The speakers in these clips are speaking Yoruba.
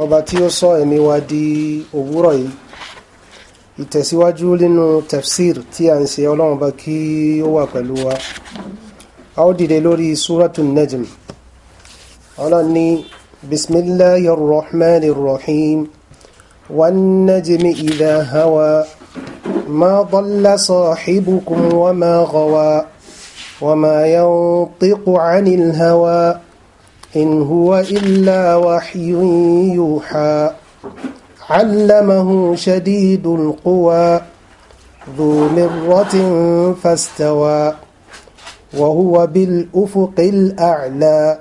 ọba tí ó sọ ẹ̀mí wa di òwúrọ̀ yìí ìtẹ̀síwájú nínú tafsir tí a ń ṣe ọlọ́run bá kí ó wà pẹ̀lú wa a ó dìde lórí suratul najm ọlọ́run ní bismillahi rahman rahim wan najmi idha hawa ma dalla sahibukum wa ma gawa wa ma yantiqu anil hawa. إن هو إلا وحي يوحى علمه شديد القوى ذو مرة فاستوى وهو بالأفق الأعلى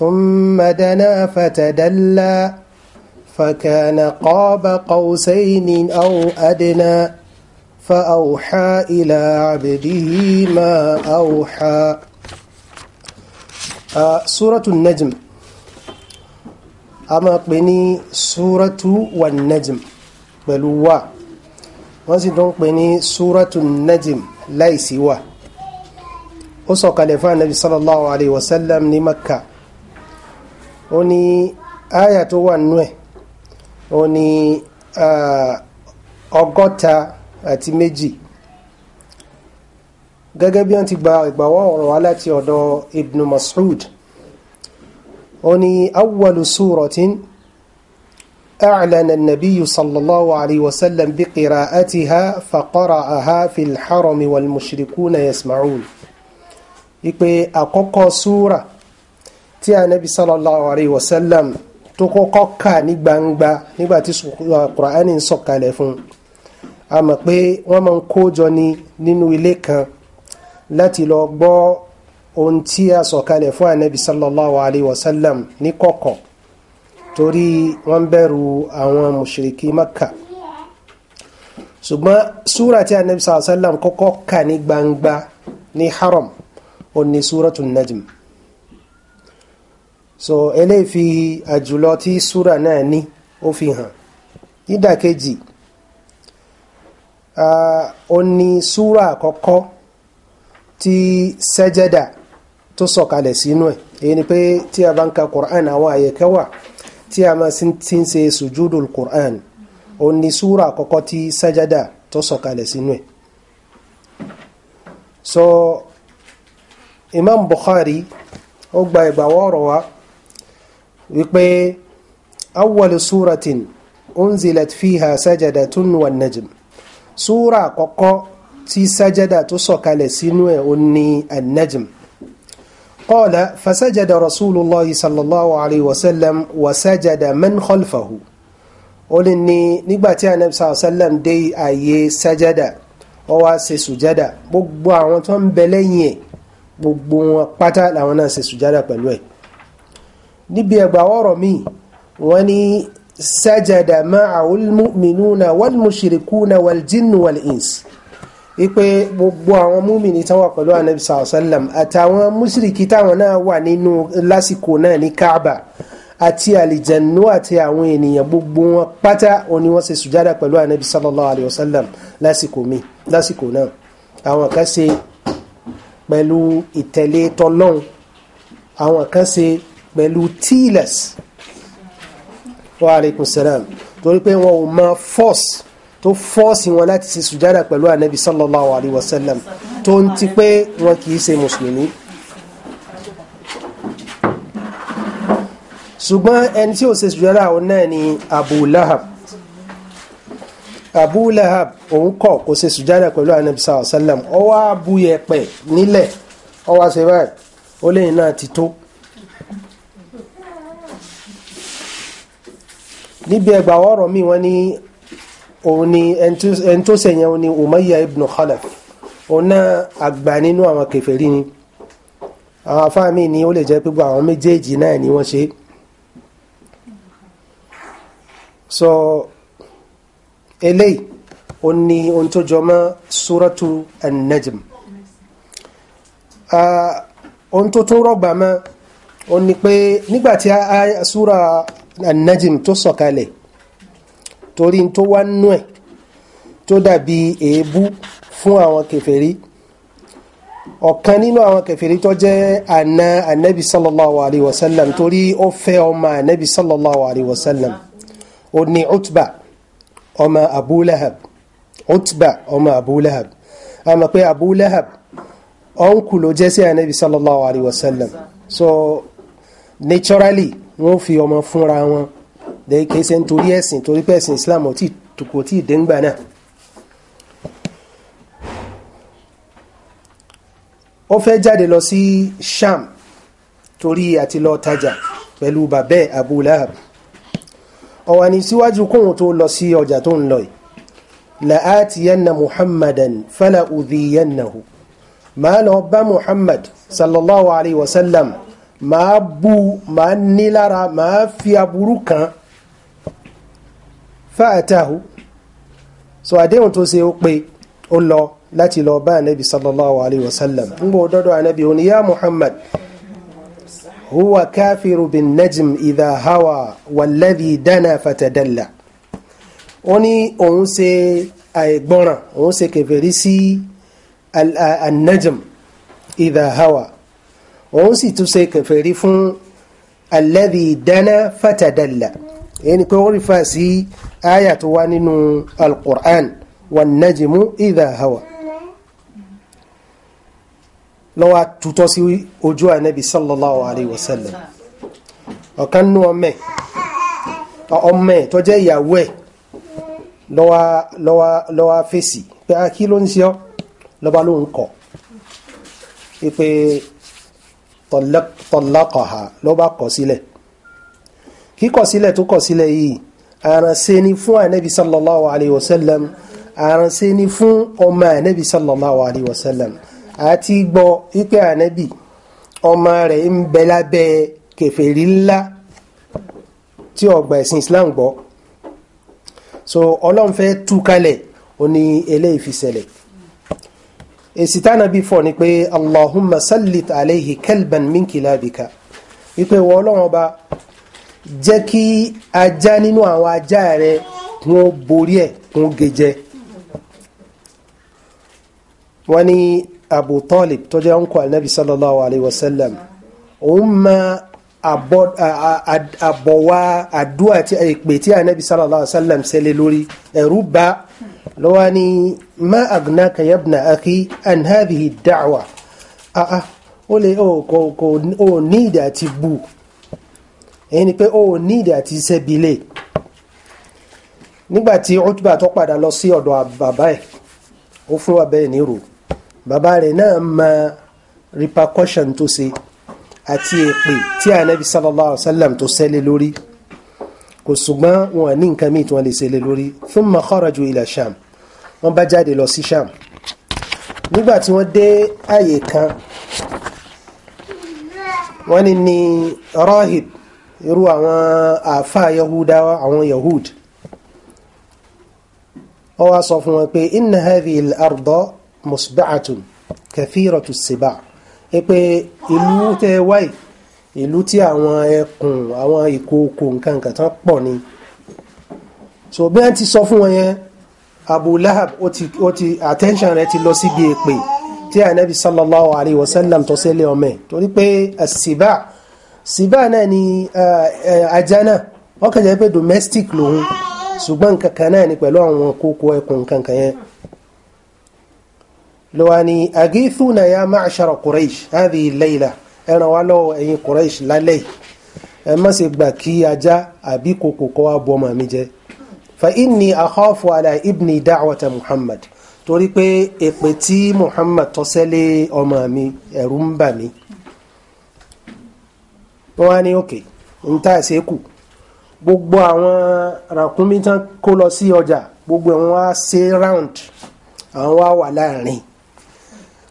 ثم دنا فتدلى فكان قاب قوسين أو أدنى فأوحى إلى عبده ما أوحى súrọ́tù najm a máa pè ní súrọ́tù wà najm pẹ̀lú wà wọ́n sì tún pè ní súrọ́tù najm láìsí wà ó sọ̀kalẹ̀ fún anabi sallallahu alayhi wa sallam ní makka ó ní àyà tó wà nú ẹ̀ ó ní ọgọ́ta àti méjì gẹ́gẹ́ bí wọ́n ti gba ìgbàwọ́ ọ̀rọ̀ wá láti ọ̀dọ̀ ibn mas'ud ó ní awwalu suratin أعلن النبي صلى الله عليه وسلم بقراءتها فقرأها في الحرم والمشركون يسمعون ìpè àkọ́kọ́ súra tí Ànábì sallallahu alayhi wa sallam tó kọ́kọ́ kà gbangba nígbà tí Kùránì ń sọ̀kalẹ̀ fún a mọ̀ pé wọ́n máa ń kan láti lọ gbọ́ ohun tí a sọ̀kalẹ̀ fún anabi sallallahu alayhi wa sallam ní kọ̀kọ̀ torí wọ́n bẹ̀rù àwọn mushriki Makka ṣùgbọ́n súra tí anabi sallallahu alayhi wa sallam kọ́kọ́ kà ní gbangba ní haram ó ní súratu najm so eléyìí fi àjùlọ tí súra náà ní ó fi hàn nídàkejì ó ní súra àkọ́kọ́ tí sẹ́jẹ́dà tó sọ̀kalẹ̀ sínú ẹ̀ èyí ni pé tí a bá ń ka Qur'an àwọn àyẹ̀kẹ́ wà tí a máa ti ń ṣe sùjúdùl Qur'an ó ní súra àkọ́kọ́ tí sẹ́jẹ́dà tó sọ̀kalẹ̀ sínú ẹ̀ so Imam Bukhari ó gba ìgbàwọ́ ọ̀rọ̀ wa wípé awwalu suratin unzilat fiha sajadatun wan najm súra àkọ́kọ́ tí sájádà tó sọ̀kalẹ̀ sínú ẹ̀ ó ní an-najm qala fasajada rasulullah sallallahu alayhi wa sallam wa sajada man khalfahu ó lè ní nígbà tí anabi sallallahu alayhi wa sallam dé ààyè sájádà ó wá ṣe sùjádà gbogbo àwọn tó ń bẹ lẹ́yìn ẹ̀ gbogbo wọn pátá làwọn náà ṣe sùjádà pẹ̀lú ẹ̀ níbi ẹgbà ọ̀rọ̀ míì wọ́n ní sajada ma'ahu al-mu'minuna wal-mushrikuna wal-jinnu wal-ins wípé gbogbo àwọn múmìnì tán wà pẹ̀lú anabi sàlọ́sálàm àtàwọn mùsùlùkì táwọn náà wà nínú lásìkò náà ní káàbà àti àlìjẹ̀nú àti àwọn ènìyàn gbogbo wọn pátá òní wọ́n ṣe sùjádà pẹ̀lú anabi sallallahu lásìkò mi lásìkò náà àwọn kan ṣe pẹ̀lú ìtẹ̀lé tọlọ́hun àwọn kan ṣe pẹ̀lú tílẹ̀s wa aleykum salam torí pé wọn ò mọ force tó fọ́ọ̀sì wọn láti ṣe sùjádà pẹ̀lú ànábì sallallahu alayhi wa sallam tó ń ti pé wọn kì í ṣe mùsùlùmí. ṣùgbọ́n ẹni tí ó ṣe sùjádà àwọn náà ni Abu Lahab Abu Lahab òun kọ̀ kó ṣe sùjádà pẹ̀lú ànábì sallallahu alayhi wá bu yẹ̀pẹ̀ nílẹ̀ ó wá ṣe báyìí ó lẹ́yìn náà ti tó. níbi ẹgbàá ọ̀rọ̀ mi wọ́n ní òun ni ẹni tó sẹ̀yìn òun ni umayya ibn khalaf òun náà àgbà nínú àwọn kèfèrí ni àwọn afáàmì ni ó lè jẹ́ pé àwọn méjèèjì náà ni wọ́n ṣe so eléyìí ó ní ohun tó jọ mọ́ suratu an-najm ah, ohun tó tún rọgbà mọ́ ó ní pé nígbàtí súra an-najm tó sọ̀kalẹ̀ so torí tó wá nú ẹ̀ tó dàbí èébú fún àwọn kèfèrí ọ̀kan nínú àwọn kèfèrí tó jẹ́ àna anabi sallallahu alayhi wa sallam torí ó fẹ́ ọmọ anabi sallallahu alayhi wa sallam ó ní utba ọmọ abu lahab utba ọmọ abu lahab a mọ̀ pé abu lahab ọ̀nkù ló jẹ́ sí anabi sallallahu alayhi wa sallam so naturally wọ́n fi ọmọ fúnra wọn dẹ́ kìí ṣe nítorí ẹ̀sìn torí pé ẹ̀sìn Islam kò tí ì déngbà náà. ó fẹ́ jáde lọ sí Sham torí àti lọ tajà pẹ̀lú bàbẹ́ Abu Lahab ọ̀wà ní síwájú kóhun tó lọ sí ọjà tó ń lọ yìí la'atiyanna muhammadan fala udhiyannahu máa lọ bá muhammad sallallahu alayhi wa sallam máa bú máa nílára fi aburú kan fa'atahu so àdéhùn tó ṣe ó pé ó lọ láti lọ bá anabi sallallahu alayhi wa sallam ń bọ̀ dọ́dọ̀ anabi ó ní ya muhammad huwa káfíru bin najm idha hawa walladhi dana fatadalla ó ní òun ṣe àìgbọ́ràn òun ṣe kèfèrí sí najm idha hawa òun sì tún ṣe kèfèrí fún alladhi dana fatadalla èyí ni pé wọ́n rífà sí àyà tó wá nínú al-Qur'an wan najmu idha hawa lọ́wọ́ tutọ́ sí ojú ànábì sallallahu alayhi wa sallam ọ̀kan nú ọmọ ọmọ tó jẹ́ ìyàwó ẹ̀ lọ́wọ́ fèsì pé a ah, kí ló ń ṣe ọ́ lọ́ba ló ń kọ̀ pé tọ̀lákọ̀ha lọ́ba kọ̀ sílẹ̀. Si kíkọsílẹ̀ tó kọsílẹ̀ yìí àránṣẹ́ ni fún ànábì sallallahu alayhi wa sallam àránṣẹ́ ni fún ọmọ ànábì sallallahu alayhi wa sallam àti gbọ́ wípé ànábì ọmọ rẹ̀ ń bẹ lábẹ́ kèfèrí ńlá tí ó gba ẹ̀sìn Islam gbọ́ so ọlọ́run fẹ́ tú kalẹ̀ ó ní eléyìí fi ṣẹlẹ̀ èsì tánà bí fọ ni pé allahumma sallit alayhi kalban min kilabika wípé wọ́n ọlọ́run ọba jẹ́ kí ajá nínú àwọn ajá rẹ kún ó borí ẹ̀ kún ó gejẹ wọ́n ní Abu Talib tó jẹ́ ọkọ̀ anabi sallallahu alayhi wa sallam òun ma àbọ̀wá àdúrà tí èpè tí anabi sallallahu alayhi wa sallam ṣẹlẹ̀ lórí ẹ̀rú bá lọ́wọ́ ni ma agnaka yabna akhi an hadhihi ah, ah, ó ní ìdí àti bù ẹni pé ó ní ìdí àti iṣẹ́ bi lè nígbàtí Utba tó padà lọ sí ọ̀dọ̀ bàbá ẹ̀ ó fún bàbá ẹ̀ nírò bàbá rẹ̀ náà mọ repercussion tó ṣe àti èpè tí ànábi sallallahu alaihi wa sallam tó ṣẹlẹ̀ lórí kò ṣùgbọ́n wọn ní nǹkan míì tí wọ́n lè ṣẹlẹ̀ lórí thumma kharaju ila Sham wọ́n bá jáde lọ sí Sham nígbà wọ́n dé àyè kan wọ́n ní ní rahib irú àwọn àfa yahudawa àwọn yahud ó wá sọ fún wọn pé inna hadhihi al-arda musba'atun kathiratu as-siba ẹ pé ìlú tẹ wáyé ìlú tí àwọn ẹkùn àwọn ìkookò nǹkan kan tán pọ̀ ni so bí wọ́n ti sọ fún wọn yẹn Abu Lahab ó ti ó ti attention rẹ ti lọ síbi èpè tí anabi sallallahu alayhi wa sallam tó ọmọ ẹ̀ torí pé as-siba sìbá náà ni ajá náà wọ́n kàn jẹ́ pé domestic lòun ṣùgbọ́n nǹkan kan náà ni pẹ̀lú àwọn kókó ẹkùn nǹkan kan yẹn lọ́wọ́ ni agithuna ya ma'ashara quraish hadhihi layla ẹran wa lọ́wọ́ ẹ̀yin quraish lálẹ́ ẹ má ṣe gbà kí ajá àbí kòkò kọ́ wa bọ́ màmí jẹ fa inni akhafu ala ibni da'wata muhammad torí pé èpè tí muhammad tọ́sẹ́lé ọmọ mi ẹ̀rù ń bà mí. wọ́n á ní òkè ń tà ṣẹ́kù gbogbo àwọn ràkúnmí tán kó lọ sí ọjà gbogbo wọn á ṣe round àwọn wá wà láàrin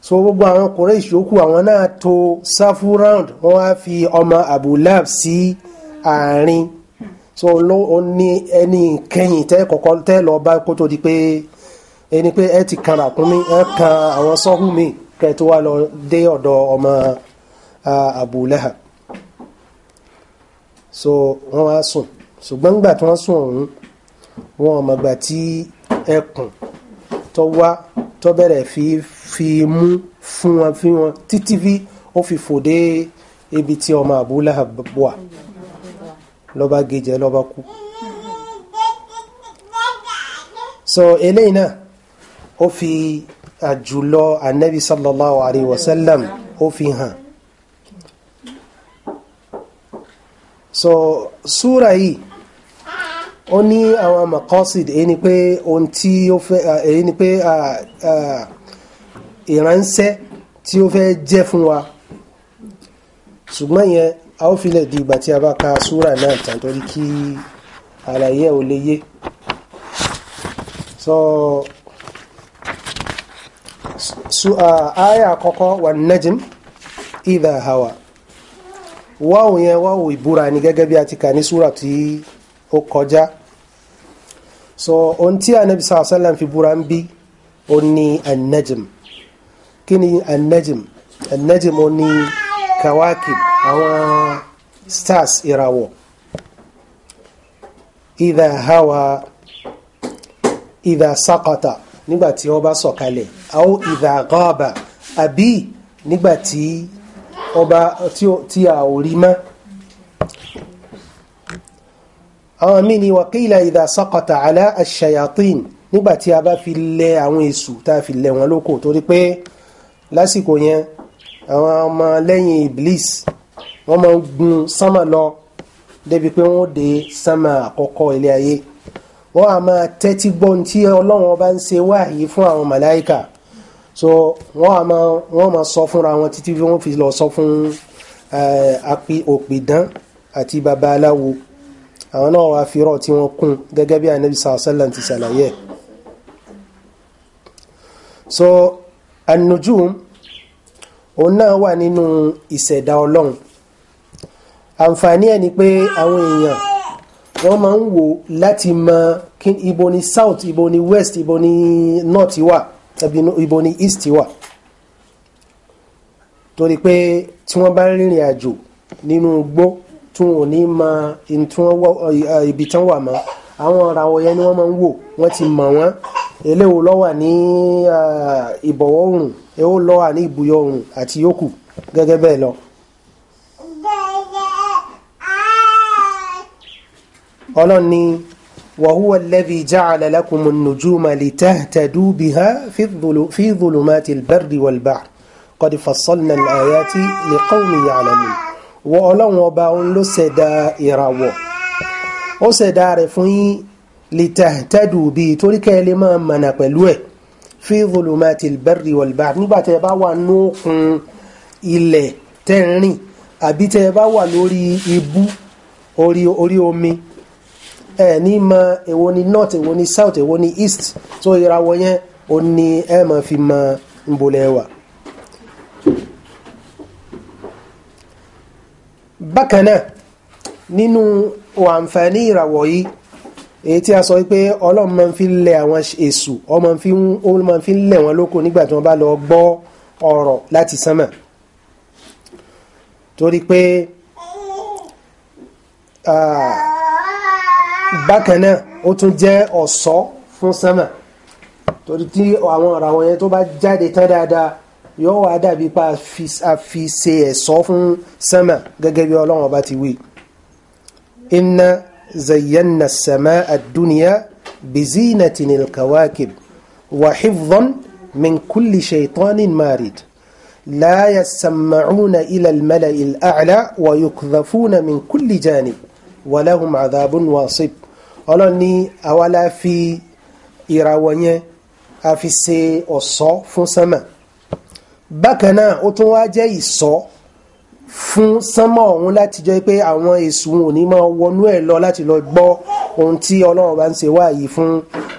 so gbogbo àwọn kòrẹ́ ìṣòkù àwọn náà to sáfù round wọ́n á fi ọmọ abulab sí àárín so ló ní ẹni kẹyìn tẹ kọkọ tẹ lọ bá kó tó di pé ẹni pé ẹ ti kan ràkúnmí ẹ kan àwọn sọ́hùn mi kẹ tó wá lọ dé ọ̀dọ̀ ọmọ abulab. so wọ́n á sùn ṣùgbọ́n nígbà tí wọ́n sùn ọ̀hún wọn ọ̀mọ̀gbà tí ẹkùn tó wá tó bẹ̀rẹ̀ fi fi mú fún wọn fi wọn títí bí ó fi fò dé ibi tí ọmọ Abu Lahab wà lọ́ba gejẹ lọ́ba kú. so eléyìí náà ó fi àjùlọ anabi sallallahu alayhi wa sallam ó fi hàn. so súra yìí ó ní àwọn maqasid èyí ni pé ohun tí ó fẹ́ èyí ni pé ìránṣẹ́ tí ó fẹ́ jẹ́ fún wa ṣùgbọ́n yẹn a ó filẹ̀ di ìgbà tí a bá ka súra náà tán torí kí àlàyé ò lè yé so su aya àkọ́kọ́ wà najm idha hawa wáwò yẹn wáwò ìbúra ni gẹ́gẹ́ bí a ti kà ní súrà tí ó kọjá so ohun tí anabi sàlám fi búra ń bí ó ní anajim kí ni anajim anajim ó ní kawakib àwọn stars ìràwọ̀ ìdá hawa ìdá sakata nígbàtí ó bá sọ̀kalẹ̀ àwọn ìdá gọ́ọ̀bà àbí nígbàtí ọba tí a ò rí mọ́ àwọn míì ni wàkílà ìdá saqata ala ash-shayatin nígbà tí a bá fi lẹ àwọn èṣù tá a fi lẹ wọn lóko torí pé lásìkò yẹn àwọn ọmọ lẹ́yìn iblis wọ́n máa gun sánmà lọ débi pé wọ́n dé sánmà àkọ́kọ́ ilé ayé wọ́n á máa tẹ́tí gbọ́n tí ọlọ́run ọba ń ṣe wáàyí fún àwọn màláìkà so wọ́n á máa wọ́n máa sọ fúnra wọn títí wọ́n fi lọ sọ fún eh, api òpìdán àti babaláwo àwọn náà wàá fi rọ̀ tí wọ́n kún gẹ́gẹ́ bí anabi sàlẹ̀ ti ṣàlàyé so anujum òun náà wà nínú ìṣẹ̀dá ọlọ́run àǹfààní ẹ̀ ni pé àwọn èèyàn wọ́n máa ń wò láti mọ ibo ni south ibo ni west ibo ni north wà ibo ni east wà torí pé tí wọ́n bá rìnrìn àjò nínú igbó tí wọ́n ní ma ibi tán eh, wà mọ́ àwọn ìràwọ̀ yẹn ni wọ́n máa ń wò wọ́n ti mọ̀ wọ́n eléwo ló wà ní eh, ìbọ̀wọ̀ oòrùn èwo ló wà ní ìbùyọ oòrùn àti yòókù gẹ́gẹ́ bẹ́ẹ̀ lọ. ọlọ́ni. وهو الذي جعل لكم النجوم لتهتدوا بها في, الظل... في ظلمات البر والبحر قد فصلنا الآيات لقوم يعلمون وأولون وباون لسدا إراو وسدا رفعي لتهتدوا به تلك لما منقلوه في ظلمات البر والبحر نبا تبا ونوق إلي تنري أبي تبا ولوري إبو أوري أوري أمي ẹ ní mọ èwo ni north èwo ni south èwo ni east so ìràwọ̀ yẹn ó ní ẹ máa fi mọ nbọlẹ̀ wà. bákan náà nínú àǹfààní ìràwọ̀ yìí èyí tí a sọ pé ọlọ́run máa fi lẹ àwọn èṣù ó máa fi lẹ̀ wọ́n lóko nígbà tí wọ́n bá lọ gbọ́ ọ̀rọ̀ láti sánmà torí pé. Ah, bákan náà ó fún sánmà torí tí àwọn ìràwọ̀ yẹn tó bá jáde tán dáadáa yóò wá dàbí pa àfi ṣe ẹ̀ṣọ́ fún sánmà gẹ́gẹ́ bí ọlọ́run ọba ti wí. inna zayyana samaa ad-dunya bizinatin al-kawakib wa hifdhan min kulli shaytanin marid. لا يسمعون إلى الملأ الأعلى ويكذفون من كل جانب ولهم عذاب واصب ọlọ́run ní àwa la fi ìràwọ̀ yẹn a fi ṣe ọ̀ṣọ́ fún sánmà bákan náà ó tún wá jẹ́ ìṣọ́ fún sánmà ọ̀hún láti jẹ́ pé àwọn èṣù òní máa wọnú ẹ̀ lọ láti lọ gbọ́ ohun tí ọlọ́run bá ń ṣe wáyé fún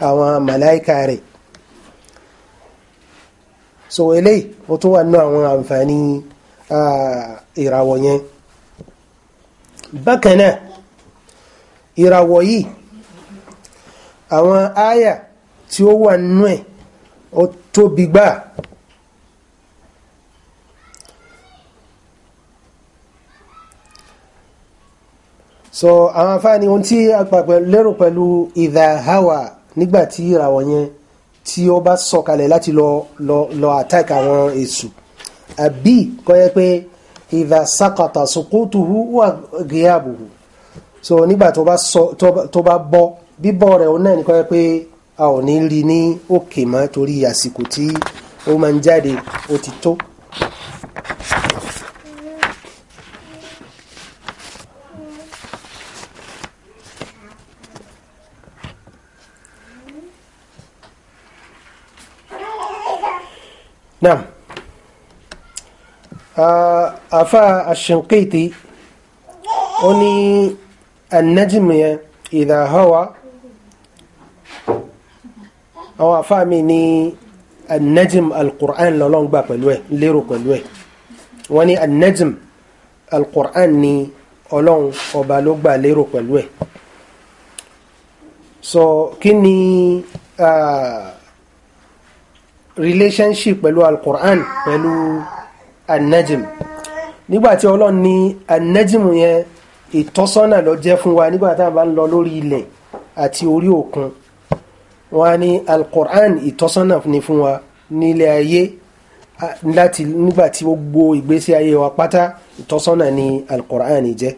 àwọn màláìka rẹ̀ so eléyìí ó tún wà nínú àwọn àǹfààní ìràwọ̀ yẹn bákan náà ìràwọ̀ yìí àwọn àyà tí ó wà nínú ẹ̀ ó tóbi gbà so àwọn afáàní ohun tí a gbà lérò pẹ̀lú idha hawa nígbàtí ìràwọ̀ yẹn tí ó bá sọ̀kalẹ̀ láti lọ lọ lọ attack àwọn èṣù àbí kọ́ yẹ pé idha saqata suqutuhu wa ghiyabuhu so nígbà tó bá bọ́ bíbọ̀ rẹ̀ òun náà nìkan pé a ò ní rí ní òkè mọ́ torí àsìkò tí ó máa ń jáde ó ti tó. نعم أفا الشنقيطي أني النجم إذا هوى àwọn afáàmì ní an-najm al-qur'an lọ́lọ́n gbà pẹ̀lú ẹ̀ lérò pẹ̀lú ẹ̀ wọ́n ní an-najm al-qur'an ní ọba ló gbà lérò pẹ̀lú ẹ̀ so kí ni relationship pẹ̀lú al-qur'an pẹ̀lú an-najm nígbàtí ọlọ́run ní an-najm yẹn ìtọ́sọ́nà ló jẹ́ fún wa nígbàtí a bá ń lọ lórí ilẹ̀ àti orí òkun wọ́n á ní alukur'an ìtọ́sọ́nà ni fún wa nílé ayé láti nígbà tí gbogbo ìgbésí ayé wa pátá ìtọ́sọ́nà ni alukur'an jẹ́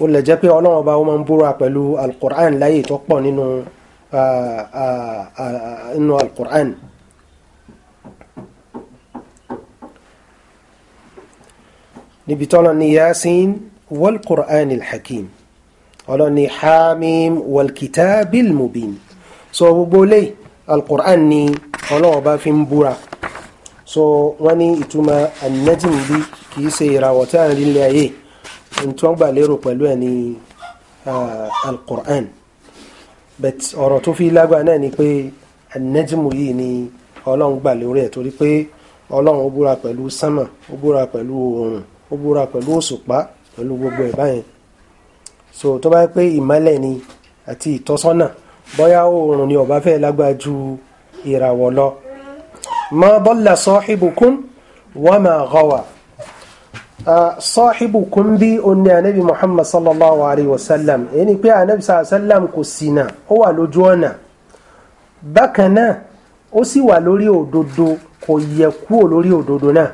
ó lè jẹ́ pé ọlọ́run ọba ó máa ń búra pẹ̀lú alukur'an láyè tó pọ̀ nínú nínú alukur'an. níbi tọ́lọ́ ni yasin wal qur'an al hakim ọlọ́ni hamim wal kitabil mubin so gbogbo lè alukur'an ni ọlọ́wọ́ bá fi ń búra so wọ́n ní ìtumọ̀ anajim bí kì í ṣe ìràwọ̀ tí a ń rí ilé ayé tí wọ́n gbà lérò pẹ̀lú ẹ̀ ní alukur'an but ọ̀rọ̀ tó fi lágbára náà ni pé anajim yìí ni ọlọ́run gbà lórí ẹ̀ torí pé ọlọ́run ó búra pẹ̀lú sánmà ó búra pẹ̀lú oòrùn ó búra pẹ̀lú òṣùpá pẹ̀lú gbogbo ẹ̀ báyẹn so tó bá yẹ pé ìmọ́lẹ̀ ni àti ìtọ́sọ́nà bóyá oòrùn ni ó bá fẹ́ lágbára ju ìràwọ̀ lọ ma dalla sahibukum wa ma ghawa sahibukum bí oní anabi muhammad sallallahu alayhi wa sallam ẹni pé anabi sallallahu alayhi wa sallam kò ó wà lójú ọ̀nà bákan náà ó sì wà lórí òdodo kò yẹ kúrò lórí òdodo náà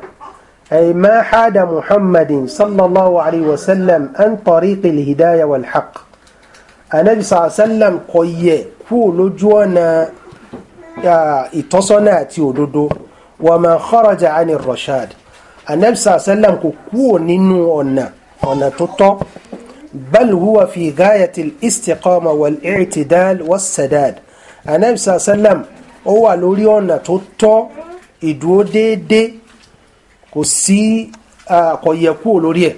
أي ما حاد محمد صلى الله عليه وسلم عن طريق الهداية والحق anabi sàlám kò yẹ kúrò lójú ọ̀nà ìtọ́sọ́nà àti òdodo wa man kharaja ani rashad anabi sàlám kò kúrò nínú ọ̀nà ọ̀nà tó tọ́ bal huwa fi gáyàtì istiqama wal i'tidal was sadad anabi sàlám ó wà lórí ọ̀nà tó tọ́ ìdúró déédéé kò sí àkọ̀yẹ̀kú lórí ẹ̀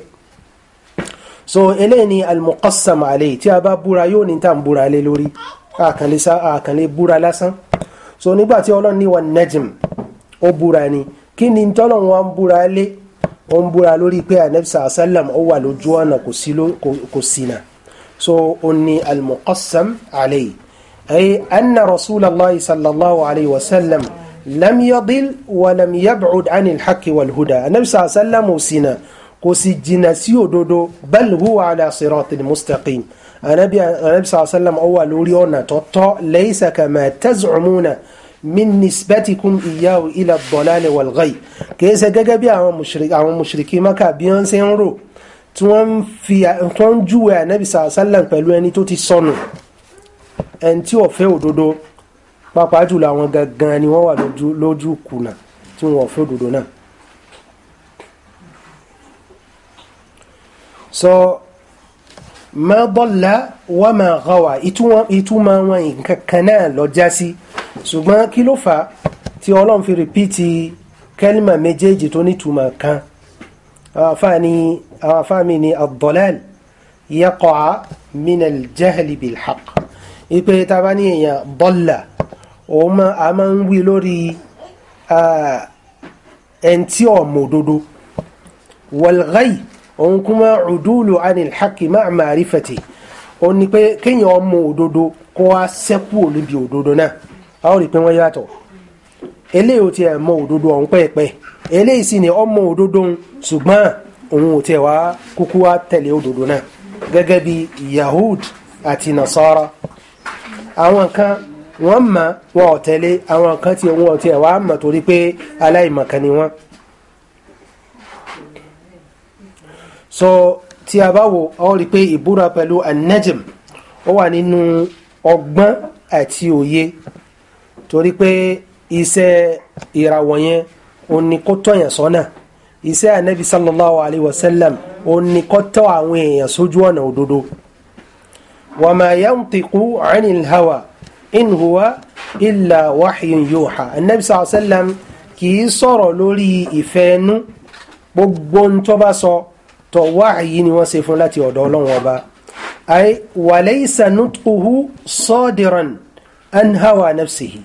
so eléyìí ni al-muqassam alayhi tí a bá búra yóò ní tá à ń búra lé lórí àkànlé sá àkànlé búra lásán so nígbà tí ọlọ́run ní wa najm ó búra ni kí ni tọ́lọ̀ wọn ń búra lé ó ń búra lórí pé anabi sàá ó wà lójú ọ̀nà kò ṣìnà so ó ní al-muqassam alayhi ay anna rasulallah sallallahu alayhi wa sallam lam yadil wa lam yab'ud anil haqqi wal huda anabi sàá sálàm ò ṣìnà kò sì jìnnà sí òdodo bal huwa ala siratin mustaqim anabi anabi sallam ó wà lórí ọ̀nà tọ́tọ́ laysa kama taz'umuna min nisbatikum iyahu ila dalali wal ghay kìí ṣe gẹ́gẹ́ bí àwọn mushriki àwọn mushriki maka bí wọ́n ṣe ń rò tí wọ́n fi tó ń júwe anabi sallam pẹ̀lú ẹni tó ti sọnù ẹni tí ò fẹ́ òdodo pàápàá jùlọ àwọn gangan ni wọ́n wà lójú kùnà tí wọ́n fẹ́ òdodo náà. so ma dalla wa ma gawa ìtumọ̀ wọn nǹkan kan náà lọ já sí ṣùgbọ́n kí ló fà á tí ọlọ́run fi rìpíìtì kẹ́límà méjèèjì tó nítumọ̀ kan àwọn afáàmì ni ad-dalal yaqa'a min al-jahli bil-haq ipe taba ní èèyàn dalla òun a máa ń wí lórí ẹni tí òdodo wal òun kuma udulu anil haqi ma ma'rifati ó ni pé kéèyàn ọmọ òdodo kó wá sẹ́kù níbi òdodo náà a ó rí pé wọ́n yàtọ̀ eléyìí ò tiẹ̀ mọ òdodo ọ̀hún pẹ́ẹ́pẹ́ eléyìí sì ni ọmọ òdodo ṣùgbọ́n òun ò tiẹ̀ wá kúkú wá tẹ̀lé òdodo náà gẹ́gẹ́ yahud àti nasara àwọn kan wọ́n mọ̀ wọn ò àwọn kan wá so tí a bá wò ó rí pé ìbúra pẹ̀lú an-najm ó wà nínú ọgbọ́n àti òye torí pé iṣẹ́ ìràwọ̀ yẹn ó ní kó tọ̀yàn sọ́nà iṣẹ́ anabi sallallahu alayhi wa sallam ó ní kó tọ́ àwọn èèyàn sójú ọ̀nà òdodo wa ma yantiqu anil hawa in huwa illa wahyun yuha anabi sallallahu alayhi wa sallam kì í sọ̀rọ̀ lórí ìfẹ́ ẹnu gbogbo ń tó bá sọ. So, tó wáàyí ni wọ́n ṣe fún láti ọ̀dọ̀ ọlọ́run ọba ay walaysa nutquhu sadiran an hawa nafsihi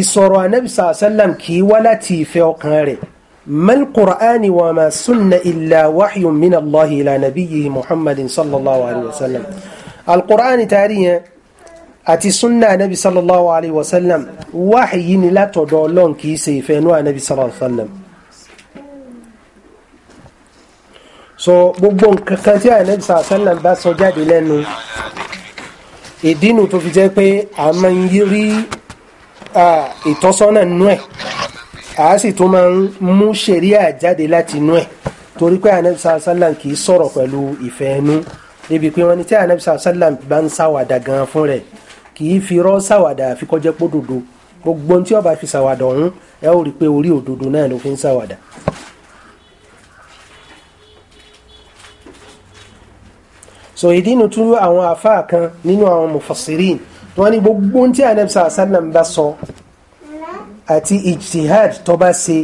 ìsọ̀rọ̀ anabisa sallam kì í wá láti ìfẹ́ ọkàn rẹ̀ mal qur'ani wa ma sunna illa wahyun min allah ila nabiyyi muhammadin sallallahu alaihi wasallam alqur'ani tariyan àti sunna anabi sallallahu alaihi wasallam wahyi ni látọ̀dọ̀ ọlọ́run kì í ṣe ìfẹ́ inú anabi sallallahu alaihi wasallam so gbogbo nǹkan kan tí àyànnẹ́bí sàṣẹ́lẹ̀ bá sọ jáde lẹ́nu ìdínú tó fi jẹ́ pé a máa ń rí ìtọ́sọ́nà nú ẹ̀ a sì tún máa ń mú ṣẹ̀ríà jáde láti nú ẹ̀ torí pé àyànnẹ́bí sàṣẹ́lẹ̀ kì í sọ̀rọ̀ pẹ̀lú ìfẹ́ ẹnu débi pé wọ́n ní tí àyànnẹ́bí sàṣẹ́lẹ̀ bá ń ṣàwàdà gan fún rẹ̀ kì í fi rọ́ ṣàwàdà àfi kó pódòdó gbogbo tí ó fi ṣàwàdà ọ̀hún ẹ so ìdínú tún àwọn àfáà kan nínú àwọn mufassirin wọ́n ní gbogbo tí anabi sallam bá sọ àti ijtihad tó bá ṣe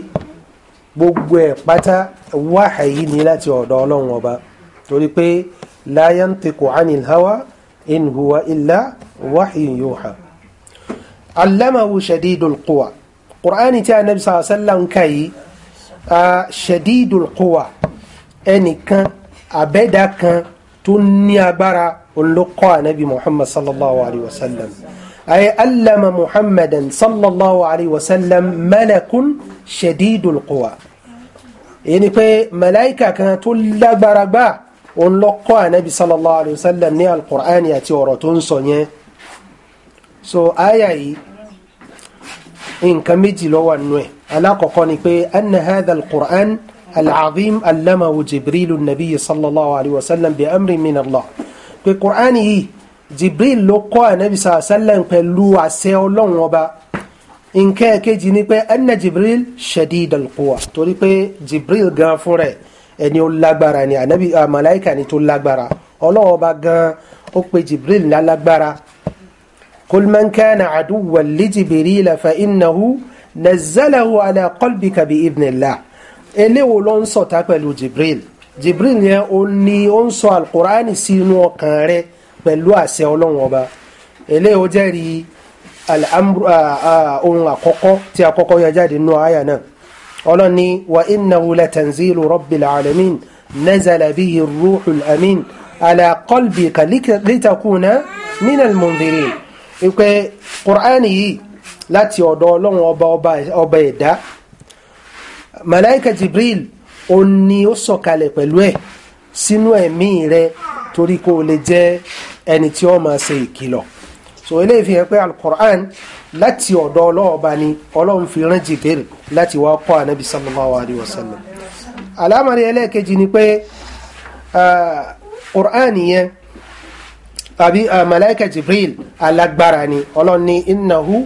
gbogbo ẹ̀ pátá wáhàyí ni láti ọ̀dọ̀ ọlọ́run ọba torí pé la yantiqu anil hawa in huwa illa wahyun yuha allamahu shadidul quwa qur'ani tí anabi sallam kàyí shadidul quwa ẹnìkan àbẹ́dà kan tó ní agbára olùkọ́ ànábì muhammad sallallahu alayhi wa sallam ayé allama muhammadan sallallahu alayhi wa sallam malakun shadidul quwa èyí ni pé malaika kan tó lágbára gbà olùkọ́ ànábì sallallahu alayhi wa sallam ní alqur'ani àti ọ̀rọ̀ tó ń sọ yẹn so aya yìí nǹkan méjì ló wà nínú ẹ̀ alákọ̀ọ́kọ́ ni pé anna hadha alqur'an. العظيم علمه جبريل النبي صلى الله عليه وسلم بأمر من الله في القرآن جبريل لقى النبي صلى الله عليه وسلم pẹ̀lú àṣẹ Ọlọ́run ọba nǹkan kejì ni pé anna jibril shadid alquwa torí pé jibril gan fún rẹ̀ ẹni ó lágbára ni ànábì màláìka ni tó lágbára Ọlọ́run ọba gan ó pe jibril lálágbára qul man kana aduwwan li jibril fa innahu nazzalahu ala qalbika bi idhnillah eléwo ló ń sọ̀tá pẹ̀lú Jibril Jibril yẹn ó ní ó ń sọ alukur'ani sínú ọkàn rẹ pẹ̀lú àṣẹ ọlọ́run ọba eléwo jẹ́rìí al-amru ohun àkọ́kọ́ tí a kọ́kọ́ yọ jáde nínú àyà náà ọlọ́ni wa innahu latanzilu rabbil alamin nazala bihi ruhul amin ala qalbika litakuna minal munzirin ìpè qur'ani yìí láti ọ̀dọ̀ ọlọ́run ọba ọba ẹ̀dá malaika jibril ó ní ó sọ̀kalẹ̀ pẹ̀lú ẹ̀ sínú ẹ̀mí rẹ torí kó lè jẹ́ ẹni tí ó máa ṣe ìkìlọ̀ so eléyìí fi hàn pé alukur'an láti ọ̀dọ̀ ọlọ́ọ̀ba ni ọlọ́run fi rán jibril láti wá kọ́ anabi sallallahu alayhi wa sallam alámàrí ẹlẹ́ẹ̀kejì ni pé qur'an yẹn àbí malaika jibril alágbára ni ọlọ́run ní innahu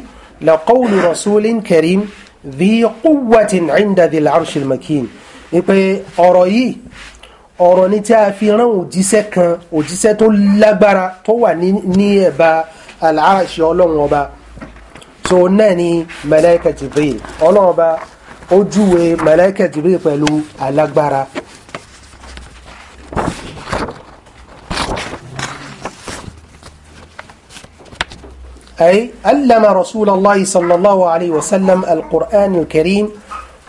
laqawlu rasulin karim dhi قوة عند dhil arshil makin wípé ọ̀rọ̀ yìí ọ̀rọ̀ ni tí a fi rán òjíṣẹ́ kan òjíṣẹ́ tó lágbára tó wà ní ẹ̀bá al-arshi ọlọ́run ọba so náà ni màláíkà Jibril ọlọ́run ọba ó júwe màláíkà pẹ̀lú alágbára. أي علم رسول الله صلى الله عليه وسلم القرآن الكريم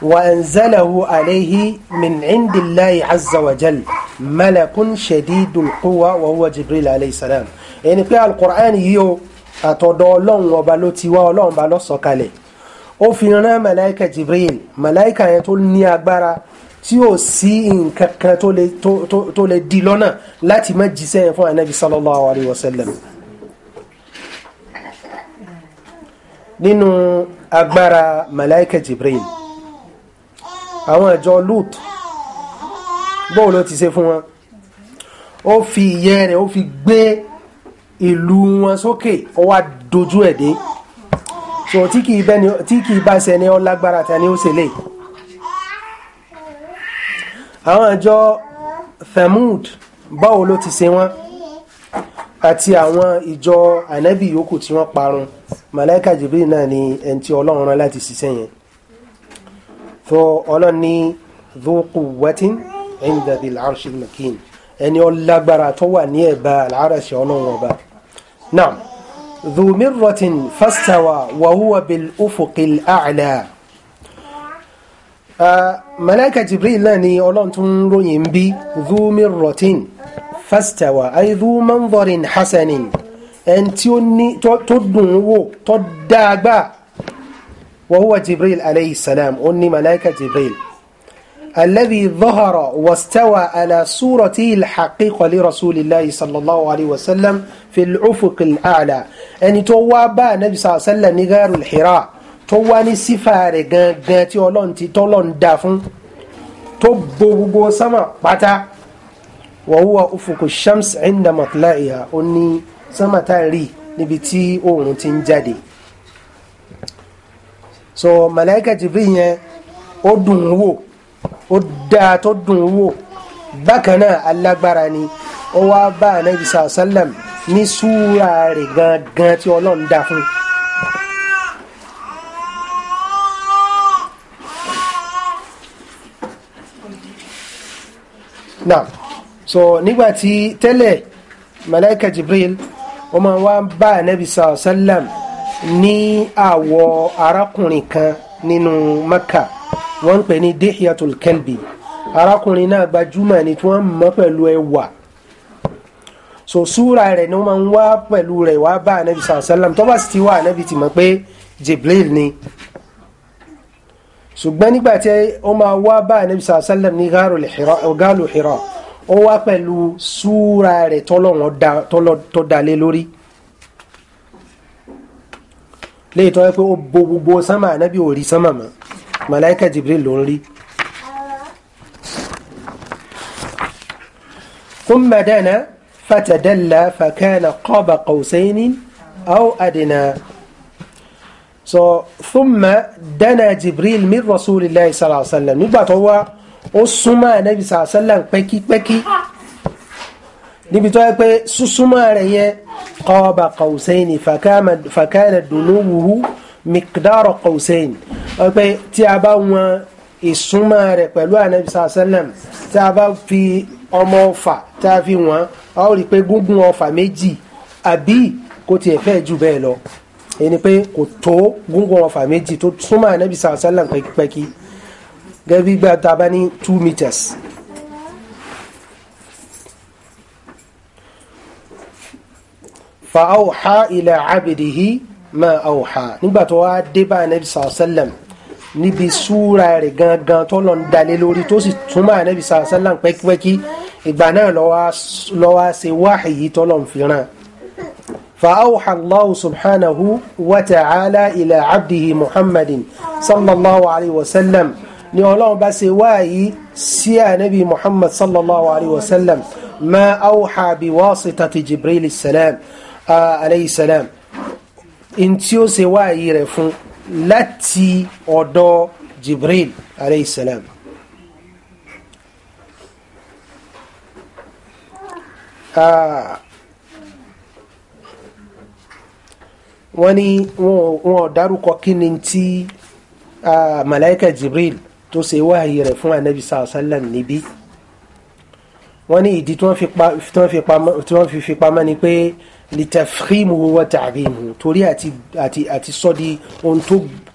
وأنزله عليه من عند الله عز وجل ملك شديد القوة وهو جبريل عليه السلام يعني في القرآن يو أتدو وبلوتي وبالوتي ولون بالوصو كالي ó fi rán màláìka jibril màláìka yẹn tó ní agbára tí ó sí nǹkan kan tó lè dí lọ́nà láti má jíṣẹ́ fún anabi sallallahu alayhi wa sallam. nínú agbára malaika Jibril àwọn ìjọ Lut bọ́ọ̀ ló ti ṣe fún wọn ó fi ìyẹ́ rẹ̀ ó fi gbé ìlú wọn sókè ó wá dojú ẹ̀ dé so tí kì í bá ṣe ni ó lágbára ta ó ṣe lè àwọn ìjọ Thamud báwo ti ṣe wọn àti àwọn ìjọ ànábì yòókù tí wọ́n parun màláìka jibril náà ni ẹni tí ọlọ́run rán láti ṣiṣẹ́ yẹn tó ọlọ́run ní dhu quwwatin inda dhil arshil makin ẹni ọlágbára tó wà ní ẹ̀bá àlárẹ̀ṣẹ̀ ọlọ́run ọba náà dhu mirratin fastawa wa huwa bil ufuqil a'la. Ah, malaika jibril náà ni ọlọ́run tún ròyìn ń bí zumi rotin fastawa ay zu manzorin hasanin ẹni tí ó ní tó dùn wò tó dáagbà wa jibril alayhi salam ó ní malaika jibril الذي ظهر واستوى على صورته الحقيقة لرسول الله صلى الله عليه وسلم في الأفق الأعلى أن يعني توابى النبي صلى الله عليه وسلم نغار الحراء tó wá ní sífà rẹ̀ gangan tí ọlọ́run ti tọ́lọ́run dá fún tó bo gbogbo sámà pátá wa huwa shams inda matla'iha ó ní sámà tá a rí níbi tí oòrùn ti ń jáde so malaika jibril yẹn ó dùn wò ó dáa tó dùn wò bákan náà alágbára ni ó wá bá anabi sàlám ní súra rẹ̀ gangan tí ọlọ́run dá fún un. náà so nígbàtí tẹ́lẹ̀ malaika jibril wọ́n máa wá bá anabi sallam ní àwọ̀ arákùnrin kan nínú maka wọ́n ń pè ní dihiyatul kelbi arákùnrin náà gbajúmọ̀ ni tí wọ́n mọ̀ pẹ̀lú ẹwà so súra rẹ̀ ni wọ́n máa ń wá pẹ̀lú rẹ̀ wá bá anabi sallam tó bá sì ti wá anabi ti mọ̀ pé jibril ni ṣùgbọ́n nígbà tí ó máa wá bá anabi sàlẹ̀ ní gáàlù Hira ó wá pẹ̀lú súra rẹ̀ tọ́lọ̀ tó dalé lórí léyìí tó yẹ pé ó bo gbogbo sánmà ànábì ò rí sánmà mọ́ màláìka jibril ló ń rí. ثم دنا فتدلى فكان قاب قوسين أو أدنى so thumma dana jibril min rasulillahi sallallahu alayhi wa sallam nígbà tó wá ó súnmọ́ anabi sallallahu alayhi wa sallam pẹ́kípẹ́kí níbi tó yẹ pé súnmọ́ rẹ̀ yẹn qaba qawsayni fakana dunuwuhu miqdara qawsayni ọpẹ́ tí a bá wọn ìsúnmọ́ rẹ̀ pẹ̀lú anabi sallallahu alayhi wa sallam tí a bá fi ọmọ ọfà tí a fi wọn ó rí i pé gúngún ọfà méjì àbí kò tiẹ̀ fẹ́ jù bẹ́ẹ̀ lọ èyí ni pé kò tó gúngùn ọfà méjì tó súnmọ́ ànábì sàlẹ̀ pẹ́kipẹ́ki gẹ́gẹ́ bí gbà tá a bá ní two meters fa awha ila abidihi ma awha nígbà tó wá dé bá anabi sàlẹm níbi súra rẹ̀ gangan tó lọ ń dalé lórí tó sì túmọ̀ anabi sàlẹm pẹ́kípẹ́kí ìgbà náà ló ṣe wáhìyí tó lọ fi ràn فأوحى الله سبحانه وتعالى إلى عبده محمد صلى الله عليه وسلم ni ọlọ́run bá ṣe wáyé sí ànábì muhammad sallallahu alaihi wasallam ma auha bi wasitati jibril salam alayhi salam in tí ó ṣe wáyé rẹ̀ fún láti ọ̀dọ̀ jibril alayhi salam uh, wọ́n ní wọ́n dárúkọ kí ni tí malaika jibril tó ṣe wáyé rẹ̀ fún anabi sallam níbí wọ́n ní ìdí tí wọ́n fi fi pamọ́ ni pé litafhimu wa ta'zimu torí àti àti àti sọ́di ohun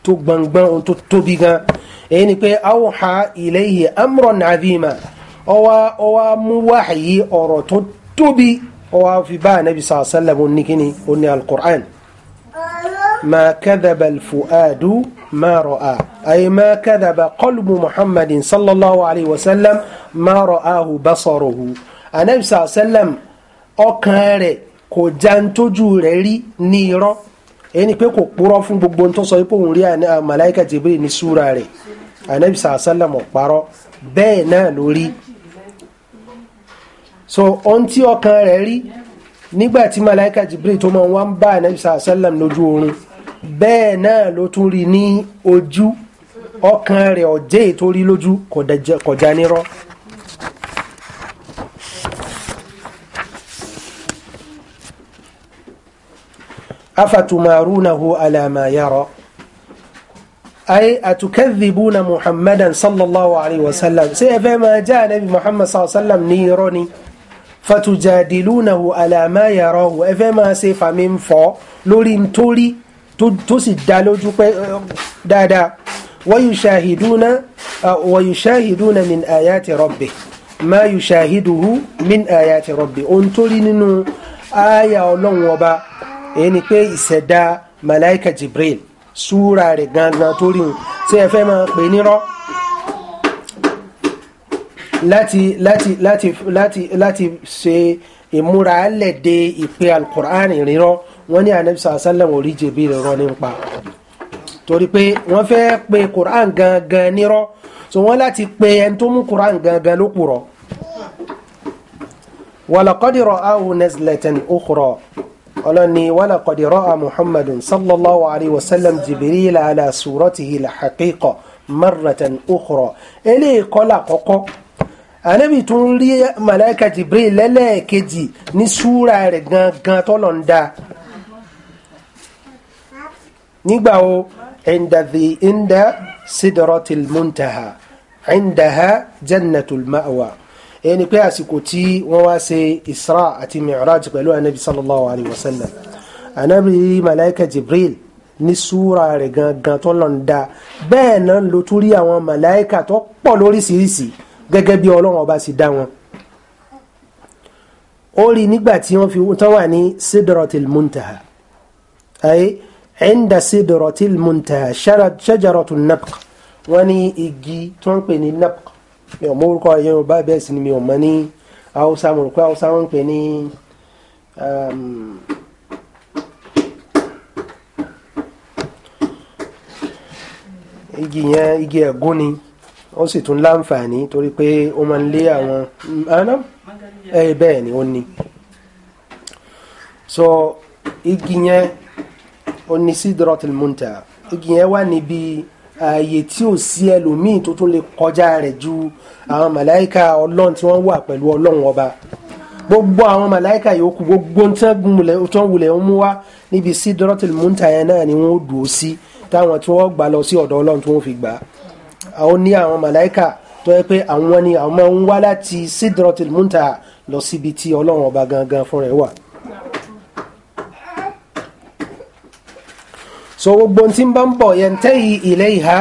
tó gbangban ohun tó tóbi gan èyí ni pé awha ilayhi amran azima ọwá ọwá mú wáhàyí ọ̀rọ̀ tó tóbi ọwá fi bá anabi sallam ní kíni ó ní al-Qur'an. ما كذب الفؤاد ما رأى أي ما كذب قلب محمد صلى الله عليه وسلم ما رآه بصره النبي صلى الله عليه وسلم أكرر rẹ̀ kò já ń tójú rẹ̀ rí ní irọ́ ẹni pé kò purọ́ fún gbogbo tó sọ pé òun rí màláìka Jibril ní súra rẹ̀ anabi sàásálàm ọ̀parọ́ bẹ́ẹ̀ náà lórí so ohun tí ọkàn rẹ̀ rí nígbà tí malaika jibril tó máa wá ń bá anabi sàlám lójú oorun bẹ́ẹ̀ náà ló tún rí ní ojú ọkàn rẹ̀ ọ̀jẹ́ tó rí lójú kọjá nírọ́. afatumarunahu ala ma yara ay atukadhibuna muhammadan sallallahu alayhi wa sallam ṣé ẹ fẹ́ máa já anabi muhammad sallallahu alayhi wa sallam ní irọ́ ni. Ironi fatujadilunahu ala ma yarahu ẹ fẹ́ máa ṣe fàmí ń fọ́ lórí nítorí tó sì dá lójú pé dáadáa wa yushahiduna wa yushahiduna min ayati rabbih ma yushahiduhu min ayati rabbih ohun tó rí nínú àyà ọlọ́run ọba èyí ni pé ìṣẹ̀dá malaika jibril súra rẹ̀ gangan tó rí un máa pè nírọ́ láti láti láti láti láti ṣe ìmúra lẹ́dẹ̀ ìpè alukur'an ìrírọ́ wọ́n ní anabi sàlẹ̀ orí jèbí ìrírọ́ nípa torí pé wọ́n fẹ́ pe kur'an gangan nírọ́ so wọ́n láti pe ẹni tó mú kur'an gangan ló kúrọ́ walaqad ra'ahu nazlatan ukhra ọlọ́ni walaqad ra'a muhammadun sallallahu alayhi wa sallam jibril ala suratihi la haqiqa marratan ukhra eléyìí kọ́ la kọ́kọ́ anabi tún rí malaika jibril lẹ́lẹ́ẹ̀kejì ní súra rẹ̀ gangan tọ́lọ̀ ń da nígbà wo indadhi inda sidratil muntaha indaha jannatul ma'wa ẹni pé àsìkò tí wọ́n wá ṣe isra àti mi'raj pẹ̀lú anabi sallallahu alayhi wa sallam anabi malaika jibril ní súra rẹ̀ gangan tọ́lọ̀ ń da bẹ́ẹ̀ náà ló tún àwọn malaika tó pọ̀ lóríṣiríṣi gẹ́gẹ́ bí ọlọ́run ọba sì dá wọn ó rí nígbà tí wọ́n fi tán wà ní sidratil muntaha ayé ẹ̀ńdà sidratil muntaha shajaratun nabq wọ́n ní igi tó ń pè ní nabq mi ò mọ orúkọ yorùbá bẹ́ẹ̀ sì ni mi ò mọ ní haúsá mo rò pé haúsá wọ́n ń pè ní um, igi yẹn igi ẹ̀gún ni ó sì tún láǹfààní torí pé ó máa ń lé àwọn àná ẹ eh, bẹ́ẹ̀ ni ó ní so igi yẹn ó ní sidratul muntaha igi yẹn wà níbi ààyè tí ò sí ẹlòmíì tó tún lè kọjá rẹ̀ ju àwọn màláìka ọlọ́run tí wọ́n wà pẹ̀lú ọlọ́run ọba gbogbo àwọn màláìka yòókù gbogbo tó ń wulẹ̀ ń mú wá níbi sidratul muntaha yẹn náà ni wọ́n dùn ó sí táwọn tí wọ́n gbà lọ sí ọ̀dọ̀ ọlọ́run tí wọ́n fi gbà á àwọn ní àwọn màláìka tó yẹ pé àwọn ni àwọn máa ń wá láti sidratul muntaha lọ síbi tí ọlọ́run ọba gangan fún rẹ̀ wà. so gbogbo tí ń bá ń bọ̀ yantahi ilayha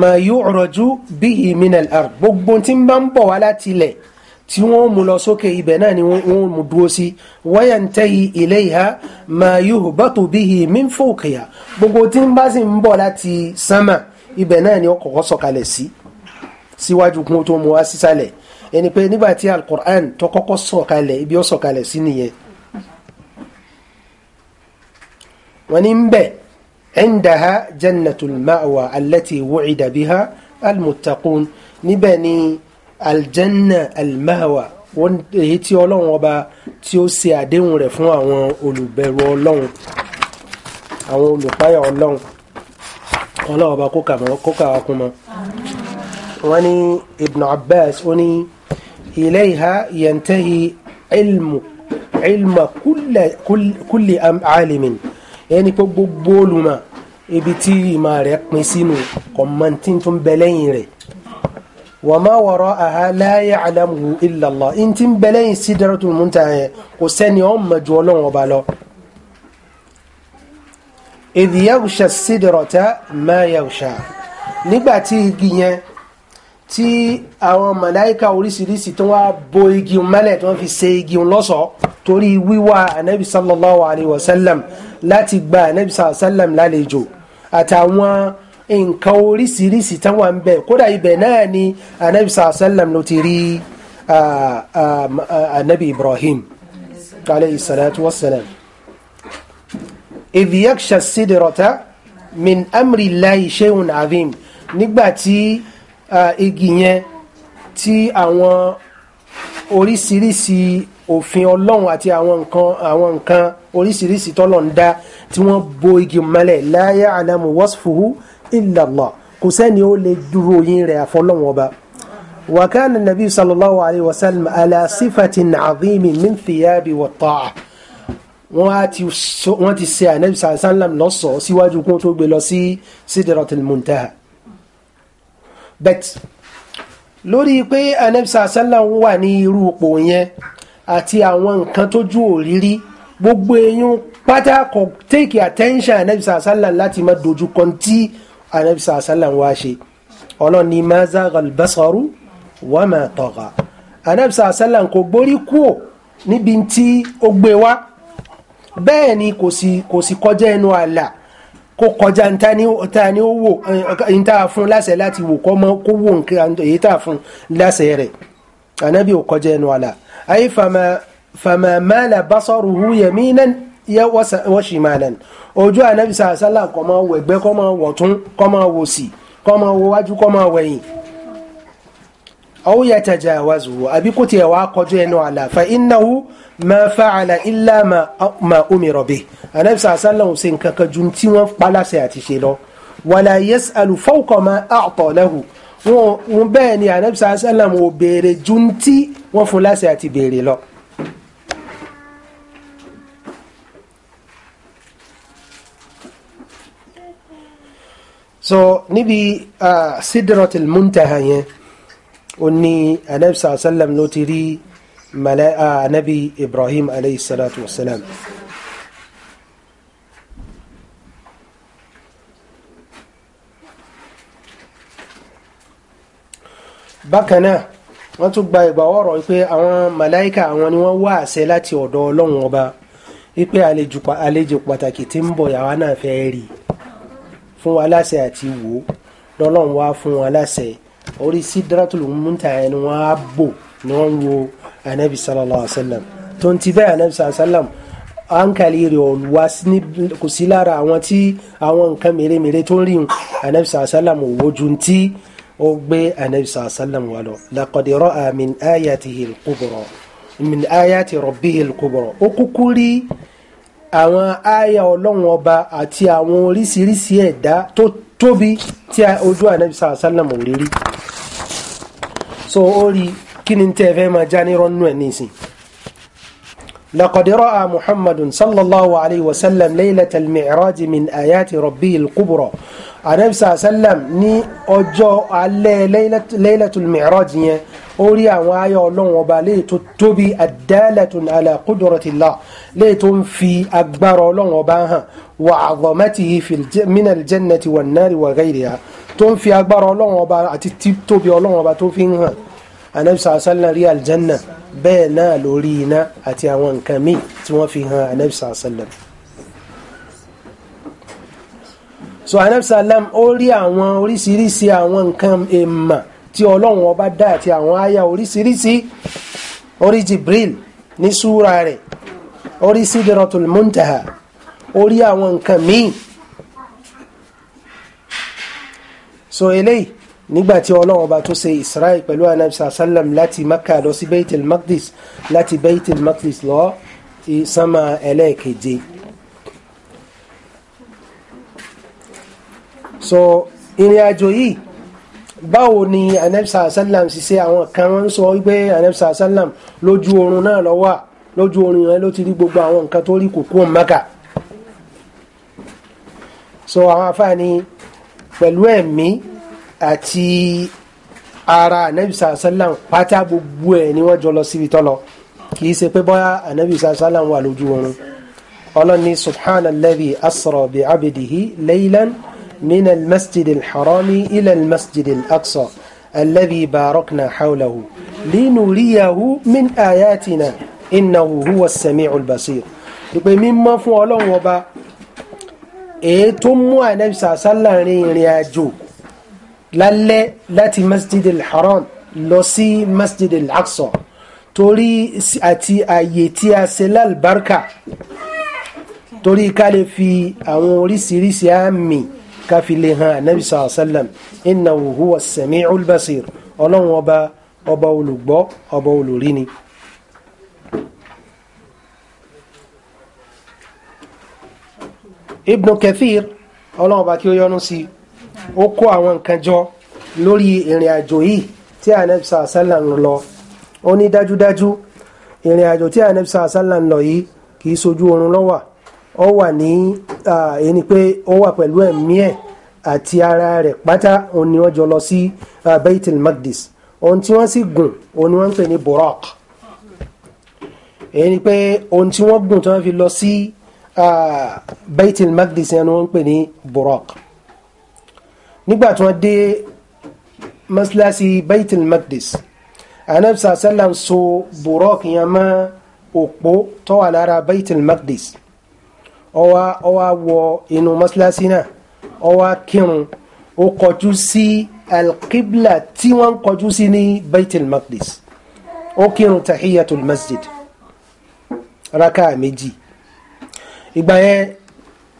ma yu'raju bihi minal ard gbogbo tí ń bá ń bọ̀ wá láti ilẹ̀ tí wọ́n mú lọ sókè ibẹ̀ náà ni wọ́n mú dúró sí wayantahi ilayha ma yuhbatu bihi min fawqiha gbogbo tí ń bá sì ń bọ̀ láti sánmà ibẹ̀ náà ni ó kọ́kọ́ sọ̀kalẹ̀ sí síwájú kún tó mú wá sísàlẹ̀ ẹni pé nígbà tí alukur'an tó kọ́kọ́ sọ̀kalẹ̀ ibi ó sọ̀kalẹ̀ sí nìyẹn. wọ́n ní ń bẹ̀ ẹ̀ńdàá jannatul ma'wa allati wu'ida biha almuttaqun níbẹ̀ ni aljanna alma'wa wọ́n èyí tí ọlọ́run ọba tí ó ṣe àdéhùn rẹ̀ fún àwọn olùbẹ̀rù ọlọ́run àwọn olùpáyà ọlọ́run ọlọ́wọ́ bá kókà wá kún mọ́ wọ́n ní ibn abbas ó ní ilayha yantahi ilmu ilma kulli alimin ẹni pé gbogbo olùmọ̀ ibi tí ìmọ̀ rẹ̀ pin sínú kọ̀mọ̀ntì tún bẹ lẹ́yìn rẹ̀ wa ma wara'aha la ya'lamuhu illa Allah in ti ń bẹ lẹ́yìn sidratul muntaha kò sẹ́ni ó jù Ọlọ́run ọba lọ idh yaghsha sidrata ma yaghsha nígbà tí igi yẹn tí àwọn màláíkà oríṣiríṣi tó wá bo igi mọ́lẹ̀ tó wọ́n fi ṣe igi lọ́ṣọ̀ọ́ torí wíwá anabi sallallahu alayhi wa sallam láti gba anabi sallallahu alayhi wa sallam lálejò àtàwọn nǹkan oríṣiríṣi tán wà ń bẹ kódà ibẹ̀ náà ni anabi sàlám ló ti rí anabi ibrahim alayhi salatu wa salam idh yaksha sidrata min amri Allahi shay'un azim nígbà tí igi yẹn tí àwọn oríṣiríṣi òfin ọlọ́run àti àwọn nǹkan àwọn nǹkan oríṣiríṣi tọ́lọ́run dá tí wọ́n bo igi mọ́lẹ̀ la ya'lamu wasfuhu illa Allah kò sẹ́ni ó lè dúró yín rẹ̀ àfọlọ́run ọba. wa kana nabi sallallahu alayhi wa sallam ala sifatin wọ́n ti ṣe ànábì sàlám lọ́sọ̀ síwájú kó tó gbé lọ sí sidratul muntaha bet lórí pé ànábì sàlám wà ní irú ipò yẹn àti àwọn nǹkan tójú òrírí gbogbo eyín pátá kò take attention ànábì sàlám láti má dojú kan tí ànábì sàlám wá ṣe ọlọ́ni mazagal basaru wama tagha ànábì sàlám kò gbórí kúò níbi tí ó gbé wá bẹ́ẹ̀ ni kò sì kò sì kọjá ẹnu àlà kó kọjá níta ni ó wò níta fún láṣẹ láti wò kọ́ mọ́ kó wò nǹkan èyí tà fún láṣẹ rẹ̀ ànábì ò kọjá ẹnu àlà ayé fama fama mala basaruhu yaminan yẹ washimalan ojú ànábì sàásálà kọ́ máa wẹ̀gbẹ́ kọ́ máa wọ̀tún kọ́ máa wòsì kọ́ máa wọ wájú kọ́ máa wẹ̀yìn. أو يتجاوزه أبي كتي واقجين على فإنه ما فعل إلا ما ما أمر به النبي صلى الله عليه وسلم سنك كجنتي وقال سياتي ولا يسأل فوق ما أعطى له wọn bẹ́ẹ̀ ni anabi sàá sàlám ò béèrè ju ti wọ́n fún láṣẹ àti béèrè lọ. so níbi uh, sidratul muntaha yẹn ó ní anabi sàlám ló ti rí màláíkà anabi ibrahim aleyhi salatu wa salam. bákan náà wọ́n tún gba ìgbà ọ̀rọ̀ pé àwọn màláìka àwọn ni wọ́n wá àṣẹ láti ọ̀dọ̀ ọlọ́run ọba wípé àlejò pàtàkì tí ń bọ̀ yàrá náà fẹ́ rí fún wa àti wò lọ́lọ́run wá fún wa láṣẹ orí sidratul muntaha ni wọ́n á bò ni wọ́n wo anabi sallallahu alayhi wa sallam tó ń ti bẹ́ẹ̀ anabi sallallahu alayhi wa sallam àǹkàlì rẹ̀ wá kò sí lára àwọn tí àwọn nǹkan mèremère tó ń rí un anabi sallallahu alayhi wa sallam òwòjú tí ó gbé anabi sallallahu alayhi wa sallam wà lọ laqad ra'a min ayatihi al-kubra min ayati rabbihil kubra ó kúkú rí àwọn aya ọlọ́run ọba àti àwọn oríṣiríṣi ẹ̀dá tó tóbi tí ojú ànábì sàlá sálàm ò rí rí so ó rí kí ni tẹ́ fẹ́ máa já ní rọ́nú ẹ̀ nísìn لقد رأى محمد صلى الله عليه وسلم ليلة المعراج من آيات ربه الكبرى النبي صلى الله عليه وسلم ní ọjọ́ alẹ́ ليلة, ليلة المعراج ó rí àwọn ayé ọlọ́run ọba léè tó tóbi addalatun ala qudratillah léè tó ń fi agbára ọlọ́run ọba hàn wa azamatihi minal jannati wan nari wa ghayriha tó ń fi agbára ọlọ́run ọba àti títóbi ọlọ́run ọba tó fi ń hàn anabisa asalan rí aljanna bẹ́ẹ̀ náà lórí iná àti àwọn nǹkan míì tí wọ́n fi hàn anabisa asalan. so anabisa alam ó rí àwọn oríṣiríṣi àwọn nǹkan èèmà tí ọlọ́run ọba dá àti àwọn àyà oríṣiríṣi orí Jibril ní súra rẹ̀ orí Sidratul Muntaha orí àwọn nǹkan míì so eléyìí nígbàtí ọlọ́run ọba tó ṣe Israel pẹ̀lú anabi sallam láti Makka lọ sí Baitul Maqdis láti Baitul Maqdis lọ sánmà ẹlẹ́ẹ̀keje so ìrìn àjò yìí báwo ni anabisa asalam sì ṣe àwọn kan wọn sọ wípé anabisa asalam lójú oorun náà lọ wà lójú oorun yẹn ló ti rí gbogbo àwọn nǹkan tó rí kókó maka so àwọn afáàní pẹ̀lú ẹ̀mí àti ara anabisa asalam pátá gbogbo ẹ̀ ni wọ́n jọ lọ síbi tọ́lọ kì í ṣe pé bọ́yá anabisa asalam wà lójú oorun ọlọ́ni subhanalladhi asra bi abidihi laylan. من المسجد الحرام إلى المسجد الأقصى الذي باركنا حوله لنريه من آياتنا إنه هو السميع البصير pé mímọ́ fún ọlọ́run ọba èyí tó mú ànábì sàásálà rin ìrìn àjò lálẹ́ láti masjid al-haram lọ sí masjid al-aqsa torí àti àyè tí a ṣe lálbarka torí ká lè fi àwọn oríṣiríṣi àmì. Okay káfí lè hàn anabi sàlá sàlám innahu huwa as-sami'ul basir ọlọ́run ọba ọba olùgbọ́ ọba olùrí ni. Ibn Kathir ọlọ́run ọba kí ó yọ́nú sí ó kó àwọn nǹkan jọ lórí ìrìn àjò yìí tí anabi sàlá sàlám lọ ó ní dájúdájú ìrìn àjò tí anabi sàlá sàlám lọ yìí kì í sojú oorun ló ó wà ní ẹni pé ó wà pẹ̀lú ẹ̀mí ẹ̀ àti ara rẹ̀ pátá òun ni wọ́n jọ lọ sí Baitul Maqdis ohun tí wọ́n sì gùn òun ni wọ́n ń pè ní buraq ẹni pé ohun tí wọ́n gùn tí wọ́n fi lọ sí Baitul Maqdis yẹn ni wọ́n ń pè ní buraq nígbà tí wọ́n dé mọ́sálásí Baitul Maqdis anabisa sallam so buraq yẹn mọ́ òpó tó lára Baitul Maqdis ó wá wọ inú mọ́ṣáláṣí náà ó wá kírun ó kọjú sí alqibla tí wọ́n ń kọjú sí ní baitul maqdis ó kírun tahiyatul masjid raka méjì ìgbà yẹn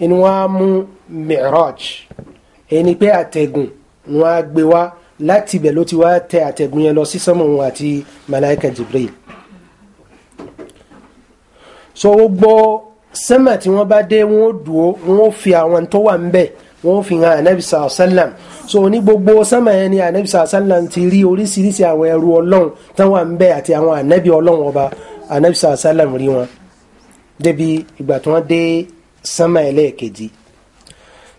inú wa mú mi'raj ẹni pé àtẹ̀gùn wọn á gbé wá láti ibẹ̀ ló ti wá tẹ àtẹ̀gùn yẹn lọ sí sánmọ̀ àti malaika jibril so gbogbo sẹ́mà tí wọ́n bá dé wọ́n dúró wọ́n fi àwọn tó wà ń bẹ̀ wọ́n fi hàn anabi sàlá so ní gbogbo sẹ́mà yẹn ni anabi sàlá sàlám ti rí oríṣiríṣi àwọn ẹrú ọlọ́run tó wà ń bẹ̀ àti àwọn anabi ọlọ́run ọba anabi sàlá sàlám rí wọn débi ìgbà tí wọ́n dé sẹ́mà ẹlẹ́ẹ̀kejì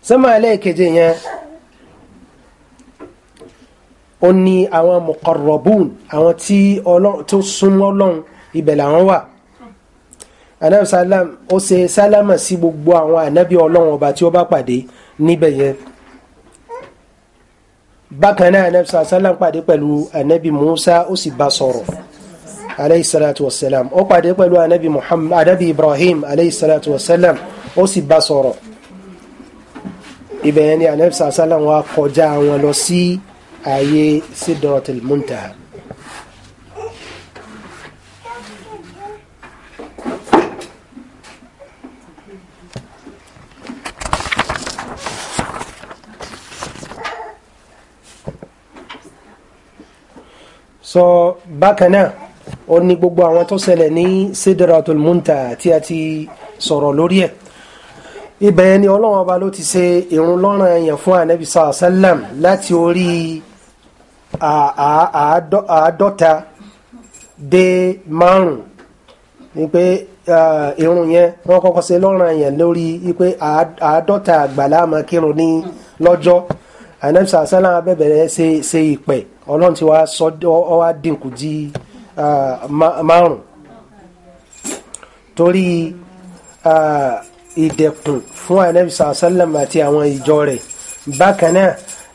sẹ́mà ẹlẹ́ẹ̀kejì yẹn ó ní àwọn muqarrabun àwọn tí ọlọ́run tó súnmọ́ ọlọ́run ibẹ̀ làwọn wà anabi salam ó ṣe sálámà sí gbogbo àwọn anabi ọlọ́run ọba tí ó bá pàdé níbẹ̀ yẹn bákan náà anabi salam pàdé pẹ̀lú anabi musa ó sì bá sọ̀rọ̀ alayhi salatu wa salam ó pàdé pẹ̀lú anabi muhammad anabi ibrahim alayhi salatu wa salam ó sì bá sọ̀rọ̀ ibẹ̀ yẹn ni anabi salam wá kọjá wọn lọ sí ààyè sidratul muntaha. so bákan náà ó ní gbogbo àwọn tó ṣẹlẹ̀ ní sidratul muntaha tí a ti sọ̀rọ̀ lórí ẹ̀ ibẹ̀ ni ọlọ́run ọba ló ti ṣe ìrun lọ́rùn èèyàn fún anabi sallallahu alayhi wa sallam láti orí àádọ́ta dé márùn ni pé ìrun yẹn wọ́n kọ́kọ́ ṣe lọ́rùn èèyàn lórí pé àádọ́ta àgbàlá máa kírun ní lọ́jọ́ anabi sallallahu alayhi abẹ́bẹ̀rẹ̀ ṣe ìpẹ́ ọlọ́run ti wá sọ ọ wá dínkù di márùn torí ìdẹ̀kùn fún anabi sàlám àti àwọn ìjọ rẹ̀ bákan náà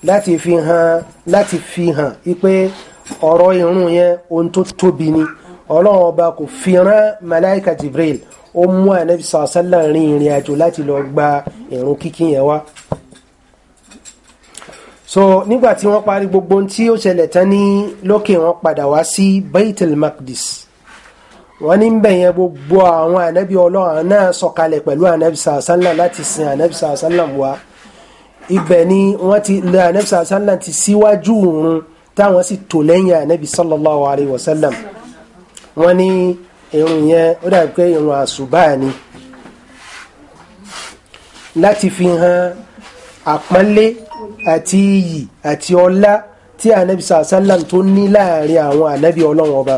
láti fi hàn láti fi hàn wípé ọ̀rọ̀ irun yẹn ohun tó tóbi ni ọlọ́run ọba kò fi rán malaika jibril ó mú anabi sàlám rin ìrìn àjò láti lọ gba irun kíkí yẹn wá so nígbà tí wọ́n parí gbogbo tí ó ṣẹlẹ̀ tán ní lókè wọ́n padà wá sí Baitul Maqdis wọ́n ní bẹ̀ yẹn gbogbo àwọn ànábì ọlọ́run náà sọ̀kalẹ̀ pẹ̀lú ànábì sàásánlá láti sin ànábì sàásánlá wa ibẹ̀ ni wọ́n ti lé ànábì sàásánlá ti síwájú òun táwọn sì tò lẹ́yìn ànábì sallallahu alayhi wa sallam ní irun yẹn ó dàbí pé irun àṣùbà ni láti fi hàn àpọ́nlé àti iyì àti ọlá tí anabi sàásálàm tó ní láàrin àwọn anabi ọlọ́run ọba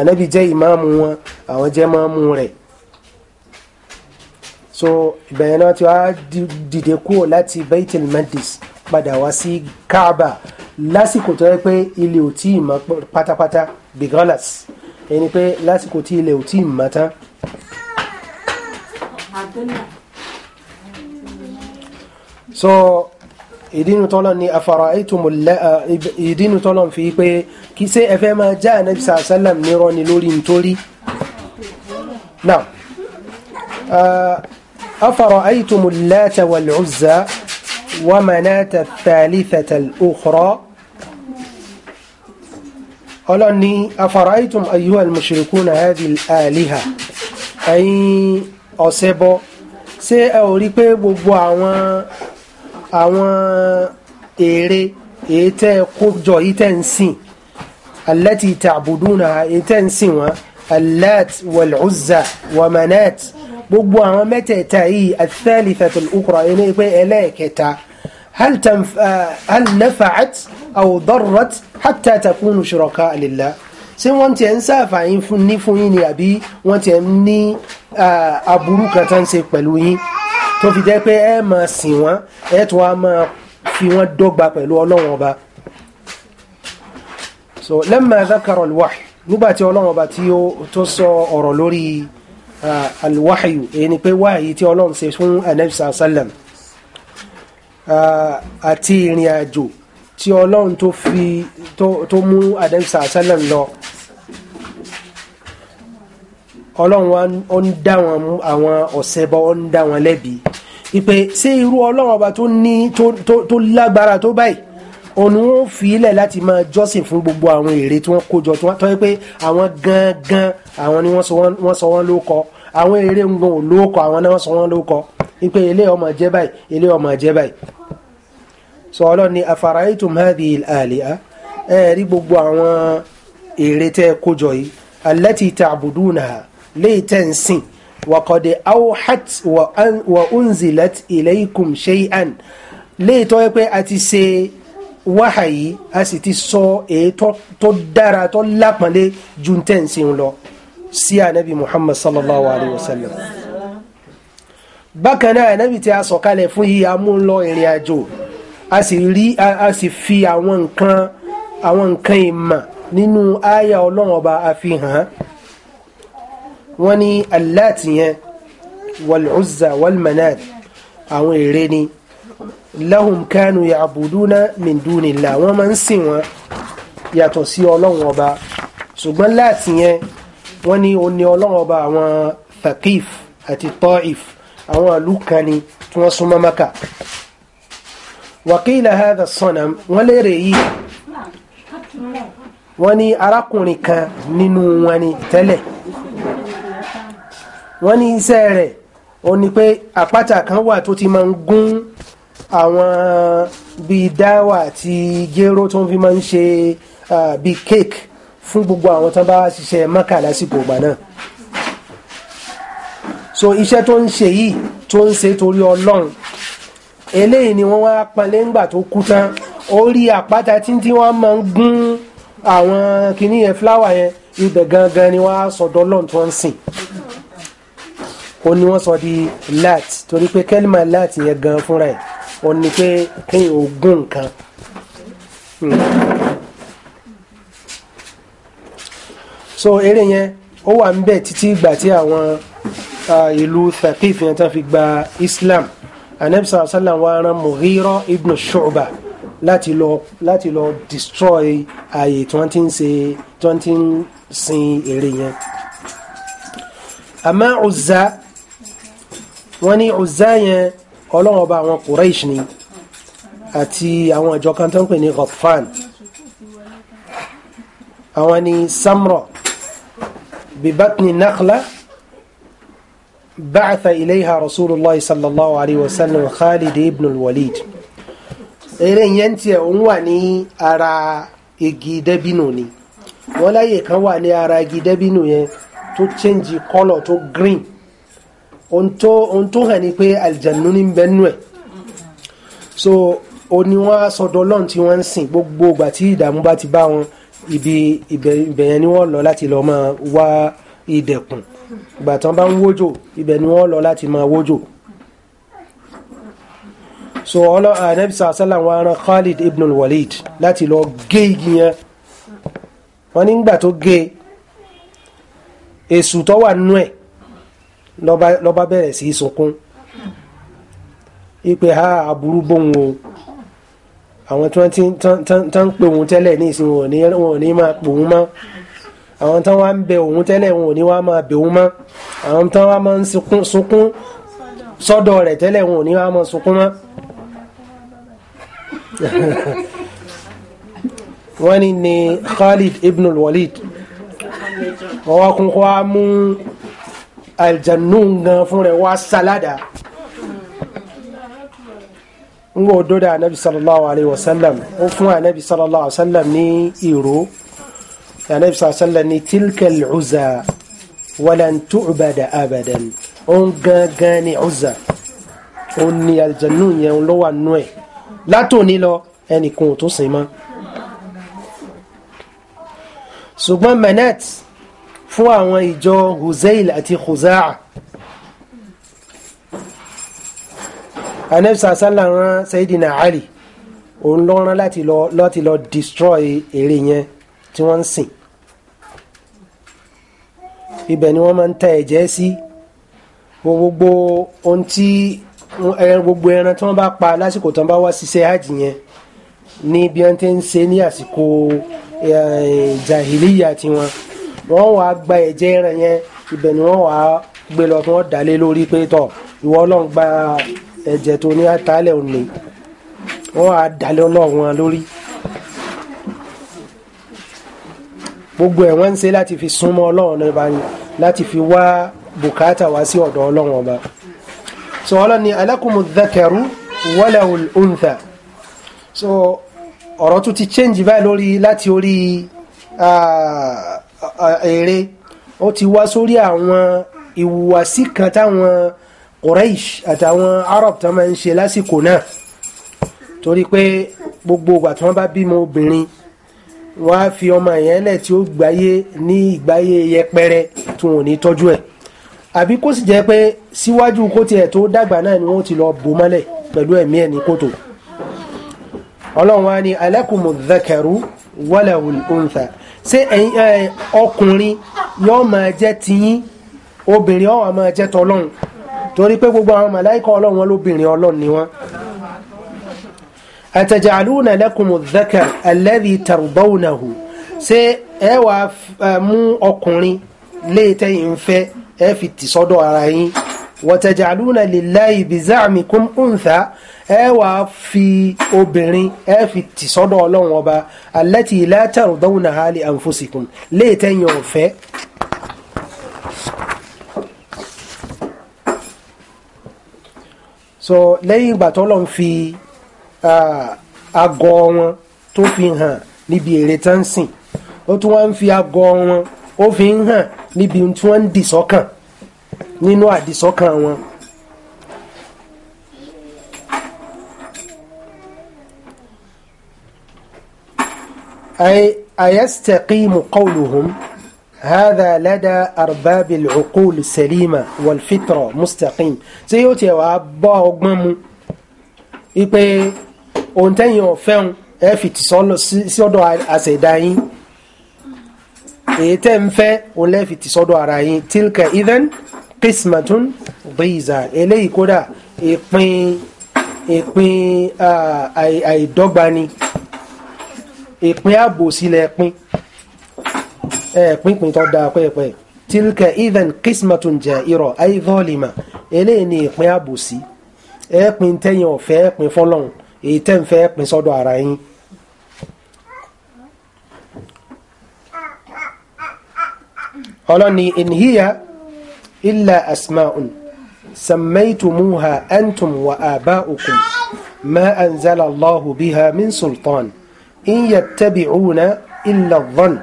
anabi jẹ́ ìmáàmù wọn àwọn jẹ́ máàmù rẹ̀ so ìbẹ̀yẹn náà ti wá dìde kúrò láti baitul madis padà wá sí kaaba lásìkò tó yẹ pé ilẹ̀ ò tí ì mọ́ pátápátá bigalas ẹni pé lásìkò tí ilẹ̀ ò tí ì mọ́ tán so ìdínú tọ́lọ́ ni afara afara'aytum ìdínú tọ́lọ́ fi pé kí ṣe ẹ fẹ́ máa já anabi sàásálàm nírọ́ ni lórí nítorí. now afara'aytum al-lata wal-uzza wa manata ath-thalithata al ni afara'aytum ayyuha al-mushrikuna hadhihi al-aliha ẹ̀yin ọ̀sẹ̀ ṣé ẹ ò pé gbogbo àwọn. àwọn èrè èyí tẹ́ ẹ kó jọ yìí tẹ́ ń sìn allati ta'buduna èyí tẹ́ ń sìn wọn allat wal uzza wa manat gbogbo àwọn mẹ́tẹ̀ẹ̀ta yìí athalithatul ukra ẹni pé ẹlẹ́ẹ̀kẹta hal tanf hal nafa'at aw darrat hatta takunu shuraka lillah ṣé wọ́n tiẹ̀ ń ṣàfàyín ní fún yín ni àbí wọ́n tiẹ̀ ń ní aburú kan tán ṣe pẹ̀lú yín tó fi jẹ́ pé ẹ máa sìn wọ́n ẹ tó wá máa fi wọ́n dọ́gba pẹ̀lú ọlọ́run ọba so lamma dhakara al-wahy nígbàtí ọlọ́run ọba tí ó tó sọ ọ̀rọ̀ lórí al-wahyu èyí ni pé wáyé tí ọlọ́run ṣe fún anabisa sallam àti ìrìn àjò tí ọlọ́run tó fi tó mú anabisa sallam lọ ọlọ́run wa ó ń dá wọn mú àwọn ọ̀sẹ̀bọ ó ń dá wọn lẹ́bi ìpè ṣé irú ọlọ́run ọba tó ní tó lágbára tó báyìí òun ó fi ilẹ̀ láti máa jọ́sìn fún gbogbo àwọn èrè tí wọ́n kó jọ tí wọ́n tọ́ pé àwọn gangan àwọn ni wọ́n sọ wọ́n ló kọ àwọn èrè ń gan olóòkọ àwọn náà sọ wọ́n ló kọ wípé ilé ọmọ jẹ́ báyìí ilé ọmọ jẹ́ báyìí sọ ọlọ́ni afaraitum hadhihi al-aliha ẹ rí gbogbo àwọn èrè tẹ́ kó jọ yìí allati ta'budunaha léyìí tẹ́ ń sìn wàkọ̀dé awhat wa unzilat ilaykum shay'an léyìí tó yẹ pé a ti ṣe wáhàyí a sì ti sọ èyí tó dára tó lápọ̀nlé ju tẹ́ ń sìn lọ sí ànábì muhammad sallallahu alayhi wa sallam bákan náà ànábì tí a sọ̀kalẹ̀ fún yìí amúlọ ìrìn àjò a sì rí a sì fi àwọn nǹkan àwọn nǹkan ìmọ̀ nínú àyà ọlọ́run àfihàn wọ́n ní aláàtì yẹn wàlúùzà wàlmanat àwọn ère ni lahum kánú ya'buduna min dunillah wọ́n máa ń sìn wọn yàtọ̀ sí ọlọ́run ọba ṣùgbọ́n láti yẹn wọ́n ní o ní ọlọ́run ọba àwọn thaqif àti ta'if àwọn ìlú tí wọ́n súnmọ́ maka wàkílà hadha sanam wọ́n lérè yìí wọ́n ní arákùnrin kan nínú wọn ni tẹ́lẹ̀ wọ́n ní iṣẹ́ rẹ̀ ó ní pé àpáta kan wà tó ti máa ń gún àwọn bíi dáwà àti jéró tó ń fi máa ń ṣe bíi cake fún gbogbo àwọn tó bá ṣiṣẹ́ mọ́kà lásìkò ìgbà náà so iṣẹ́ tó ń ṣe yìí tó ń ṣe torí ọlọ́run eléyìí ni wọ́n wá panlé ńgbà tó kú tán ó àpáta títí wọ́n máa ń gún àwọn kìnìyẹn fúláwà yẹn ibẹ̀ gangan ni wọ́n á sọ̀dọ̀ ọlọ́run tó ń sìn ó ní wọ́n sọ di lat torí pé kẹ́límà lat yẹn gan fúnra ẹ̀ ó ní pé kéèyàn ogún nǹkan. Hmm. so eré yẹn ó wà ń bẹ títí ìgbà tí àwọn ìlú Thaqif yẹn tán fi gba Islam anabi sallallahu alayhi wa sallam wa ran Mughira ibn Shu'ba láti lọ láti lọ destroy ààyè tí wọ́n ti ń ṣe tí wọ́n ti ń sin eré yẹn àmọ́ Uzza wọ́n ní Uzza yẹn ọlọ́run ọba àwọn Quraysh ni àti àwọn ìjọ kan tó ń pè ní Ghaffan àwọn ni Samra bibatni nakhla ba'atha ilayha Rasulullah sallallahu alayhi wa sallam Khalid ibn al-Walid eré yẹn tiẹ̀ òun wà ní ara igi dẹ́bínú ni wọ́n láyè kan wà ní ara igi dẹ́bínú yẹn tó change colour tó green ohun tó hàn ní pé àlìjànú ní bẹ́nu ẹ̀ so o ní wọ́n á sọ̀dọ̀ ọlọ́run tí wọ́n ń sìn gbogbo ìgbà tí ìdààmú bá ti bá wọn ibi ibẹ̀ yẹn ni wọ́n lọ láti lọ máa wá ìdẹ̀kùn ìgbà tán bá ń wójò ibẹ̀ ni wọ́n lọ láti máa wójò so ọlọ́ anabi sàásàlà wọn aran Khalid ibn walid láti lọ gé igi yẹn wọn nígbà tó gé e, èsù tó wà nú ẹ̀ lọ́ba bẹ̀rẹ̀ sí sunkún ipe ha aburú bóun o àwọn tí wọ́n ti ń pè òun tẹ́lẹ̀ ní ìsìn wọn ò ní máa pè òun mọ́ àwọn tí wọ́n ń bẹ òun tẹ́lẹ̀ wọn ò ní wá máa bẹ òun mọ́ àwọn tí wọ́n máa ń sunkún sọ́dọ̀ rẹ̀ tẹ́lẹ̀ wọn ò ní wá máa sunkún mọ́ wọ́n ní ni Khalid ibn walid wọ́n wá kún kó mú alìjànú gan fún rẹ̀ wá sáládà ń wò dódà anabi sallallahu alayhi wa sallam ó fún anabi sallallahu alayhi wa sallam ní ìró anabi sallallahu alayhi wa sallam ní tilkal uza walan tu'bada abadan òun gangan ni uza òun ni alìjànú yẹn ló wà nú ẹ̀ látòní lọ ẹnìkan ò tún sìn mọ́ ṣùgbọ́n manat fún àwọn ìjọ Huzail àti Khuza'a anẹ́bí sàásánlá rán Sayyidina Ali òun ló rán láti lọ láti lọ destroy ère yẹn tí wọ́n ń sìn ibẹ̀ ni wọ́n máa ń ta ẹ̀jẹ̀ sí gbogbo ohun tí gbogbo ẹran tí wọ́n bá pa lásìkò tí wọ́n bá wá ṣiṣẹ́ hajj yẹn ní bí wọ́n ti ń ṣe ní àsìkò jahiliya tiwọn wọ́n wàá gba ẹ̀jẹ̀ ẹran yẹn ibẹ̀ ni wọ́n wàá gbé lọ tí wọ́n dalé lórí pé tọ̀ ìwọ ọlọ́run gba ẹ̀jẹ̀ tó ní àtàlẹ̀ òní wọ́n wàá dalẹ̀ ọlọ́run wọn lórí. gbogbo ẹ̀ wọ́n ń ṣe láti fi súnmọ́ ọlọ́run ọba ni láti fi wá bùkátà wá sí ọ̀dọ̀ ọlọ́run ọba. so ọlọ́ni alákùnmù dhakaru wọ́lẹ̀hùn òǹtà so ọ̀rọ̀ tún ti change báyìí lórí láti orí. Uh, èrè ó ti wá sórí àwọn ìhùwàsí kan táwọn Quraish àtàwọn Arab tó máa ń ṣe lásìkò náà torí pé gbogbo ìgbà tí wọ́n bá bímọ obìnrin wọ́n á fi ọmọ yẹn tí ó gbáyé ní ìgbáyé yẹpẹrẹ tí wọn ní tọ́jú ẹ̀ àbí kó sì jẹ́ pé síwájú kó tiẹ̀ tó dàgbà náà ni wọ́n ti lọ bò mọ́lẹ̀ pẹ̀lú ẹ̀mí ẹ̀ ní kòtò ọlọ́run wa ni alakumu dhakaru wala ṣé ọkùnrin yóò máa jẹ́ tiyín obìnrin ó wá máa jẹ́ tọlọ́run torí pé gbogbo àwọn màláìkà ọlọ́run wọn lóbìnrin ọlọ́run ni wọn. àtẹ̀jàlúùnà lẹ́kùnmù dhakar alladhi tardawnahu ṣé ẹ wàá mú ọkùnrin léètẹ́yìn ń fẹ́ ẹ fi tì ara yín wọ́tẹ̀jàlúùnà lillahi biza'mikum untha ẹ wà fi obìnrin ẹ fi tì sọ́dọ̀ ọlọ́run ọba allati la tardawna ha li anfusikum léètẹ́yìn ọ̀fẹ́. so lẹ́yìn ìgbà tó lọ́n fi àgọ́ wọn tó fi hàn níbi èrè tán sìn ó tún wá fi àgọ́ wọn ó fi hàn níbi tí wọ́n ń dìsọ́kàn nínú àdìsọ́kàn wọn. أي أيستقيم قولهم هذا لدى أرباب العقول السليمة والفطرة مستقيم سيوتي وعبا أغمام إيبي أنتين يوفين ẹ̀fì tí sọ́lọ́ sí ọ̀dọ̀ àṣẹ̀dá yín èyí tẹ́ ń fẹ́ òun lẹ́fì tí sọ́dọ̀ ara yín tilka idhan qismatun dhiza eléyìí kódà ìpín ìpín àìdọ́gba ni ìpín àbòsí lẹ pín ẹ pínpín tó dáa pẹ́ẹ́pẹ́ tilka idhan qismatun ja'ira ay zalima eléyìí ni ìpín àbòsí ẹ pín tẹ́yìn ọ̀fẹ́ pín fọlọ́hún èyí tẹ́ ń fẹ́ pín sọ́dọ̀ ara yín. ọlọ́ni in hiya asma'un sammaytumuha antum wa aba'ukum ma anzala biha min sultan. إن يتبعون إلا الظن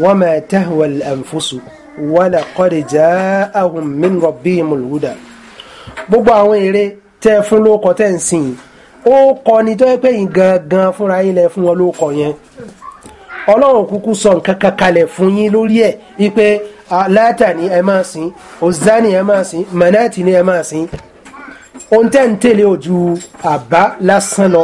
وما تهوى الأنفس ولقد جاءهم من ربهم الهدى gbogbo àwọn eré tẹ fún lóòkọ tẹ ń sìn ó kọ ni tó yẹ pé yín gangan fúnra yín lẹ fún wọn lóòkọ yẹn ọlọ́run kúkú sọ nǹkan kan kalẹ̀ fún yín lórí ẹ̀ wípé látà ni ẹ máa sìn òzá ni ẹ máa sìn mọ̀nàtì ni ẹ máa sìn ohun tẹ́ ń tẹ̀lé ojú àbá lásán lọ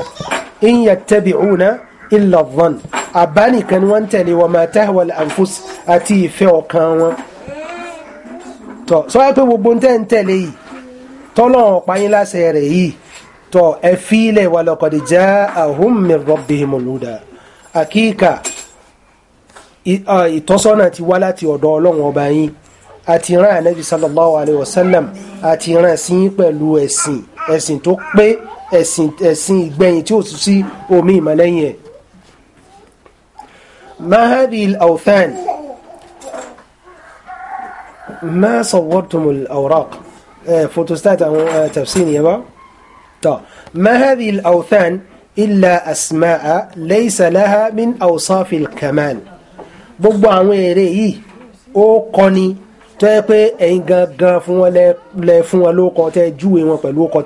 in yattabi'una illa dhann àbá nìkan ni wọ́n ń tẹ̀lé wa ma tahwal anfus àti ìfẹ́ ọkàn wọn tọ́ sọ wá pé gbogbo tẹ́ ń tẹ̀lé yìí tọ́lọ́run pa yín láṣẹ rẹ̀ yìí tọ́ ẹ fi ilẹ̀ wa laqad ja'ahum min rabbihimul huda àkíkà ìtọ́sọ́nà ti wá láti ọ̀dọ̀ ọlọ́run ọba yín àti rán ànábì sallallahu alayhi wa sallam àti rán sí pẹ̀lú ẹ̀sìn ẹ̀sìn tó pé ìgbẹ̀yìn tí ó sì sí omi ìmọ̀lẹ́yìn ẹ̀ ما هذه الأوثان ما صورتم الأوراق آه، فوتوستات آه، تفسين يا طيب، ما هذه الأوثان إلا أسماء ليس لها من أوصاف الكمال بوبو عويري او كوني تيكو اي غاغا فون ولا جوي وان بلو كو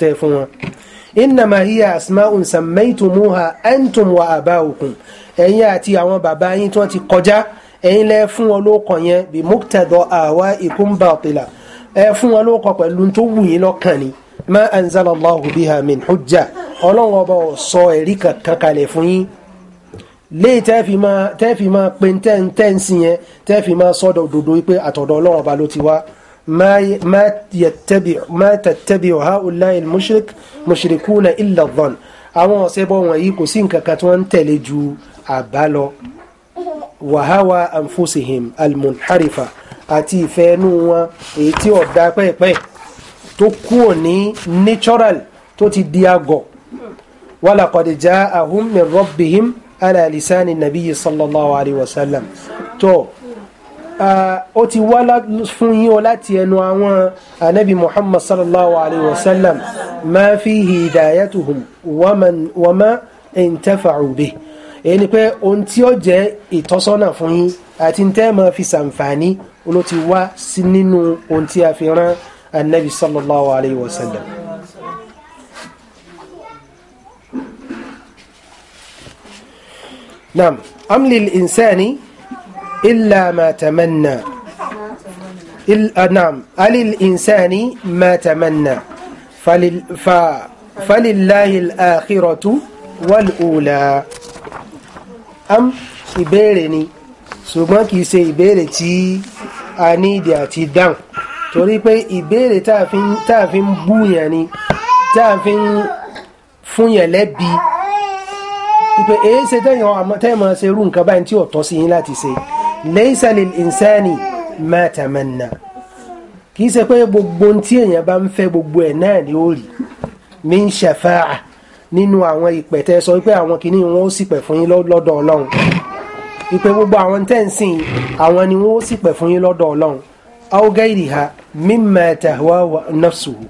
انما هي اسماء سميتموها انتم واباؤكم ẹ̀yin àti àwọn bàbá yín tí wọ́n ti kọjá ẹ̀yin lẹ fún wọn lóko yẹn bí muktadọ àwa ìkúmbà ọ̀pìlà ẹ fún wọn lóko pẹ̀lú tó wù yín lọ́kàn ni ma anzala allahu biha min hujja ọlọ́run ọba ò sọ ẹ̀rí kankan kalẹ̀ fún yín léyìí tẹ́ẹ̀fì máa tẹ́ẹ̀fì máa pe tẹ́ǹtẹ́ǹsì yẹn tẹ́ẹ̀fì máa sọ́dọ̀ òdodo wípé àtọ̀dọ̀ ọlọ́run ọba ló ti wá ma tẹ̀tẹ̀bì ọ̀há ọláyé mushrikuna illa dhann àwọn ọ̀sẹ̀ bọ̀ wọ̀nyí kò sí nǹkan kan tí wọ́n ń tẹ̀lé ju àbálọ wàháwà anfusihim almunharifa àti ìfẹ́nu wọn èyí tí ọ̀dà pẹ́ẹ̀pẹ́ tó kúrò ní natural tó ti di agọ̀ walaqad ja'ahum min rabbihim ala lisani nabiyyi sallallahu alayhi wa sallam tó ó ti wá fún yín o láti ẹnu àwọn anabi muhammad sallallahu alayhi wa sallam ma fihi hidayatuhum wa ma intafa'u bihi èyí ni pé ohun tí ó jẹ́ ìtọ́sọ́nà fún yín àti ń tẹ́ máa fi ṣàǹfààní ló ti wá sí nínú ohun tí a fi rán anabi sallallahu alayhi wa sallam. naam amlil insani illa ma tamanna ah, naam alil insani ma tamanna falillahi al-akhiratu wal-ula am ìbéèrè ni ṣùgbọ́n kìí ṣe ìbéèrè tí a ní ìdí àti dáhùn torí pé ìbéèrè tá a fi ń búyàn ni tá a fi ń fúnyàn lẹ́bi ìpè èyí ṣe tẹ́yàn tẹ́yàn ṣe irú nǹkan báyìí tí ò tọ́ sí yín láti ṣe laysa lil insani ma tamanna ṣe pé gbogbo tí èèyàn bá ń fẹ́ gbogbo ẹ̀ náà ni ó rí min shafa'a nínú àwọn ìpẹ̀ tẹ́ sọ wípé àwọn kìíní wọn ó ṣìpẹ̀ fún yín lọ́dọ̀ ọlọ́run ìpè gbogbo àwọn tẹ́ǹsìn àwọn ni wọn ó ṣìpẹ̀ fún yín lọ́dọ̀ ọlọ́run awgairiha mimma tahwa nafsuhu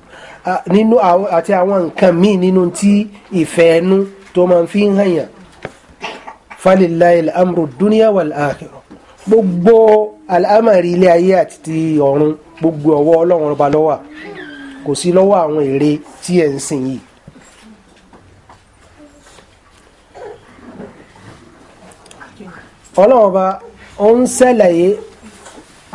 nínú àti àwọn nǹkan míì nínú tí ìfẹ́ ẹnu tó máa fi ń hàn yàn falilayi amru dunya wal akhirah gbogbo alámàrí ilé ayé àti ti ọ̀run gbogbo ọwọ́ ọlọ́run ọba ló kò sí lọ́wọ́ àwọn ère tí ẹ̀ ń sìn yìí ọlọ́run ọba ó ń ṣàlàyé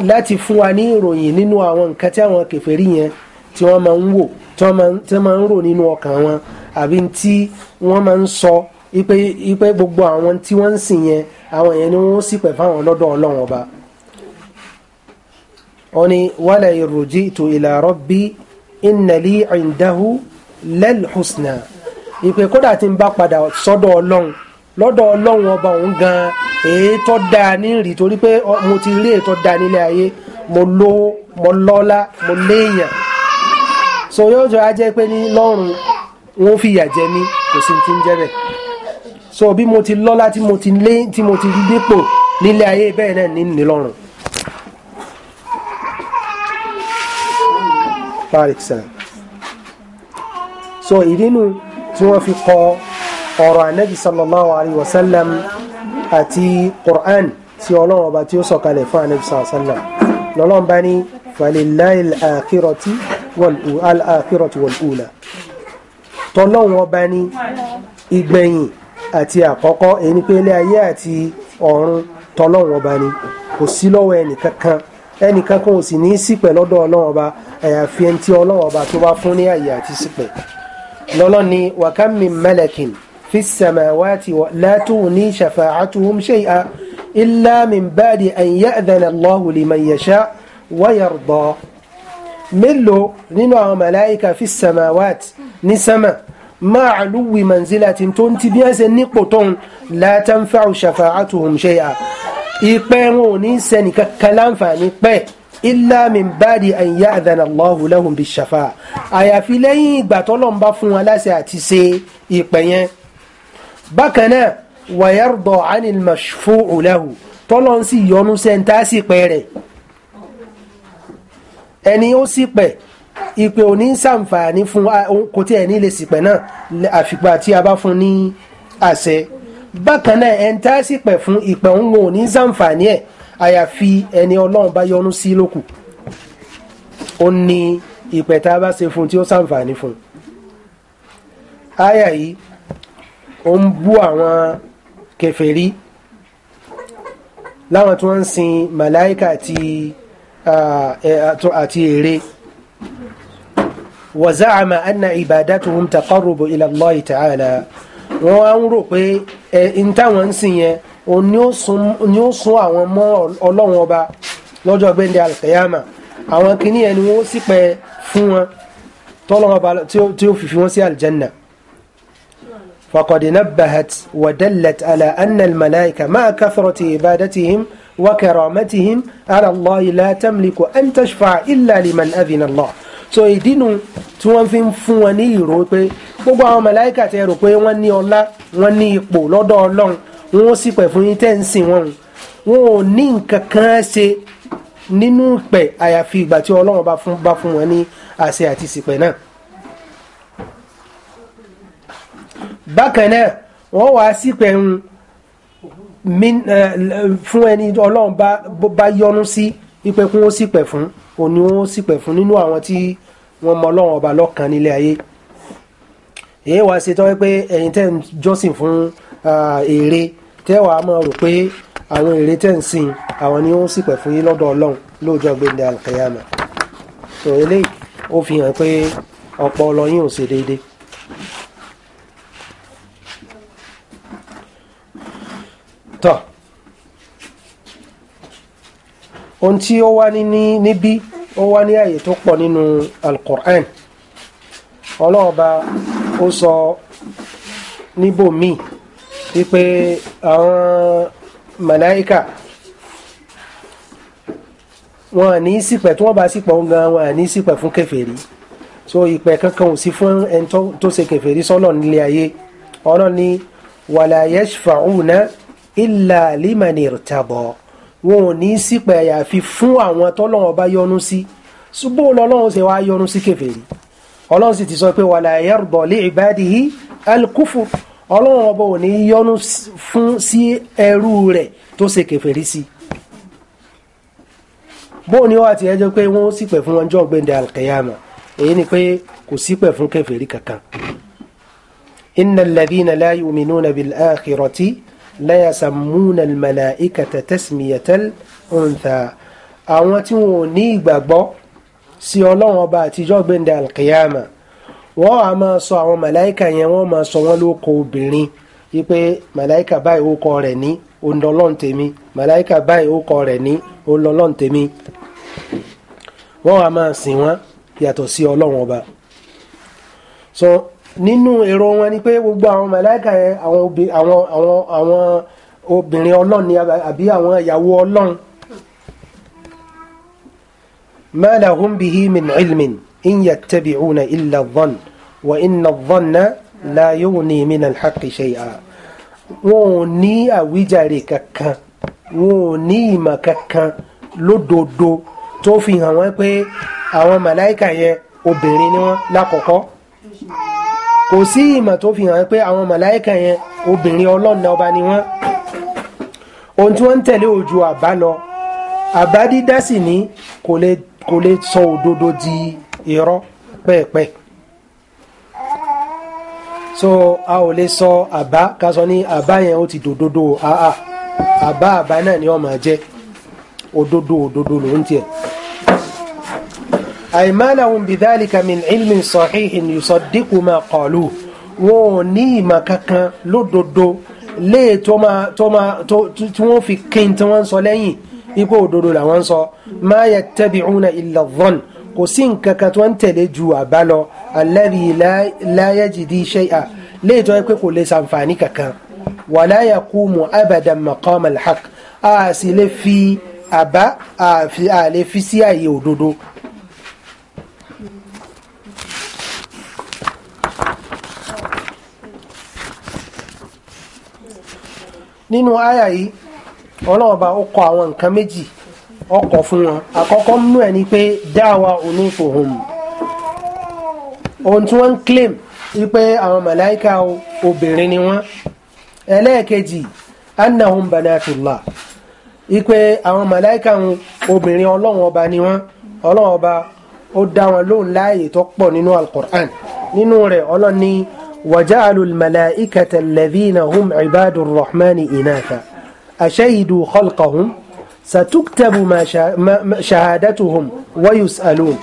láti fún wa ní ìròyìn nínú àwọn nǹkan tí àwọn kèfèrí yẹn tí wọ́n máa ń wò tí wọ́n máa ń rò nínú ọkàn wọn àbí tí wọ́n máa ń sọ ipe ipe gbogbo àwọn tí wọ́n ń sìn yẹn àwọn yẹn ni wọ́n sì pẹ̀ fáwọn lọ́dọ̀ ọlọ́run ọba ó ní wala irrujitu ila rabbi inna li indahu lal husna kódà tí ń bá padà sọ́dọ̀ ọlọ́run lọ́dọ̀ ọlọ́run ọba òun gan èyí tó dáa ní rí torí pé mo ti rí èyí tó dáa nílé ayé mo lówó mo lọ́lá mo léèyàn so yóò jọ ajẹ́ pé ní lọ́run wọn fìyà jẹ mí kò sí ti ń jẹ́ bẹ̀ so bí mo ti lọ́lá tí mo ti lé tí mo ti dípò nílé ayé bẹ́ẹ̀ náà ní nílọ́run. so ìdínú tí wọ́n fi kọ́ ọ ọ̀rọ̀ anabi sallallahu alayhi wa sallam àti qur'an tí ọlọ́run ọba tí ó sọ̀kalẹ̀ fún anabi sallallahu alayhi wa sallam lọ́lọ́run bá ní falilayi al-akhirati wal-ula tọ́lọ́run ọba ní ìgbẹ̀yìn àti àkọ́kọ́ èyí ni pé ilé ayé àti ọ̀run tọ́lọ́run ọba ní kò sí lọ́wọ́ ẹnì kankan ẹnì kankan ò sì ní í lọ́dọ̀ ọlọ́run ọba àyàfi tí ọlọ́run ọba tó bá fún ní àyè àti ṣìpẹ̀ lọ́lọ́ni wàkàmì mẹ́lẹ̀kìn في السماوات لا تغني شفاعتهم شيئا إلا من بعد أن يأذن الله لمن يشاء ويرضى ملو نينو ملائكة في السماوات نسمة ما علو منزلة تنتي بياس لا تنفع شفاعتهم شيئا إيقيرون سنك كلام فانيقير illa min báàdì an ya'dhana Allahu lahum bish-shafa'a àyàfi lẹ́yìn ìgbà tọ́lọ́run bá fún wọn láṣẹ bákan náà wàyàrdọ̀ anil mashfu'u lahu tọ́lọ́ ń sì yọnu sẹ́ńtà sí pẹ́ rẹ̀ ẹni ó sì pẹ́ ìpè òní sàǹfààní fún kò tí ẹ̀ ní lè sìpẹ̀ náà àfìgbà tí a bá fún ní àṣẹ bákan náà ẹni tá a sì pẹ̀ fún ìpẹ̀ òun ò sàǹfààní ẹ̀ àyàfi ẹni ọlọ́run bá yọ́nú sí lókù ó ní ìpẹ̀ tá a bá ṣe fún tí ó sàǹfààní fún. áyà yìí ó ń bú àwọn kèfèrí láwọn tí wọ́n ń sin màláìkà àti àti ère wa za'ama anna ibadatuhum taqarrubu ila Allah ta'ala wọ́n á ń rò pé ẹ̀ ń táwọn ń sìn yẹn òun ni ó sún àwọn mọ́ ọlọ́run ọba lọ́jọ́ gbẹ́ndẹ́ alkiyama àwọn kìíní ẹni wọ́n sì pẹ́ fún wọn tọ́lọ́run ọba tí ó fi fi sí aljanna فقد نبهت ودلت على أن الملائكة مع كثرة عبادتهم وكرامتهم على الله لا تملك أن تشفع إلا لمن أذن الله so ìdínú tí wọ́n fi ń fún wọn ní ìró pé gbogbo àwọn màláíkà tẹ rò pé wọ́n ní ọlá wọ́n ní ipò lọ́dọ̀ ọlọ́run wọn ó sì pẹ̀ fún yín tẹ́ wọn wọn ò ní nǹkan kan ṣe nínú ìpẹ̀ àyàfi ìgbà tí ọlọ́run bá fún wọn ní àṣẹ àti ìsìpẹ̀ náà bákan náà wọ́n wá sípẹ̀ ń fún ẹni ọlọ́run bá yọ́nú sí wípé kí wọ́n sípẹ̀ fún òní wọ́n sípẹ̀ fún nínú àwọn tí wọ́n mọ ọlọ́run ọba lọ́kan nílé ayé èyí wá ṣe tán wípé ẹ̀yin tẹ́ ń jọ́sìn fún èrè tẹ́wàá máa rò pé àwọn èrè tẹ́ ń sìn àwọn ni wọ́n sípẹ̀ fún yín lọ́dọ̀ ọlọ́run lọ́jọ́ gbẹ̀ndẹ̀ alkiyama so eléyìí ó fi hàn pé ọpọlọ yín ò ṣe déédéé. tọ́ ohun tí ó wá ní níbí ó wá ní àyè tó pọ̀ nínú al-Qur'an ọlọ́ọ̀ba ó sọ níbòmíì wípé àwọn màláíkà wọn à ní ṣìpẹ̀ tí wọ́n bá ṣìpẹ̀ ń gan wọn à ní ṣìpẹ̀ fún kèfèrí so ìpẹ̀ kankan ò sí fún ẹni tó ṣe kèfèrí sọ́nà nílé ayé ọ̀nà ni wala yashfa'una illa liman irtada wọn ò ní í sípẹ̀ àyàfi fún àwọn tọ́lọ́wọ́n bá yọ́nú sí ṣùgbọ́n ọlọ́run ṣe wá yọ́nú sí kèfèrí ọlọ́run sì ti sọ pé wala yarda li ibadihi al-kufur ọlọ́run ọba ò ní yọ́nú fún sí ẹrú rẹ̀ tó ṣe kèfèrí sí bóun ni wọ́n àti ẹjọ́ pé wọ́n sípẹ̀ fún wọn jọ́ gbẹ̀ndẹ̀ al èyí ni pé kò sípẹ̀ fún kèfèrí kankan innal ladhina la yu'minuna bil-akhirati la yasammuna al-malaikata tasmiyatal untha àwọn tí wọn ò ní ìgbàgbọ́ sí ọlọ́run ọba àtijọ́ gbẹ̀ndẹ̀ alkiyama wọ́n á máa sọ àwọn màláìka yẹn wọ́n máa sọ wọ́n lóko obìnrin wípé màláìka báyìí ó kọ rẹ̀ ní ondọ́lọ́n tèmi màláìka báyìí ó kọ rẹ̀ ní ondọ́lọ́n tèmi wọ́n á máa sìn wọ́n yàtọ̀ sí ọlọ́run ọba so nínú èrò wọn ni pé gbogbo àwọn màláíkà yẹn àwọn àwọn àwọn àwọn obìnrin ọlọ́run ni àbí àwọn ìyàwó ọlọ́run ma lahum bihi min ilmin in yattabi'una illa dhann wa inna dhanna la yughni min al-haqqi shay'a wọn ò ní àwíjàre kankan wọn ò ní ìmọ̀ kankan lódodo tó fi hàn wọ́n pé àwọn màláíkà yẹn obìnrin ni wọ́n lákọ̀ọ́kọ́ kò sí ìmọ̀ tó fi hàn pé àwọn màláìkà yẹn obìnrin ọlọ́ọ̀nà ọba ni wọ́n ohun tí wọ́n ń tẹ̀lé ojú àbá lọ àbá dídá sì ní kò lè sọ òdodo di irọ́ pẹ́ẹ̀pẹ́ so a ò lè sọ àbá ká sọ ní àbá yẹn ó ti dòdodo àà àbá àbá náà ni ó máa jẹ́ òdodo òdodo ló tiẹ̀. أي ما لهم بذلك من علم صحيح يصدق ما قالوه wọn ò ní ìmọ̀ kankan lódodo léè tó máa tó máa tó tí wọ́n fi kín tí wọ́n ń sọ lẹ́yìn ipò òdodo làwọn ń sọ ma yattabi'una illa dhann kò sí nǹkan kan tí wọ́n ń tẹ̀lé ju àbá lọ alladhi la yajidi shay'a léè tó yẹ pé kò lè ṣàǹfààní kankan wala yaqumu abadan maqama al-haqq a sì lè fi àbá a lè fi sí àyè òdodo. nínú àyà yìí ọlọ́run ọba ó kọ àwọn nǹkan méjì ó kọ fún wọn àkọ́kọ́ nínú ẹ̀ ni pé dáwà onífòhùn ohun tí wọ́n ń claim wípé àwọn màláìka obìnrin ni wọ́n ẹlẹ́ẹ̀kejì annahum banatullah wípé àwọn màláìka obìnrin ọlọ́run ọba ni wọ́n ọlọ́run ọba ó dá wọn lóhùn láàyè tó pọ̀ nínú al nínú rẹ̀ ọlọ́run وجعلوا الملائكة الذين هم عباد الرحمن إناثا أشهدوا خلقهم ستكتب ما شهادتهم ويسألون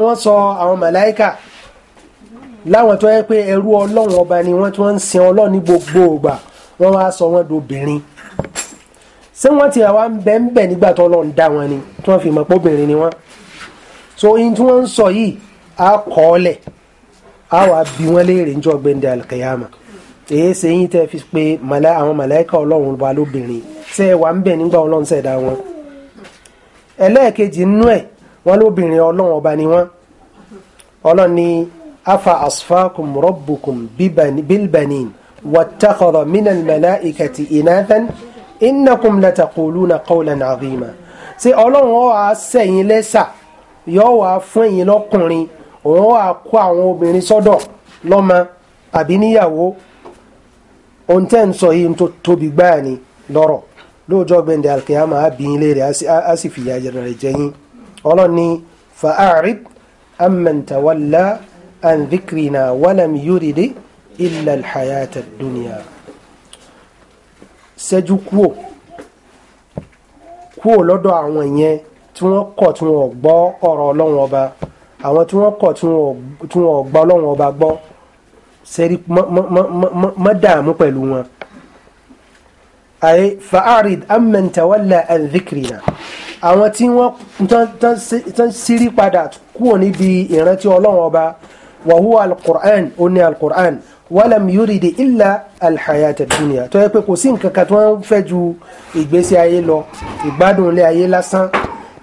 وصوا أو ملائكة láwọn tó yẹ pé ẹrú ọlọ́run ọba ni wọ́n tí wọ́n ń sin ọlọ́run ní gbogbo ìgbà wọ́n wá sọ wọ́n dobìnrin ṣé wọ́n ti àwa ń bẹ ń bẹ̀ nígbà tó ọlọ́run dá wọn ni tí wọ́n fi mọ̀ pé obìnrin ni wọ́n so ohun tí wọ́n ń sọ yìí á kọ́ ọ lẹ̀ á wà bí wọ́n léèrè níjọ́ gbẹ̀ndẹ̀ alkiyama èyí ṣe yín tẹ́ fi pé àwọn màláíkà ọlọ́run ba lóbìnrin ṣe wà ń bẹ̀ nígbà ọlọ́run ṣẹ̀dá wọn ẹlẹ́ẹ̀kejì nínú ẹ̀ wọ́n lóbìnrin ọlọ́run ọba ni wọ́n ọlọ́run ni afa asfakum rabbukum bilbanin wattakhadha minal malaikati inathan innakum lataquluna qawlan azima ṣe ọlọ́run ó wá ṣẹ̀yìn lẹ́ṣà yóò wá fún ẹ̀yin lọ́kùnrin òun wà kó àwọn obìnrin sọ́dọ̀ lọ́mọ àbí níyàwó ohun tẹ́ ń sọ yìí tó tóbi gbáà ni lọ́rọ̀ lóòjọ́ gbẹ̀ndẹ̀ alkiyama á bí ilé rẹ̀ á sì fìyà rẹ̀ jẹyìn ọlọ́ni fa'arib amman tawalla an walam yuridi illa alhayata dunya ṣẹ́jú kúò kúò lọ́dọ̀ àwọn yẹn tí wọ́n kọ̀ tí wọ́n gbọ́ ọ̀rọ̀ ọlọ́run ọba àwọn tí wọ́n kọ̀ tí wọ́n gbọ́ ọlọ́run ọba gbọ́ sẹ́rí mọ́ dààmú pẹ̀lú wọn. àyè fa'arid amman tawalla an dhikrina àwọn tí wọ́n tán sírí padà kúrò níbi ìrántí ọlọ́run ọba wa huwa al-Qur'an ó ní al-Qur'an walam yuridi illa al-hayata dunya tó yẹ pé kò sí nǹkan kan tí wọ́n fẹ́ ju ìgbésí ayé lọ ìgbádùn ilé ayé lásán.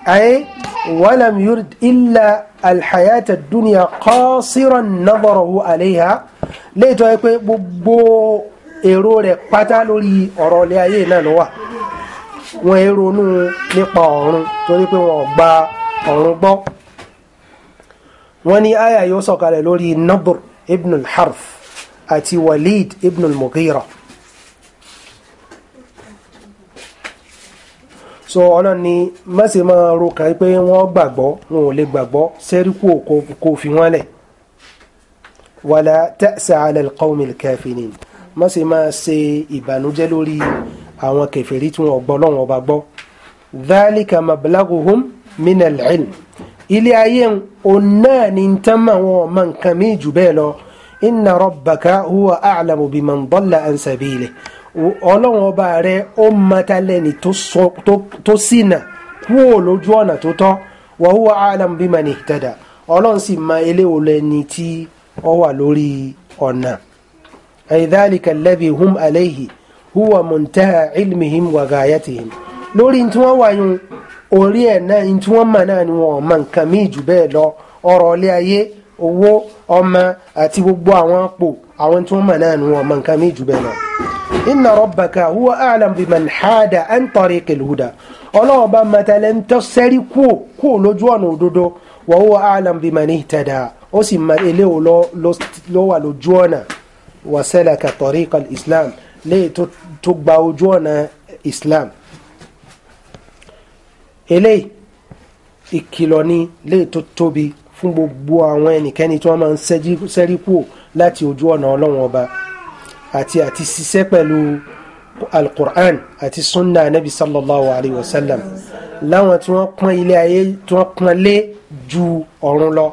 أي ولم يرد إلا الحياة الدنيا قاصرا نظره عليها ليتو يكوي بو èrò rẹ̀ pátá lórí ọ̀rọ̀ ilé ayé náà ló wà wọn ẹ ronú nípa ọ̀run torí pé wọn ò gba ọ̀run gbọ́ wọn ní àyà yóò sọ̀kalẹ̀ lórí nabur ibn al-harf àti walid ibn al-mughira so ọ̀nà ni má ṣe máa ro kàn pé wọ́n gbàgbọ́ wọn ò lè gbàgbọ́ sẹ́ríkù kò fi wọ́n lẹ̀ wàlá ta'sa 'ala al-qawmi al-kafirin má ṣe máa ṣe ìbànújẹ́ lórí àwọn kèfèrí tí wọ́n gbọ́ lọ́wọ́n ọba gbọ́ dhalika mablaghuhum min al-'ilm ilé ayé o náà ni ń tán mọ́ àwọn ọmọ nǹkan mi jù bẹ́ẹ̀ lọ inna rabbaka huwa a'lamu biman dalla an sabilihi ọlọ́run ọba rẹ ó mọtalẹ́ni tó ṣìnà kúò lójú ọ̀nà tó tọ́ wa huwa alam biman ihtada ọlọ́run sì mọ eléwo lẹ́ni tí ó wà lórí ọ̀nà ay dhalika alladhi hum alayhi huwa muntaha ilmihim wa gayatihim lórí tí wọ́n wáyé orí ẹ̀ náà tí wọ́n mọ̀ náà ni wọ́n mọ̀ nǹkan míì jù bẹ́ẹ̀ lọ ọrọ̀ ilé ayé owó ọmọ àti gbogbo àwọn pò àwọn tí wọ́n mọ̀ náà ni wọ́n mọ̀ nǹkan míì jù bẹ́ẹ̀ lọ. إن ربك هو أعلم بمن حاد عن طريق الهدى ọlọ́run ọba mẹtẹlẹ ń tọ́ sẹ́rí kúò kúò lójú ọ̀nà òdodo wa huwa a'lam biman ihtada ó sì mọ eléwo ló wà lójú ọ̀nà wa salaka tariqa islam léyìí tó gba ojú ọ̀nà islam eléyìí ìkìlọ̀ ni léyìí tó tóbi fún gbogbo àwọn ẹnikẹ́ni tí wọ́n máa ń sẹ́rí kúò láti ojú ọ̀nà ọlọ́run ọba àti àti ṣiṣẹ́ pẹ̀lú alukur'an àti sunna anabi sallallahu alayhi wa sallam láwọn tí wọ́n pọ́n ilé ayé tí wọ́n pọ́n lé ju ọ̀run lọ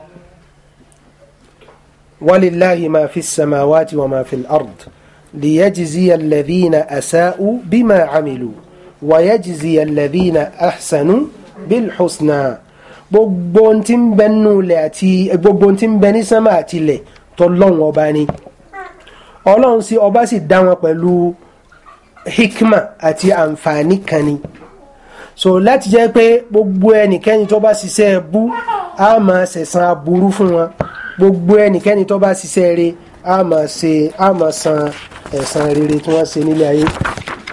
walilahi ma fi samawati wa ma fi al-ard liyajiziya alladhina asa'u bima amilu wayajiziya alladhina ahsanu bilhusna gbogbo tí ń bẹ nínú àti gbogbo tí ń bẹ ní sánmà àti ilẹ̀ tọ́lọ́run ọba ni ọlọ́run sí ọba sì dá wọn pẹ̀lú hikma àti àǹfààní kan ni so láti jẹ́ pé gbogbo ẹnikẹ́ni tó bá ṣiṣẹ́ bú a máa ṣẹ̀san aburú fún wọn gbogbo ẹnikẹ́ni tó bá ṣiṣẹ́ rere a máa ṣe a máa san ẹ̀san rere tí wọ́n ṣe nílé ayé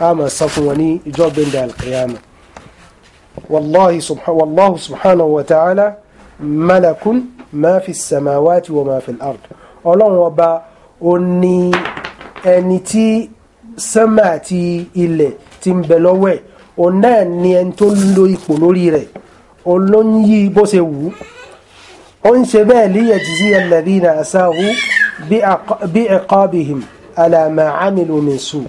a máa san fún wọn ní ìjọ gbẹ̀ndẹ̀ alkiyama wallahi subhanahu wa ta'ala malakun ma fi samawati wa ma fi al ọlọ́run ọba ó ní ẹni tí sánmà àti ilẹ̀ ti ń bẹ lọ́wọ́ ẹ̀ òun náà ni ẹni tó ń lo ipò lórí rẹ̀ òun ló ń yí bó ṣe wù ú ó ń ṣe bẹ́ẹ̀ líyẹ̀ jìzí alladhina asahu bí iqabihim ala ma amilu min su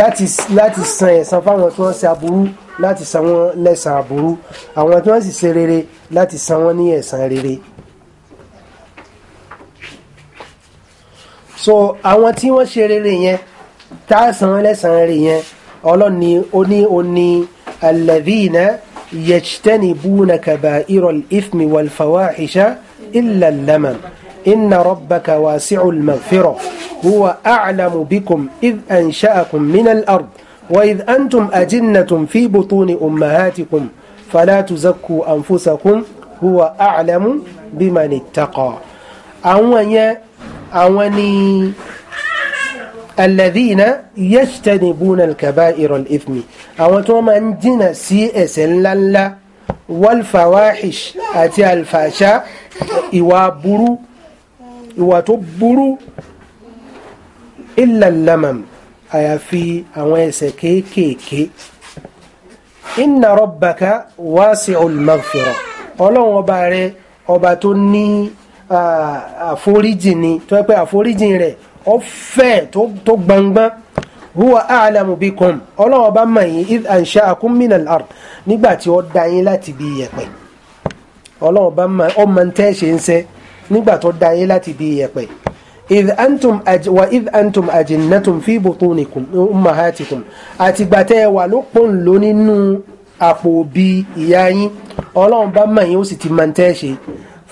láti láti san ẹ̀san fáwọn tí wọ́n ṣe aburú láti san wọ́n lẹ́san aburú àwọn tí wọ́n sì ṣe rere láti san wọ́n ní ẹ̀san rere. so àwọn tí wọ́n ṣe rere yẹn tá a san lẹ́san rere yẹn ọlọ́ni oní oní alladhina yajtanibuna kaba'ira al-ithmi wal-fawahisha illa al-lamam inna rabbaka wasi'ul maghfirah huwa a'lamu bikum id ansha'akum min al-ard wa id antum ajinnatun fi butuni ummahatikum fala tuzakku anfusakum huwa a'lamu biman ittaqa àwọn yẹn àwọn ni alladhina yajtanibuna al-kaba'ira al-ithmi àwọn tí wọ́n máa ń jìnà sí ẹ̀ṣẹ̀ ńláńlá wal-fawahish àti alfàṣà ìwà burú ìwà tó burú illa àyàfi àwọn ẹ̀ṣẹ̀ kéékèèké inna rabbaka wasi'ul maghfirah ọlọ́run ọba rẹ ọba tó ní àforíjì ni tó yẹ pé àforíjì rẹ̀ ó fẹ̀ tó gbangban huwa a'lamu bikum ọlọ́wọ́ bá mọ̀ yín id ansha'akum min al-ard nígbà tí ó dá yín láti bí yẹ̀pẹ̀ ọlọ́wọ́ bá mọ̀ ọ́ mọ̀ tẹ́ ṣe ń sẹ́ nígbà tó dá yín láti bí yẹ̀pẹ̀ id antum aj wa id antum ajinnatum fi butunikum ummahatikum àtìgbà tẹ́ ẹ wà lópin ló nínú àpò bí ìyá yín ọlọ́wọ́ bá mọ̀ yín ó sì ti mọ̀ tẹ́ ṣe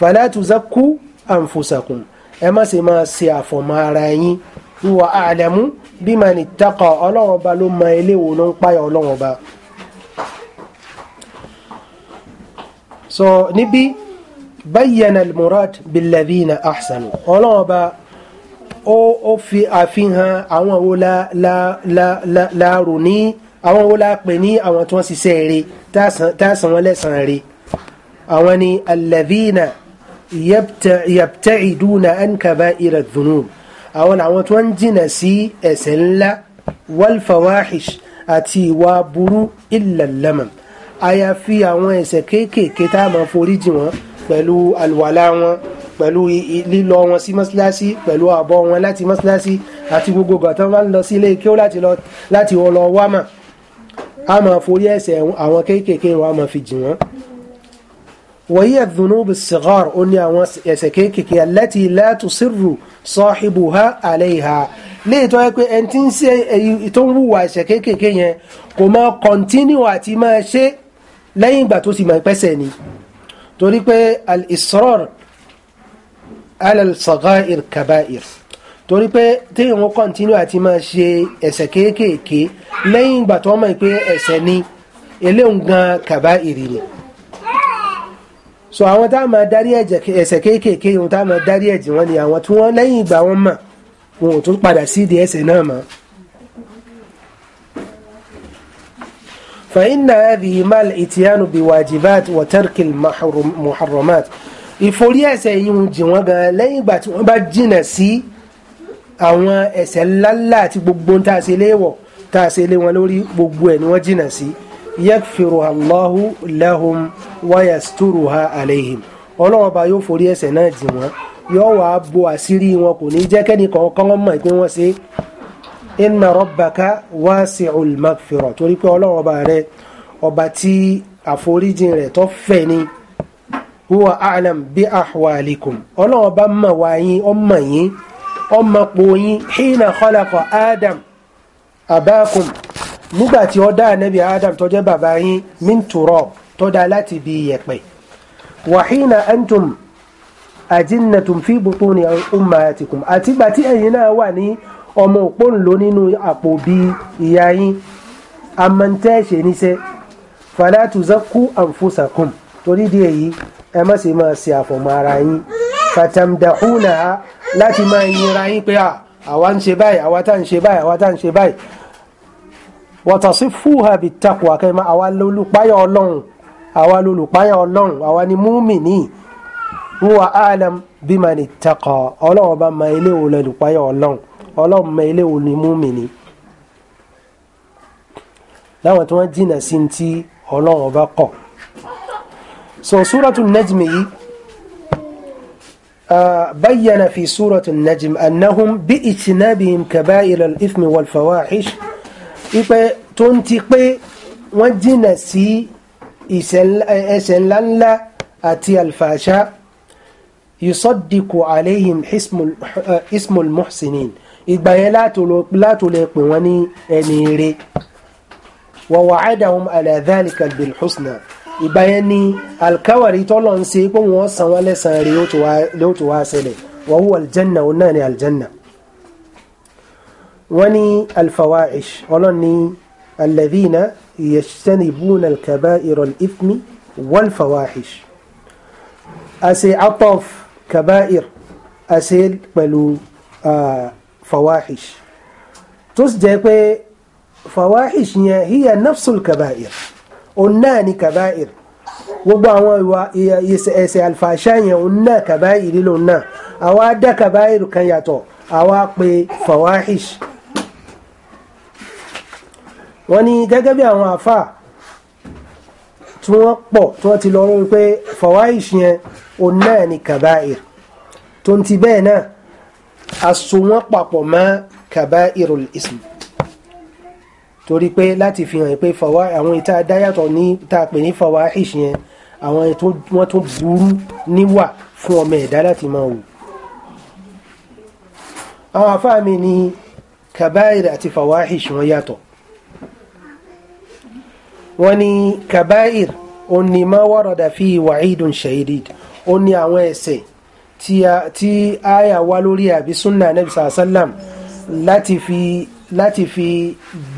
fala tuzakku anfusakum ẹ má ṣe máa ṣe àfọ̀mọ́ ara yín huwa a'lamu biman ittaqa ọlọ́run ọba ló mọ eléwo ló ń páyà ọlọ́run ọba. so níbí bayyana al-murad bil-ladhina ahsanu ọlọ́run ọba ó fi àfihàn àwọn wo la la la la la rò ní àwọn wo la pè ní àwọn tí wọ́n ṣiṣẹ́ rẹ̀ tá a san wọ́n lẹ́san rẹ̀ àwọn ni al yabta'iduna an kaba'ira dhunub àwọn àwọn tó ń jìnà sí ẹ̀ṣẹ̀ ńlá wal fawahish àti ìwà burú illa lamam àyàfi àwọn ẹ̀ṣẹ̀ kéékèèké tá a máa forí jì wọ́n pẹ̀lú àlùwàlá wọn pẹ̀lú lílọ wọn sí mọ́síláṣí pẹ̀lú àbọ̀ wọn láti mọ́síláṣí àti gbogbo gàtán bá ń lọ sí ilé kí ó láti lọ wá mà á máa forí ẹ̀ṣẹ̀ àwọn kéékèèké wọn á máa fi jì wọ́n وهي الذنوب الصغار أني أواس يسكيكك التي لا تصر صاحبها عليها ليه تويكو أنتين سي تنبو واسكيكك كما كونتينيو أتما شيء لا ينبتو سيما يبسني توريكو الإصرار على الصغائر كبائر torí pé téèyàn wọn kọ́ntínú àti máa ṣe ẹ̀ṣẹ̀ kéékèèké lẹ́yìn ìgbà tó mọ̀ pé ẹ̀ṣẹ̀ ni eléhùn gan kàbá ìrìnì so àwọn tá a máa darí ẹ̀ṣẹ̀ kéékèèké ohun tá a máa darí ẹ̀jẹ̀ wọn ni àwọn tí wọ́n lẹ́yìn ìgbà wọn mà wọn ò tún padà sídìí ẹ̀ṣẹ̀ náà mọ́. فإن هذه ما الإتيان بواجبات وترك المحرمات ìforí ẹ̀ṣẹ̀ yìí jì wọ́n gan lẹ́yìn ìgbà tí wọ́n bá jìnà sí àwọn ẹ̀ṣẹ̀ ńláńlá àti gbogbo tá a ṣe léèwọ̀ tá a ṣe lé wọn lórí gbogbo ẹ̀ ni wọ́n jìnà sí. Si yakfiruha Allahu lahum wa yasturuha alayhim ọlọ́run ọba yóò forí ẹ̀ṣẹ̀ náà jì wọ́n yóò wá bo àṣírí wọn kò ní jẹ́ kẹ́ni kọ̀ọ̀kan mọ̀ pé wọ́n ṣe inna rabbaka wasi'ul maghfirah torí pé ọlọ́run ọba rẹ ọba tí àforíjìn rẹ̀ tó fẹ̀ ni huwa a'lam bi ahwalikum ọlọ́run ọba mọ̀ wá yín ọmọ yín ọmọ pò yín hina khalaqa adam abakum nígbà tí ó dá ànábì adam tó jẹ́ bàbá yín min turab tó dá láti bí yẹ̀pẹ̀ wàhíìnà antum àjínàtùm fi butuni ummatikum àti gbà tí ẹ̀yin náà wà ní ọmọ òpónlò nínú àpò bí ìyá yín amọ̀ntẹ́ ṣe níṣẹ́ fala tuzakku anfusakum torí di èyí ẹ má ṣe máa ṣe àfọ̀mọ́ ara yín fatamdahuna láti máa yinra yín pé àwa ń ṣe báyìí àwa tá ń ṣe báyìí àwa tá ń ṣe báyìí وتصفوها بالتقوى كما اولو لو باي اولون اولو لو باي اولون اواني مؤمني هو اعلم بمن اتقى اولو با ما اليو لو باي ما اليو ني مؤمني لو تو جينا سنتي اولو با سو سورة النجم بين في سورة النجم أنهم بإجنابهم كبائر الإثم والفواحش wípé tó ń ti pé wọ́n jìnà sí ẹ̀ṣẹ̀ ńláńlá àti alfàṣà yusọ́dìkù alayhim ismul muhsinin ìgbà yẹn látò lè pè wọ́n ní ẹni rẹ̀ wa wa'adahum ala dhalika bil husna ìgbà yẹn ni alkawari tọ́lọ̀ ń ṣe pé wọ́n san wọ́n lẹ́san rẹ̀ yóò tó wá ṣẹlẹ̀ wa huwa aljanna òun náà ni aljanna wọ́n ní alfawa'ish ọlọ́run ní alladhina yajtanibuna alkaba'ira al-ithmi walfawa'ish àṣe atọ́f kaba'ir àṣe pẹ̀lú fawa'ish tó sì jẹ́ pé fawa'ish yẹn hiya nafsul kaba'ir òun náà ni kaba'ir gbogbo àwọn ìwà ẹ̀ṣẹ̀ alfàṣà yẹn òun náà kaba'ir lòun náà àwa dá kaba'ir kan yàtọ̀ àwa pè fawahish wọ́n ní gẹ́gẹ́ bí àwọn àfà tí wọ́n pọ̀ tí wọ́n ti lọ rí pé fọwáìṣì yẹn òun náà ni kàbáìr tó ń ti bẹ́ẹ̀ náà àsùnwọ̀n papọ̀ mọ́ kàbáìrul ism torí pé láti fi hàn pé fọwá àwọn ìta dáyàtọ̀ ní tá pè ní fọwáìṣì yẹn àwọn wọ́n tún burú níwà fún ọmọ ẹ̀dá láti máa wù àwọn àfáà mi ní kàbáìr àti fọwáìṣì wọn yàtọ̀ wọ́n ní kabair ó ní ma warada fi wa'idun shadid ó ní àwọn ẹ̀ṣẹ̀ tí aya wá lórí àbí sunna anabi sàlám láti fi láti fi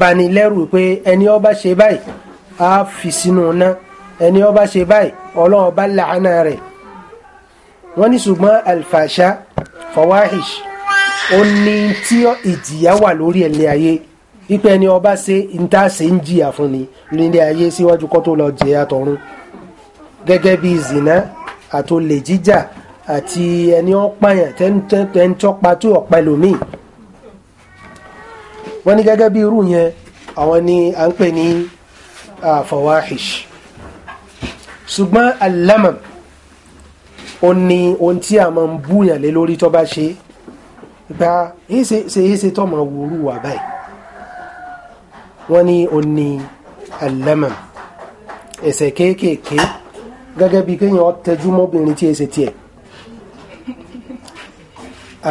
bani lẹ́rù pé ẹni ó bá ṣe báyìí á fi sínú ná ẹni ó bá ṣe báyìí ọlọ́run bá làánà rẹ̀ wọ́n ní ṣùgbọ́n alfàṣà fawahish ó ní tí ìjìyà wà lórí ẹ̀lẹ́ ayé wípé ẹni ọba ṣe níta ṣe ń jìyà fún ni nílé ayé síwájú kó tó lọ jẹ àtọ̀run gẹ́gẹ́ bí zina àtòlè jíjà àti ẹni ọ̀pàyàn tẹ́ńtọ́pa tó ọ̀pẹ lòmíì wọ́n ní gẹ́gẹ́ bí irú yẹn àwọn ni à ń pè ní fawahish ṣùgbọ́n alamam ó ní ohun tí a máa ń búyàn lé lórí tó bá ṣe gba èyí ṣe tó máa wúrú wà báyìí wọ́n ní o ní alamam ẹ̀ṣẹ̀ kéékèèké gẹ́gẹ́ bí kéèyàn tẹjú mọ́bìnrin tí ẹ̀ṣẹ̀ tiẹ̀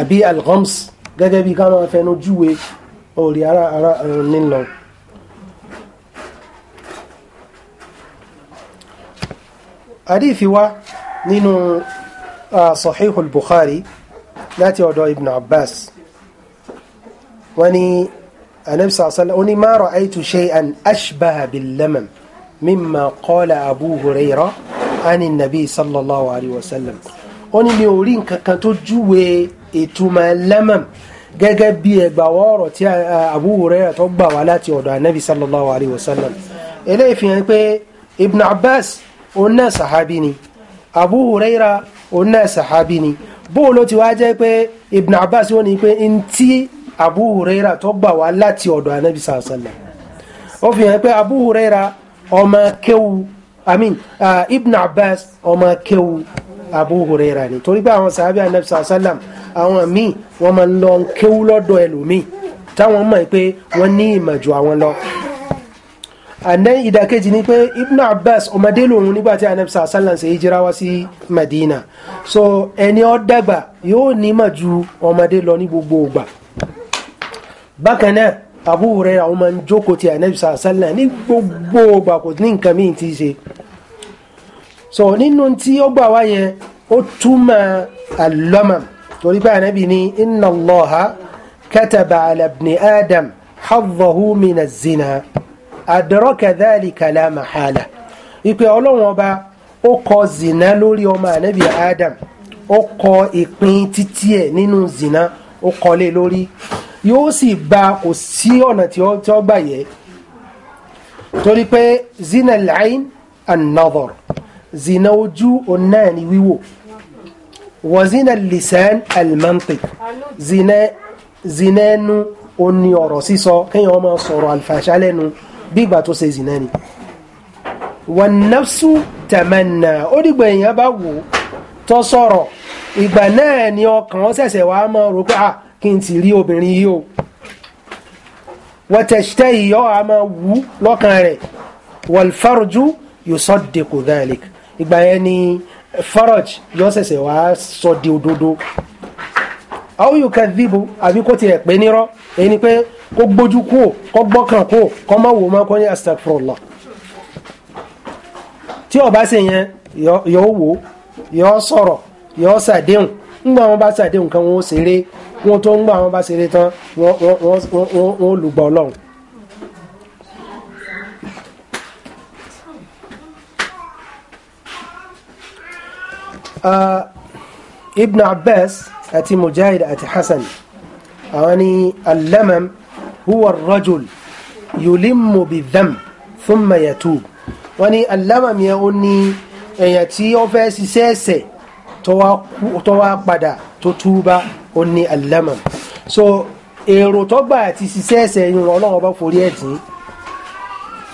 àbí alghams gẹ́gẹ́ bí ká máa fẹnu júwe òòrì ara ara nílọ. àdìfi wá nínú sahihul bukhari láti ọ̀dọ̀ ibn abbas wọ́n ní anabi sàlẹ̀ ó ní ma ra'aytu shay'an ashbaha bil-lamam mimma qala abu huraira ani nabi sallallahu alayhi wa sallam ó ní mi ò rí nǹkan kan tó júwe ìtumọ̀ lamam gẹ́gẹ́ bí ẹgbàwọ́ ọ̀rọ̀ tí abu huraira tó gbà wá láti ọ̀dọ̀ anabi sallallahu alayhi wa sallam eléyìí fi hàn pé ibn abbas òun náà sàhábí ni abu huraira òun náà sàhábí ni bóòló ti wá jẹ́ pé ibn abbas wọ́n ní pé ntí abu huraira tó gbà wá láti ọ̀dọ̀ anabi sàlẹ̀ ó fi hàn pé abu huraira ọmọ kéwu amin uh, ibn abbas ọmọ kéwu abu huraira ni torí pé àwọn sàábì anabi sàlẹ̀ àwọn míì wọ́n máa ń lọ kéwu lọ́dọ̀ ẹlòmíì táwọn mọ̀ pé wọ́n ní ìmọ̀ ju àwọn lọ àdán ìdàkejì ni pé ibn abbas ọmọdé lòun nígbà tí anabi sàá sálà ṣe hijira wá sí madina so ẹni ó dàgbà yóò nímọ̀ ju ọmọdé lọ ní gbogbo ìgbà bákan náà Abu Hurairah àwọn máa ń jókòó ti ànábì sàlẹ̀ ní gbogbo ìgbà kò ní nǹkan míì ti ṣe so nínú tí ó gbà wá yẹn ó túmọ̀ al-lamam torí pé ànábì ní inna Allaha kataba ala Adam haddahu min zina adraka dhalika la mahala ìpè ọlọ́run ọba ó kọ zina lórí ọmọ ànábì Adam ó kọ ìpín títí ẹ̀ nínú zina ó kọ lé lórí yóò sì gba kò sí ọ̀nà tí ó gbà yẹ torí pé zina al-ayn an-nadhar zina ojú ọ̀nà ni wíwò wa zina al-lisan al-mantiq zina zina ẹnu òní ọ̀rọ̀ sísọ kéèyàn máa sọ̀rọ̀ àlfàṣà lẹ́nu bí ìgbà tó ṣe zina ni wan nafsu tamanna ó dìgbà èèyàn bá wò tó sọ̀rọ̀ ìgbà náà ni ọkàn ó ṣẹ̀ṣẹ̀ wàá máa rò ah, kí n ti rí obìnrin yìí o wọ́tẹ̀ṣtẹ́ ìyọ́ a máa wú lọ́kàn rẹ̀ wọ́lfàrjú yóò sọ de kò dáìlík ìgbà yẹn ni faraj yóò ṣẹ̀ṣẹ̀ wá sọ de òdodo àwọn yóò kẹ́ dìbò àbí kó tiẹ̀ pé nírọ́ èyí ni pé kó gbójú kú kó gbọ́kàn kú kó má wò má kó ní astagfirullah tí ó ṣe yẹn yóò wò yóò sọ̀rọ̀ yóò ṣàdéhùn ńgbà wọn bá ṣàdéhùn kan wọn ó ṣeré wọ́n tó ń gbà wọ́n bá ṣeré tán wọ́n lùgbọ́ ọlọ́run. Ah, ibn abbas àti mujahid àti hasan àwọn ni al huwa rajul yulimmu bi-dhanb thumma yatub wọ́n ní al yẹn ó ní èèyàn tí ó fẹ́ ṣiṣẹ́ ẹ̀ṣẹ̀ tó wá padà tó túbá ó ní alamam so èrò tọ́gbà àti ṣiṣẹ́ ẹsẹ̀ yìí wọn ọlọ́run bá forí ẹ̀ tì í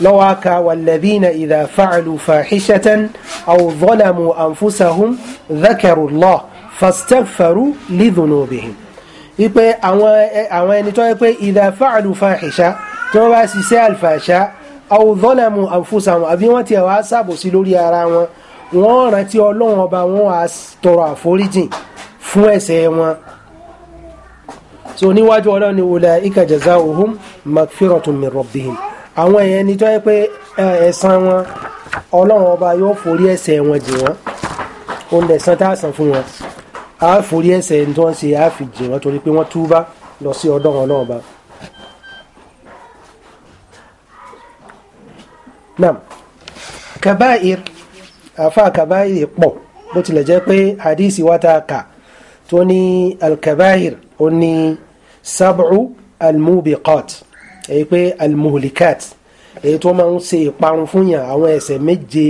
lọ́wọ́ aka wàlẹ́bínà ìdá fàcàlù fàáhíṣẹ́tẹ́n àwòzọ́làmù àǹfùsàhùn dákẹrùlọ́ fàstẹ́fàrú lídùnúbìhìn. wípé àwọn ẹni tó yẹ pé ìdá fàcàlù fàáhíṣá tí wọ́n bá ṣiṣẹ́ àlfàṣá àwòzọ́làmù àǹfùsàhùn àbí wọ́n ti ẹ̀ wá ṣàbòsí lórí ara wọn wọ́n rántí ọlọ́run ọba wọn á tọrọ àforíjìn fún ẹ̀ṣẹ̀ wọn so níwájú ọlọ́run ni ulaika jazaohum magfiratun min rabbihim àwọn èèyàn ni tó yẹ pé ẹ̀san wọn ọlọ́run ọba yóò forí ẹ̀ṣẹ̀ wọn jì wọ́n ó lè san tá a san fún wọn a forí ẹ̀ṣẹ̀ tó ń ṣe a fi jì wọ́n torí pé wọ́n túbá lọ sí ọdọ́run ọlọ́run ọba. nam kabair afa kabair pọ̀ bó tilẹ̀ jẹ́ pé hadisi wa ta kà tó ní alkabair ó ní sab'u almubiqat èyí pé almuhlikat èyí tó máa ń ṣe ìparun fún yàn àwọn ẹ̀ṣẹ̀ méje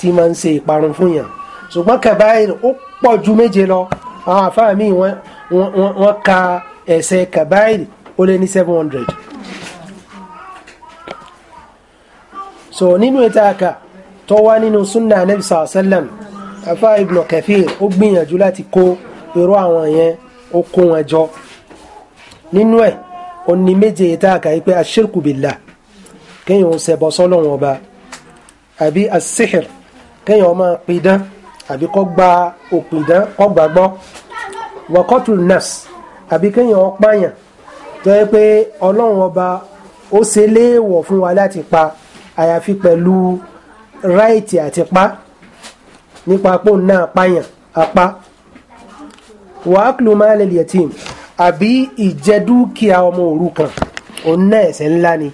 tí máa ń ṣe ìparun fún yàn ṣùgbọ́n kàbáyìrì ó pọ̀ ju méje lọ àwọn àfáà míì wọ́n ka ẹ̀ṣẹ̀ kàbáyìrì ó lé ní seven hundred. so nínú ètò àkà tó wá nínú sunna anabi sallallahu alayhi wa sallam afa ibn kathir ó gbìyànjú láti kó irú àwọn yẹn ó kó wọn jọ nínú ẹ̀ òní méje tá a kà yí pé aṣírkù bìlà kéèyàn ń ṣẹbọ sọ́lọ́run ọba àbí asíhìr kéèyàn máa pidán àbí kó gba òpìdán kó gbàgbọ́ wàkọ́tùl nas àbí kéèyàn pààyàn tó yẹ pé ọlọ́run ọba ó ṣe léèwọ̀ fún wa láti pa àyàfi pẹ̀lú ráìtì àti pa nípa pò náà pààyàn apá wàákùlù máa lè lè tìǹ àbí ìjẹdúkìá ọmọ òrukàn òun náà ẹ̀ṣẹ̀ ńlá ni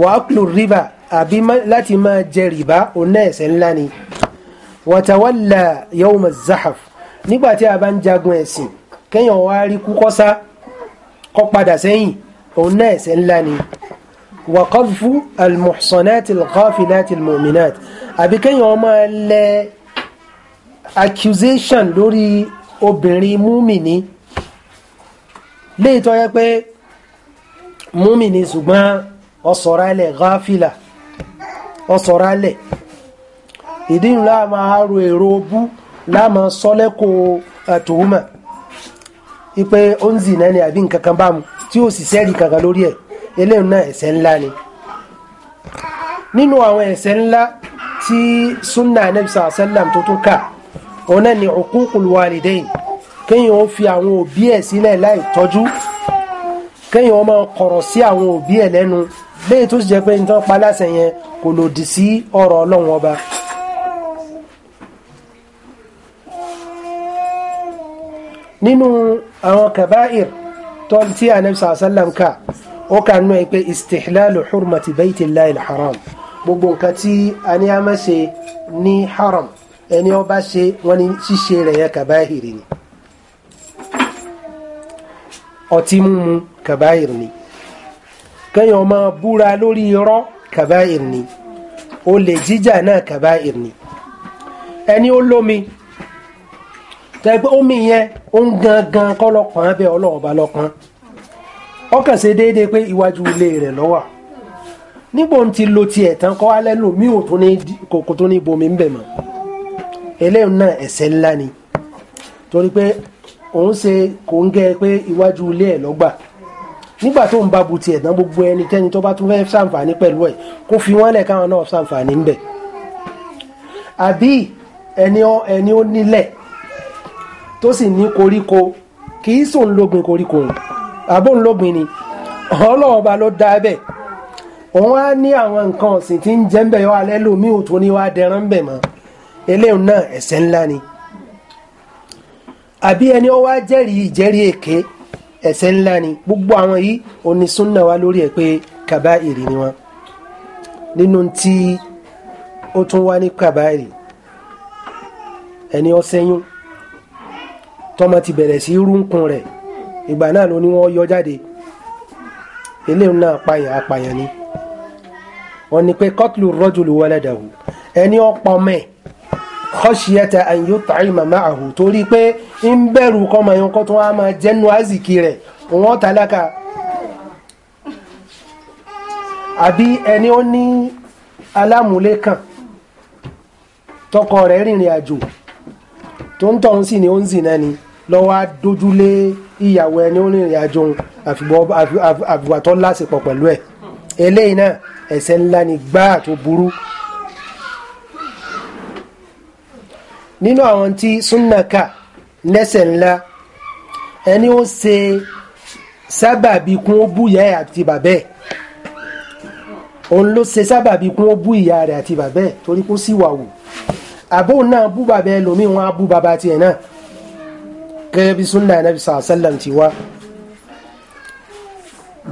wàákùlù rìbá àbí láti máa jẹ rìbá òun náà ẹ̀ṣẹ̀ ńlá ni wàtàwálà yawma zahaf nígbà tí a bá ń jagun ẹ̀sìn kéèyàn wá rí kú kọ́sá kọ́ padà sẹ́yìn òun náà ẹ̀ṣẹ̀ ńlá ni wàkọ́fù almuhsanati alghafilati almu'minat àbí kéèyàn máa lẹ accusation lórí obìnrin múmìnì léyìí tó yẹ pé múmìnì ṣùgbọ́n ọ̀sọ̀rọ̀ alẹ̀ gáfìlà ọ̀sọ̀rọ̀ alẹ̀ ìdí ńlá máa ro èrò bú láàmà sọ́lẹ́kò àtòhúmà ipe ó ń zì náà ni àbí nǹkan kan bá mu tí ó sì sẹ́ẹ̀rì kankan lórí ẹ̀ eléyìí náà ẹ̀ṣẹ̀ ńlá ni nínú àwọn ẹ̀ṣẹ̀ ńlá tí sunna anabi sallam tó tún kà òun náà ni uququl walidayn kéèyàn ó fi àwọn òbí ẹ̀ sílẹ̀ láì tọ́jú kéèyàn ó máa kọ̀rọ̀ sí àwọn òbí ẹ̀ lẹ́nu léyìí tó sì jẹ́ pé nítorí paláṣẹ yẹn kò lòdì sí ọ̀rọ̀ ọlọ́run ọba. nínú àwọn kaba'ir tọ́lù tí anabi sàlám ká ó kà nínú ẹ pé istihlalu hurmati bayti llahi alharam gbogbo nǹkan tí a ní a máa ṣe ní haram ẹni ó ṣe wọ́n ní ṣíṣe rẹ̀ yẹn kaba'ir ni. ọtí mímu kàbáyìr ni kéèyàn ọmọ búra lórí irọ́ kàbáyìr ni lè jíjà náà kàbáyìr ni ẹni ó lómi omi yẹn ó ń gan kọ́ lọ́pàá abẹ́ ọlọ́ọ̀ba lọ́pàá ọkàn ṣe déédéé pé iwájú ilé rẹ lọ́wọ́ níbo ti lo tiẹ̀ tán kọ́ alẹ́ lò mí ò ní kòkó tó ní òun ṣe kò ń gẹ pé iwájú ilé ẹ̀ lọ́gbà nígbà tó ń ba bu tiẹ̀ dán gbogbo ẹnikẹ́ni tó bá tún fẹ́ ṣàǹfààní pẹ̀lú ẹ̀ kó fi wọ́n lẹ̀ káwọn náà ṣàǹfààní ń bẹ̀. àbí ẹni ẹni ó nílẹ̀ tó sì ní koríko kì í sòun koríko òun àbó ń ni ọlọ́run ba ló dá bẹ́ẹ̀ òun á ní àwọn nǹkan ọ̀sìn tí ń jẹ́ ń bẹ̀ yọ alẹ́ lómi òtún ni wàá dẹran ń bẹ̀ mọ́ eléyìí náà ẹ̀ṣẹ̀ ńlá àbí ẹni ó wá jẹ́rìí ìjẹ́rìí èké ẹ̀ṣẹ̀ ńlá ni gbogbo àwọn yìí òní súnà wá lórí ẹ̀ pé kàbáìrì ni wọn nínú tí ó tún wá ní kàbáìrì ẹni ó ṣẹ́yún tọ́mọ ti bẹ̀rẹ̀ sí rúnkún rẹ̀ ìgbà náà ló ní wọ́n yọ jáde eléyìí náà apàyàn apàyàn ni wọ́n ní pé kọ́tùlù rọ́jùlù waladahu ẹni ó pa ọmọ khashiyata an yut'ima ma'ahu torí pé ń bẹ̀rù kọ́mọ yẹn kọ́ tó wá máa jẹ́nu àzìkí rẹ̀ wọ́n tálákà àbí ẹni ó ní alámúlékàn tọkọ rẹ̀ rìnrìn àjò tó ń tọ̀hún sí ni ó ń zìnà ni lọ́wọ́ dójúlé ìyàwó ẹni ó rìnrìn àjò àfìwà tó lásìpọ̀ pẹ̀lú ẹ̀ eléyìí náà ẹ̀ṣẹ̀ ńlá ni gbáà tó burú nínú àwọn tí súnnàkà lẹ́sẹ̀ ńlá ẹni ó ṣe sábàbí kún ó bú ìyá rẹ̀ àti bàbẹ́ ẹ̀ òun ló ṣe sábàbí kún ó bú ìyá rẹ̀ àti bàbẹ́ ẹ̀ torí kó sì wà wò àbóun náà bú bàbẹ́ ẹlòmíì wọn á bú bàbá tiẹ̀ náà gẹ́gẹ́ bí súnnà ànábì sàásálàm ti wá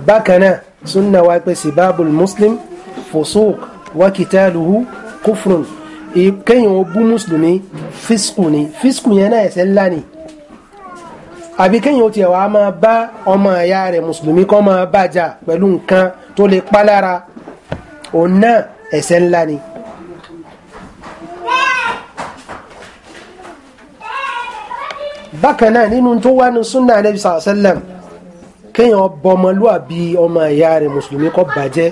bákan náà súnnà wa pèsè bábùl muslim fòsók wákìtàlùhù kúfrùn kéèyàn ó bú mùsùlùmí fíṣkù ni fíṣkù yẹn náà ẹ̀ṣẹ̀ ńlá ni àbí kéèyàn ó tiẹ̀ wá máa bá ọmọ ìyá rẹ̀ mùsùlùmí kọ́ máa bàjá pẹ̀lú nǹkan tó lè pa lára òun náà ẹ̀ṣẹ̀ ńlá ni. bákan náà nínú tó wá ní súnà ànábì sàlẹ́m kéèyàn bọmọlúàbí ọmọ ìyá rẹ̀ mùsùlùmí kọ́ bàjẹ́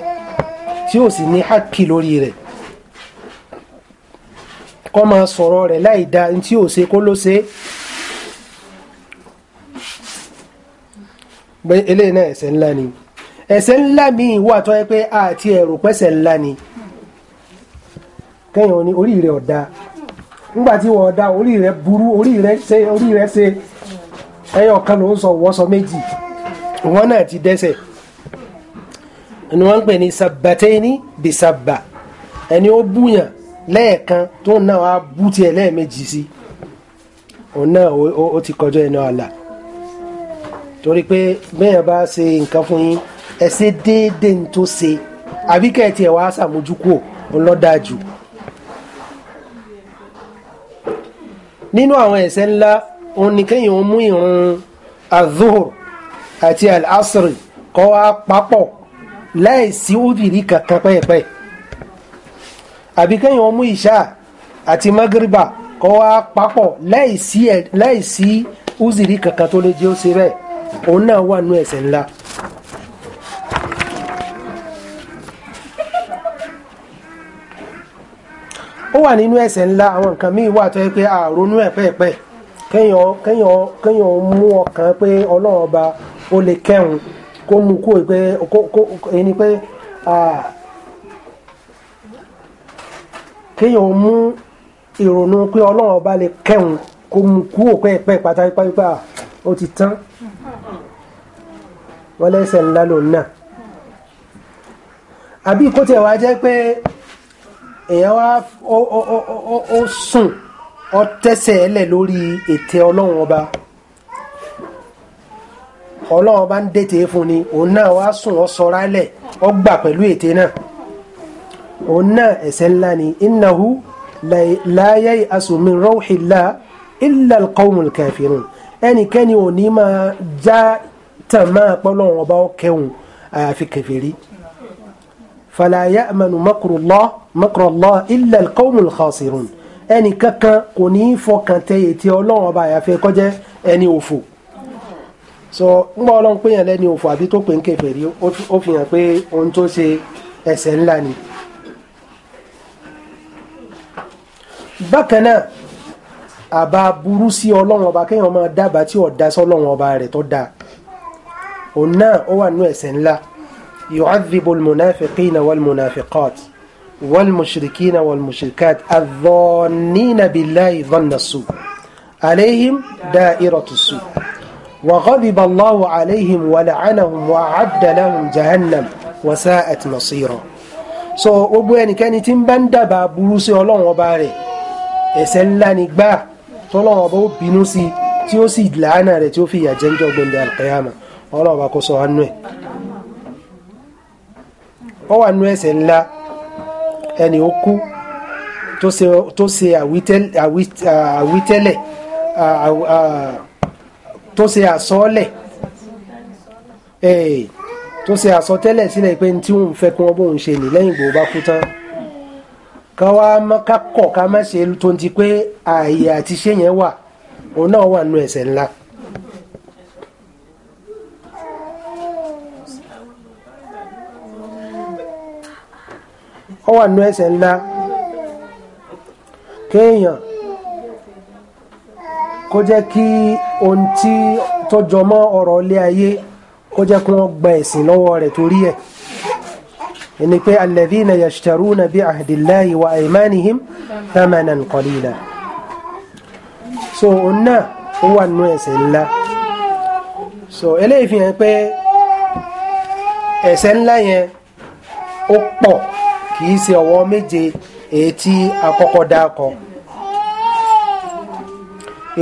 tí ó sì ní hákì lórí rẹ̀ kọ́ máa sọ̀rọ̀ rẹ̀ láì da tí ò ṣe kó ló ṣe é eléyìí náà ẹ̀ṣẹ̀ ńlá ni ẹ̀ṣẹ̀ ńlá míì wà tó yẹ pé àti ẹ̀rù pẹ́ṣẹ̀ ńlá ni kẹ́yìn ní orí rẹ̀ ọ̀dà nígbà tí wọ́n ọ̀dà orí rẹ̀ burú orí rẹ̀ ṣe ẹyọ kan ló ń sọ wọ́n méjì wọ́n náà ti dẹ́ṣẹ̀ ni wọ́n ń pè ní sabbatẹ́ni bisabba ẹni ó búyàn lẹ́ẹ̀kan tó náà wá bú tiẹ̀ lẹ́ẹ̀mejì sí òun náà ó ti kọjá ẹnu àlà torí pé bẹ́ẹ̀ bá ṣe nǹkan fún yín ẹ ṣe déédéé ní tó ṣe àbí kẹ́ẹ̀tì ẹ̀ wá ṣàmójúkú ọlọ́dàjù. nínú àwọn ẹ̀ṣẹ̀ ńlá òun ni kéèyàn mú ìrun azuhur àti al-asri kọ́ wá papọ̀ láì sí òbírí kankan pẹ́ẹ́pẹ́ẹ́ àbí kẹ́yìn ọmú ìṣá àti magriba kọ́ wá papọ̀ láìsí uziri kankan tó lè jẹ́ ó ṣe bẹ́ẹ̀ òun náà wà nú ẹ̀ṣẹ̀ ńlá. ó wà nínú ẹ̀ṣẹ̀ ńlá àwọn nǹkan míì wà tó yẹ pé àrònú ẹ̀ pẹ́ẹ̀pẹ́ kéèyàn kéèyàn kéèyàn mú ọkàn pé ọlọ́run ọba ó lè kẹ́hùn kó mú kó pé kó ẹni pé kéèyàn mú ìrònú pé ọlọ́run ọba lè kẹ́hùn kó mú kú òpẹ́ ìpẹ́ ìpàtà ó ti tán wọ́n lẹ́sẹ̀ ńlá lòun náà àbí kó tiẹ̀ wá jẹ́ pé èèyàn wá ó sùn ọ tẹ́sẹ̀ ẹlẹ̀ lórí ètè ọlọ́run ọba ọlọ́run ọba ń fún ni òun náà wá sùn sọra ẹlẹ̀ gbà pẹ̀lú náà. òun náà ẹ̀ṣẹ̀ ńlá ni innahu la ya'asu min rawhillah illa alqawmul kafirun ẹnikẹ́ni ò ní máa já tàn máa pọ́lọ́run ọba ọkẹ́hùn àyàfi kèfèrí fala ya'manu makrullah makrullah illa alqawmul khasirun ẹni kankan kò ní fọkàn tẹ ètí ọlọ́run ọba àyàfi kó ẹni òfò so ń gbọ́ ọlọ́run pé yẹn lẹ́ni òfò àbí tó pè ń kèfèrí ó fi hàn pé ohun tó ṣe ẹ̀ṣẹ̀ ńlá ni. bákan náà àbá burú sí ọlọ́run ọba kéèyàn máa dábàá tí ò dá sọ́lọ́run ọba rẹ̀ tó dáa òun náà ó wà nú ẹ̀ṣẹ̀ ńlá yu'adhibu al-munafiqina wal-munafiqat wal-mushrikina wal-mushrikat adh-dhannina billahi dhanna as-su' alayhim da'iratu as-su' wa ghadiba Allahu alayhim wa la'anahum wa a'adda lahum jahannam wa sa'at masira so gbogbo ẹnikẹ́ni tí ń bá ń dábàá burú sí ọlọ́run ọba rẹ̀ ẹ̀ṣẹ̀ ńlá ni gbá tọ́lọ́wọ́n bó bínú sí tí ó sì làánà rẹ̀ tí ó fi ìyàjẹ́ ń jọ gbẹ̀ndẹ̀ àlùkẹ́yàmà ọlọ́wọ́n bá kó sọ wánú ẹ̀ ọ wà nú ẹ̀ṣẹ̀ ńlá ẹni ó kú tó ṣe àwítẹ́lẹ̀ tó ṣe àsọ́ọ́lẹ̀ tó ṣe àsọtẹ́lẹ̀ sílẹ̀ pé tí òun fẹ́ kí wọ́n bóun ṣe nì lẹ́yìn gbòó bá kú tán ká wá ká kọ̀ ká má ṣe tó ti pé ààyè àti ṣé yẹn wà òun náà wà nínú ẹ̀ṣẹ̀ ńlá. ó wà nínú ẹ̀ṣẹ̀ ńlá kéèyàn kó jẹ́ kí ohun tí tó jọmọ́ ọ̀rọ̀ ilé ayé kó jẹ́ kí wọ́n gba ẹ̀sìn lọ́wọ́ rẹ̀ torí ẹ̀ ẹni pé alladhina yashtaruna bi ahdillahi wa aymanihim thamanan qalila so òun náà ó wà nínú ẹ̀ṣẹ̀ ńlá so eléyìí fi hàn pé ẹ̀ṣẹ̀ ńlá yẹn ó pọ̀ kì í ṣe ọwọ́ méje èyí tí a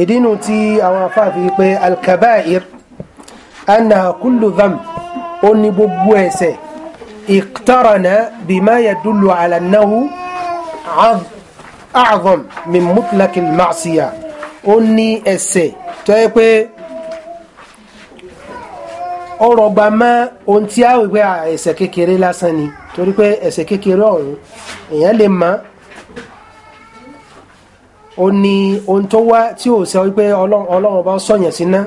ìdínú tí àwọn afáàfi pé alkabair anna kullu ó ní gbogbo ẹ̀ṣẹ̀ اقترن بما يدل على أنه أعظم من مطلق المعصية ó ní ẹ̀ṣẹ̀ tó yẹ pé ọ̀rọ̀ gba mọ́ ohun tí a wí pé ẹ̀ṣẹ̀ kékeré lásán ni torí pé ẹ̀ṣẹ̀ kékeré ọ̀hún èèyàn lè mọ̀ ó ní ohun tó wá tí ò sọ wípé ọlọ́run ọba sọ̀yàn síná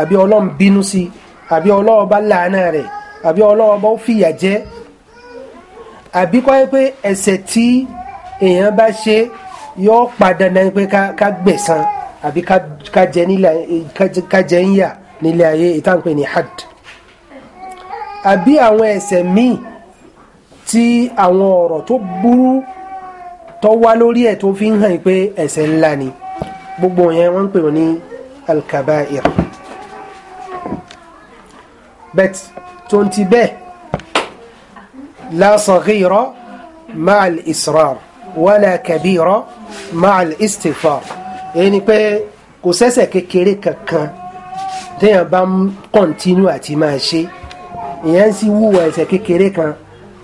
àbí ọlọ́run bínú sí àbí ọlọ́run ọba làánà rẹ̀ àbí ọlọ́wọ́ bá ó fìyà jẹ àbí kọ́ ẹ pé ẹ̀ṣẹ̀ tí èèyàn bá ṣe yóò padà náà pé ká gbẹ̀san àbí ká jẹ níyà nílé ayé ìtànpé ní had àbí àwọn ẹ̀ṣẹ̀ míì tí àwọn ọ̀rọ̀ tó burú tó wá lórí ẹ̀ tó fi ń hàn pé ẹ̀ṣẹ̀ ńlá ni gbogbo yẹn wọ́n ń pè ní alkabair bet tó ń ti bẹ́ẹ̀ la saghira ma'al israr wala kabira ma'al istighfar èyí ni pé kò sẹ́sẹ̀ kékeré kankan téèyàn bá ń kọ́ntínú àti máa ṣe ìyẹn ń sì wúwo ẹ̀ṣẹ̀ kékeré kan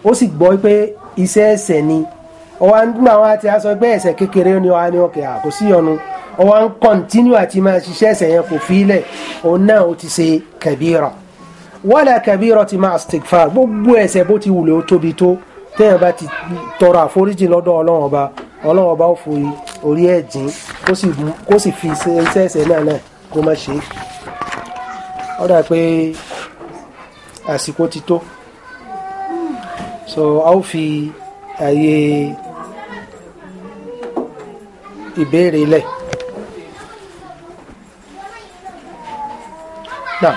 ó sì gbọ́ pé iṣẹ́ ẹ̀ṣẹ̀ ni ọwọ́ nígbà wọn àti aṣọ ẹgbẹ́ ẹ̀ṣẹ̀ kékeré ni wọn ni ọkẹ́ kò sí ọ̀nu ọwọ́ ń kọ́ntínú àti máa ṣiṣẹ́ ẹ̀ṣẹ̀ yẹn kò fi í òun náà ó ti ṣe kẹ̀bíra wala kabirati ma istighfar gbogbo ẹ̀ṣẹ̀ bó ti wùlé ó tóbi tó téèyàn bá ti tọrọ àforíjì lọ́dọ̀ ọlọ́run ọba ọlọ́run ọba ó fo orí ẹ̀ jìn kó sì fi iṣẹ́ ẹ̀ṣẹ̀ náà náà kó má ṣe é ó dà pé àsìkò ti tó so a ó fi àyè ìbéèrè lẹ̀ náà.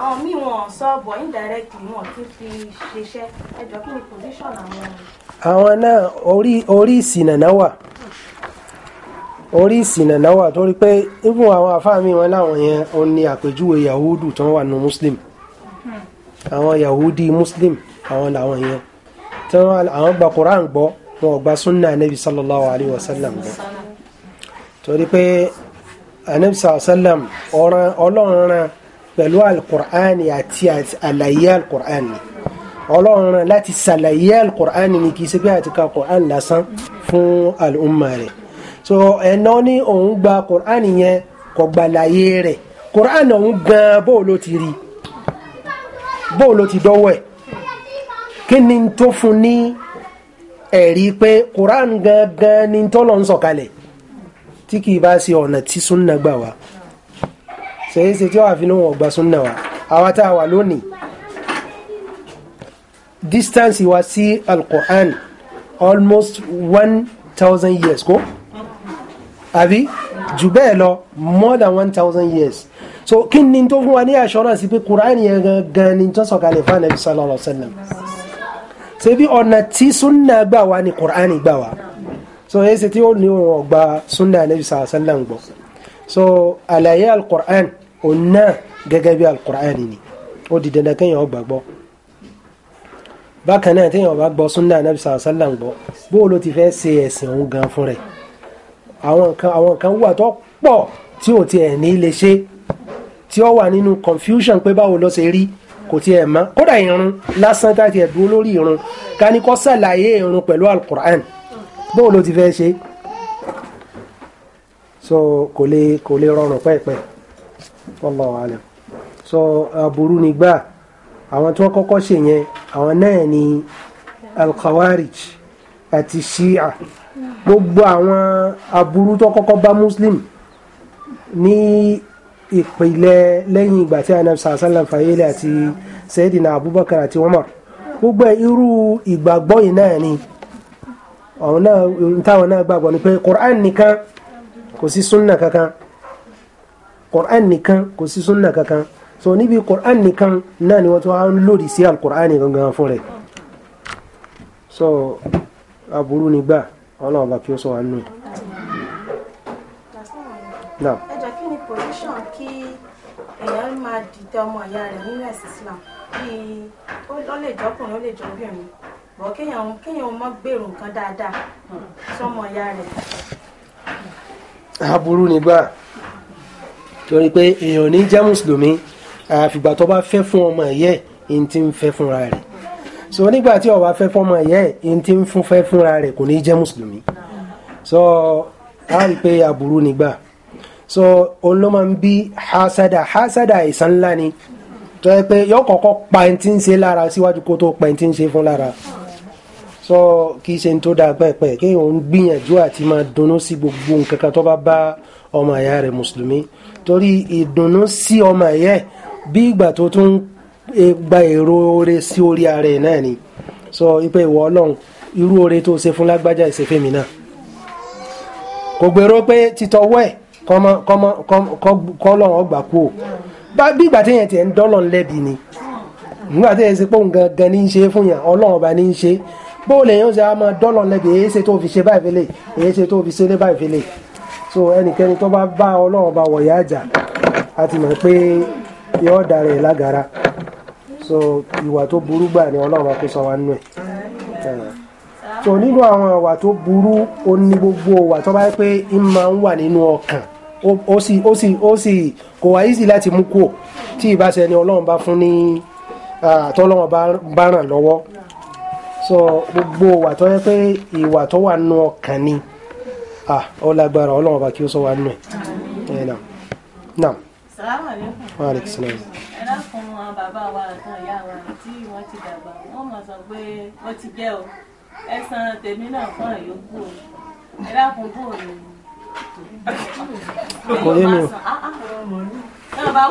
àwọn míì wọn sọ bọ̀ indirectly wọn ti fi ṣiṣẹ́ ẹjọ́ kí ni position àwọn. àwọn náà orí orí ìsìnà náà wà orí ìsìnà náà wà torí pé ibùn àwọn àfáàmì wọn láwọn yẹn òun ni àpèjúwe yahudu tó wà nù muslim hmm. àwọn yahudi muslim àwọn làwọn yẹn tí wọn àwọn gba quran gbọ́ wọn ò gba sunna anabi sallallahu alayhi wa sallam gbọ́ torí pé anabi sallallahu alayhi wa sallam ọlọ́run rán pẹ̀lú alukur'ani àti àlàyé alukur'ani ọlọ́run láti ṣàlàyé alukur'ani ni kì í ṣe pé àti ka kur'ani lásán fún al'umma rẹ̀ so ẹ̀nà ní òun gba kur'ani yẹn kò gba àlàyé rẹ̀ kur'ani òun gan bó ló ti rí bó ló ti dọ́wọ́ ẹ̀ kí ni tó fún ní ẹ̀rí pé kur'ani gangan ni tọ́lọ̀ ń sọ̀kalẹ̀ tí kì bá ṣe ọ̀nà tí súnà gbà wá ṣèyí ṣe tí wàá fi níwọ̀n ọgbà súnà wa àwa tá a wà lónìí distance wa sí alquran almost one thousand years kó àbí jù bẹ́ẹ̀ lọ more than one thousand years so kí ni tó fún wa ní assurance pé quran yẹn gangan ni tó sọ̀kalẹ̀ fún anabi sallallahu alayhi wa sallam ṣe ọ̀nà tí sunna gbà wá ni quran gbà wá so èsì tí ó ní ọ̀gbà sunna anabi sallallahu alayhi wa sallam gbọ́ so àlàyé alukur'an òun náà gẹ́gẹ́ bí alukur'an ni ó di dandan kéèyàn ó gbàgbọ́ bákan náà téèyàn bá gbọ́ sunna anabi sallallahu alaihi wasallam gbọ́ bóò ló ti fẹ́ ṣe ẹ̀sìn òun gan fún rẹ̀ àwọn nǹkan àwọn nǹkan wà tó pọ̀ tí ò tiẹ̀ ní lè ṣe tí ó wà nínú confusion pé báwo ló ṣe rí kò tiẹ̀ mọ́ kódà irun lásán tá tiẹ̀ dúró irun ká ní irun pẹ̀lú alukur'an bóò ti fẹ́ ṣe so kò lè kò lè rọrùn pẹ́ẹ̀pẹ́ wallahu alam so aburú ni gbà àwọn tí wọ́n kọ́kọ́ ṣe yẹn àwọn náà ni alkhawarij àti shia gbogbo àwọn aburú tó kọ́kọ́ bá muslim ní ìpìlẹ̀ lẹ́yìn ìgbà tí anabi sàásàlám fàyẹ́lẹ̀ àti sẹ́dínà abubakar àti umar gbogbo irú ìgbàgbọ́ yìí náà ni àwọn náà táwọn náà gbàgbọ́ ni pé quran nìkan kò sí súnà kankan Qur'an nìkan kò sí súnà kankan so níbi Qur'an nìkan náà ni wọ́n tún á ń lòdì sí al-Qur'an gangan fún rẹ̀ so aburú ni gbà ọlọ́run bá kí ó sọ wá nù. ẹ kí ni position kí èèyàn máa dìde ọmọ ìyá rẹ̀ nínú ẹ̀sìn Islam bíi ó lè jọkùnrin ó lè jọbìnrin bọ̀ kéèyàn mọ́ gbèrò nǹkan dáadáa sọmọ ìyá rẹ̀ aburú nígbà torí pé èèyàn ní jẹ́ mùsùlùmí àfìgbà tó bá fẹ́ fún ọmọ ẹ̀yẹ́ ẹni tí ń fẹ́ fúnra rẹ̀ so nígbà tí ó bá fẹ́ fún ọmọ ẹ̀yẹ́ ẹni tí ń fẹ́ fúnra rẹ̀ kò ní jẹ́ mùsùlùmí so a rí pé aburú nígbà so òun ló máa ń bí hasada hasada àìsàn ńlá ni tó yẹ pé yọ kọ́kọ́ pa ẹni tí ń ṣe lára síwájú kó tó pa ẹni tí ń ṣe fún lára sọ kì í ṣe tó dáa pẹ́ẹ́pẹ́ kéèyàn ń gbìyànjú àti máa dunnú sí gbogbo nǹkan kan tó bá bá ọmọ ìyá rẹ̀ mùsùlùmí torí ìdùnnú sí ọmọ ìyá ẹ̀ bí ìgbà tó tún e, gba èrò oore sí orí ara ẹ̀ náà ni sọ ipe ìwọ ọlọ́run irú oore tó ṣe fún lágbájá ìṣèfẹ́mi náà kò gbèrò pé títọ́wọ́ ẹ̀ kọ́lọ́run ọgbà kú o bí ìgbà téèyàn tiẹ̀ ń dọ́lọ̀ lẹ́bi ni nígbà téèyàn ṣe pé òun gangan ní í ṣe fún yàn ọlọ́run ọba ní í ṣe bóò lè yóò ṣe àmọ́ dọ́lọ̀ lẹ́bi èyí ṣe tó fi ṣe báyìí fele èyí ṣe tó fi ṣe báyìí fele so ẹnikẹ́ni tó bá bá ọlọ́run bá wọ̀yá àjà a ti mọ̀ pé yọ ọ́ darẹ̀ lágara so ìwà tó burú gbà ni ọlọ́run bá kó sọ wa nínú ẹ̀ so nínú àwọn ìwà tó burú ó ní gbogbo ìwà tó bá yẹ pé ń máa ń wà nínú ọkàn ó sì ó sì ó sì kò wá easy láti mú kúò tí ìbáṣẹ ni ọlọ́run bá fún ní àtọ́lọ́run bá ràn lọ́wọ́ sọ gbogbo wà tó yẹ pé ìwà tó wà nù ọkàn ni ọ lágbára ọlọ́run ọba kí ó sọ wà nù ẹ̀ ẹ̀ nà nà. salamu bàbá wa àtàn ìyá wa tí wọ́n ti dàgbà wọ́n mọ̀ sọ pé wọ́n ti jẹ́ o ẹ san tèmi náà fún àyókù o ẹ dákun kò yé mi ah ah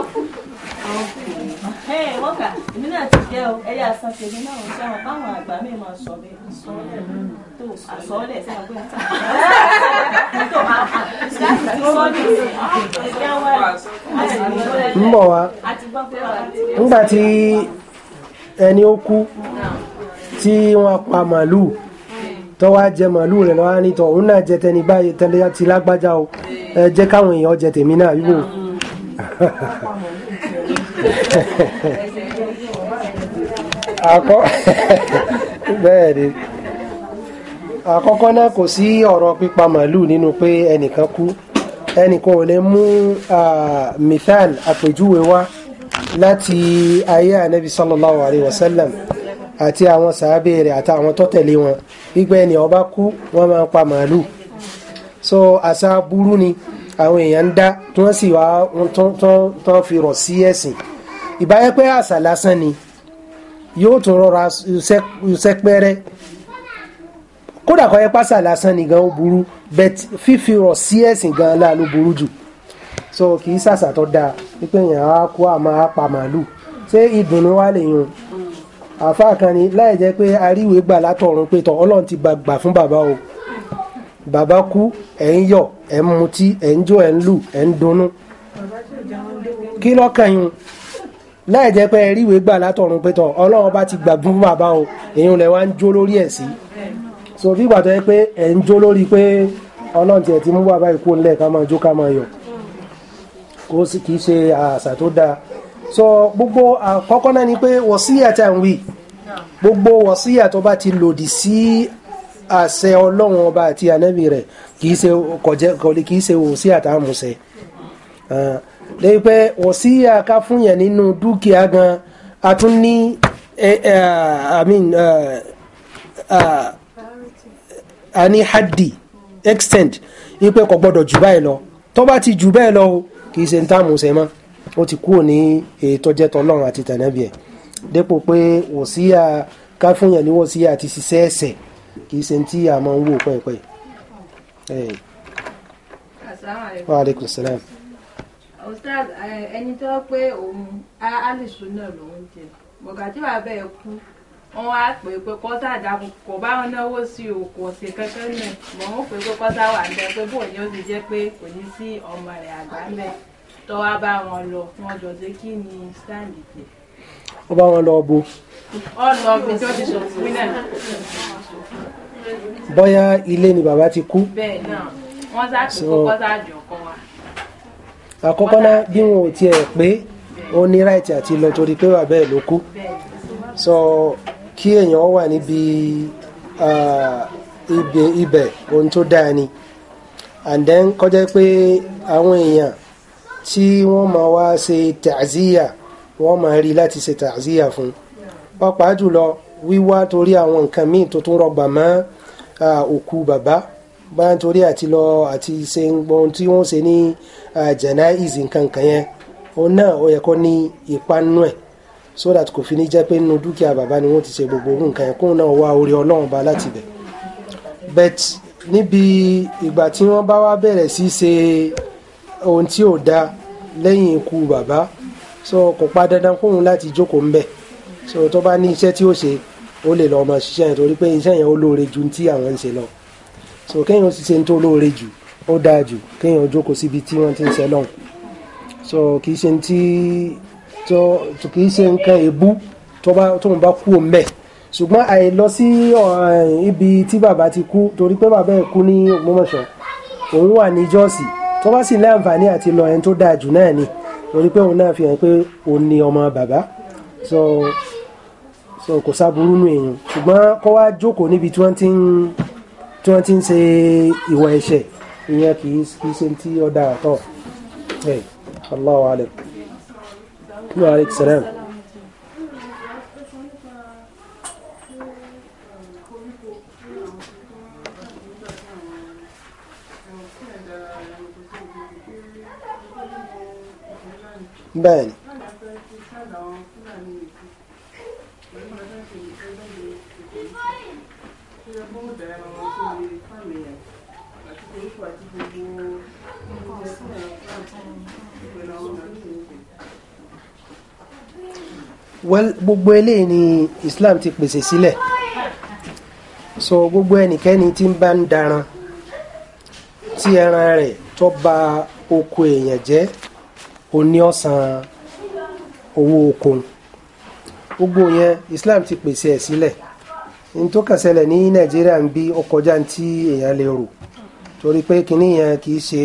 èmi náà ti jẹ́ o ẹ̀yà àsàkè mi náà ṣe àwọn báwọn àgbà mi máa sọ mi sọ́ọ́lẹ̀ tó àsọ́ọ́lẹ̀ sí àwọn gbé tó láti ti sọ́ọ́lẹ̀ sí ẹ̀yà wa ń bọ̀ wá nígbà tí ẹni ó kú tí pa màlúù tọ́wá jẹ màálù rẹ̀ lọ́wọ́ nítọ̀ òun náà jẹ tẹni báyìí tẹ́lẹ̀ ti lágbájá o ẹ jẹ́ káwọn èèyàn jẹ tèmi náà yíwò. bẹ́ẹ̀ ni àkọ́kọ́ náà kò sí ọ̀rọ̀ pípa màálù nínú pé ẹnìkan kú ẹnìkan ò lè mú mithal àpèjúwe wá láti ayé anabi sallallahu alayhi wa sallam àti àwọn sàábé rẹ̀ àtàwọn tó tẹ̀lé wọn wípé ẹni ó kú wọ́n máa ń pa màálù so àṣà burú ni àwọn èèyàn ń dá tí wọ́n sì wá tán fi rọ̀ sí ẹ̀sìn ìbáyẹ̀ pé àṣà lásán ni yóò tún rọra ṣẹpẹrẹ kódà kọ́ yẹ pásà lásán ni gan burú bet fífi rọ̀ sí ẹ̀sìn gan la burú jù so kì í ṣàṣà tó dáa wípé èèyàn á kú àmọ́ á pa màálù ṣé ìdùnnú wà lè yun àfáà kan ni láì jẹ́ pé aríwé gbà látọ̀run pé tọ̀ ọlọ́run ti gbà fún bàbá o bàbá kú ẹ̀ ń yọ̀ ẹ̀ ń mutí ẹ̀ ń jó ẹ̀ ń lù ẹ̀ ń dunnú kí lọ́kàn yín láì jẹ́ pé aríwé gbà látọ̀run pé tọ̀ ọlọ́run bá ti gbà fún bàbá o èyàn lẹ̀ wá ń jó lórí ẹ̀ sí so bí gbàtọ́ yẹ pé ẹ̀ ń jó lórí pé ọlọ́run tiẹ̀ ti mú bàbá ìkú ńlẹ̀ ká máa jó ká máa yọ̀ kò sì kì í ṣe àṣà tó dáa so gbogbo àkọ́kọ́ ah, náà ni pé wọ̀síyà tá à ń wí gbogbo wọ̀síyà tó bá ti lòdì sí àṣẹ ọlọ́run ọba àti ànábì rẹ̀ kìí ṣe kọ̀jẹ́ kọ̀lì kìí ṣe wọ̀síyà tá à ń musẹ̀ lẹ́yìn pé wọ̀síyà ká fún yẹn nínú dúkìá gan a tún ní ah, i mean ah, a ní hadi, extent ipe kò gbọdọ̀ jù báyìí lọ tó bá ti jù bẹ́ẹ̀ lọ kìí ṣe ń tá à ń musẹ̀ mọ́ ó ti kúrò ní ètò jẹ́ tọlọ́run àti tànàbí ẹ̀ dépò pé wòsíà ká fún yàn ní wòsíà àti ṣiṣẹ́ ẹ̀ṣẹ̀ kì í ṣe tí a máa ń wò pẹ́ẹ́pẹ́. wa aleykum salaam. ustaz eh, ẹni tó pé òun alìsùn náà lòún jẹ bọ̀gàtí wàá bẹ́ẹ̀ kú wọn wá pé pé kọ́sà àdàkù kò bá wọn náwó sí òkú ọ̀sẹ̀ kankan náà mọ̀ wọ́n pé pé kọ́sà wà ń bẹ pé bóun yóò ti jẹ́ pé kò ní sí ọmọ rẹ̀ àgbà mẹ́ẹ̀ tó wá bá wọn lọ wọn jọ ṣe kí ni stand ìpè. ó bá wọn lọ bo. ó lọ bí tí wọ́n ti ṣòfin náà. ilé ni bàbá ti kú. bẹ́ẹ̀ náà wọ́n sá tó kọ́kọ́ kọ́ wa. àkọ́kọ́ náà bí wọn ò tiẹ̀ pé ó ní ráìtì àti lọ torí pé bàbá ẹ̀ ló kú. sọ kí èèyàn wà níbi ibẹ̀ ohun tó dáa ni and then kọjá pé àwọn èèyàn tí wọ́n máa wá ṣe tàzíyà wọ́n máa rí láti ṣe tàzíyà fún pàápàá jùlọ wíwá torí àwọn nǹkan míì tó tún rọgbà mọ́ òkú bàbá bá ń torí àti lọ àti ṣe ohun tí wọ́n ṣe ní jẹ̀náìsì nǹkan kan yẹn òun náà ó yẹ kó ní ipa ẹ̀ so that kò fi ní jẹ́ pé nínú dúkìá bàbá ni wọ́n ti ṣe gbogbo nǹkan yẹn kóun náà wá orí ọlọ́run ba láti bẹ̀ but níbi ìgbà tí wọ́n bá wá bẹ̀rẹ̀ sí ṣe ohun tí ò da lẹ́yìn ikú bàbá so kò pa dandan fóun láti jókòó ńbẹ̀ so tó bá ní iṣẹ́ tí ó ṣe ó lè lọ́ọ́ máa ṣiṣẹ́ yẹn torí pé iṣẹ́ yẹn ó lóore ju ti àwọn ń ṣe lọ so kéèyàn ó sì ṣe ń tó lóore jù ó dáa jù kéèyàn ó jókòó síbi tí wọ́n ti ń ṣe lọ́hùn so kì í ṣe ti tó kì í ṣe nǹkan èébú tó bá tóun bá kú òun bẹ́ẹ̀ ṣùgbọ́n àìlọ sí ibi tí bàbá ti kú torí pé bàbá ẹ̀ kú ní Ògbómọ̀ṣọ́ òun wà ní Jọ́ọ̀sì tó bá sì láǹfààní àti lọ ẹni tó dáa jù náà ni lórí pé òun náà fi hàn pé òun ni ọmọ bàbá so so kò sáburú nù èèyàn ṣùgbọ́n kó wá jókòó níbi tí wọ́n ti ń tí wọ́n ti ń ṣe ìwà ẹ̀ṣẹ̀ ìyẹn kì í ṣe tí ó dára tọ̀ ẹ̀ Allahu alaikum wa alaikum salam. bẹ́ẹ̀ ni. well gbogbo eléyìí ni Islam ti pèsè sílẹ̀ so gbogbo ẹnikẹ́ni tí ń bá ń daran tí ẹran rẹ̀ tó bà oko èèyàn jẹ́ oní ọ̀sán owó okun gbogbo yẹn Islam ti pèsè ẹ̀ sílẹ̀ n tó kàn ṣẹlẹ̀ ní Nàìjíríà ń bí ó kọjá tí èèyàn lè rò torí pé kinní yẹn kì ṣe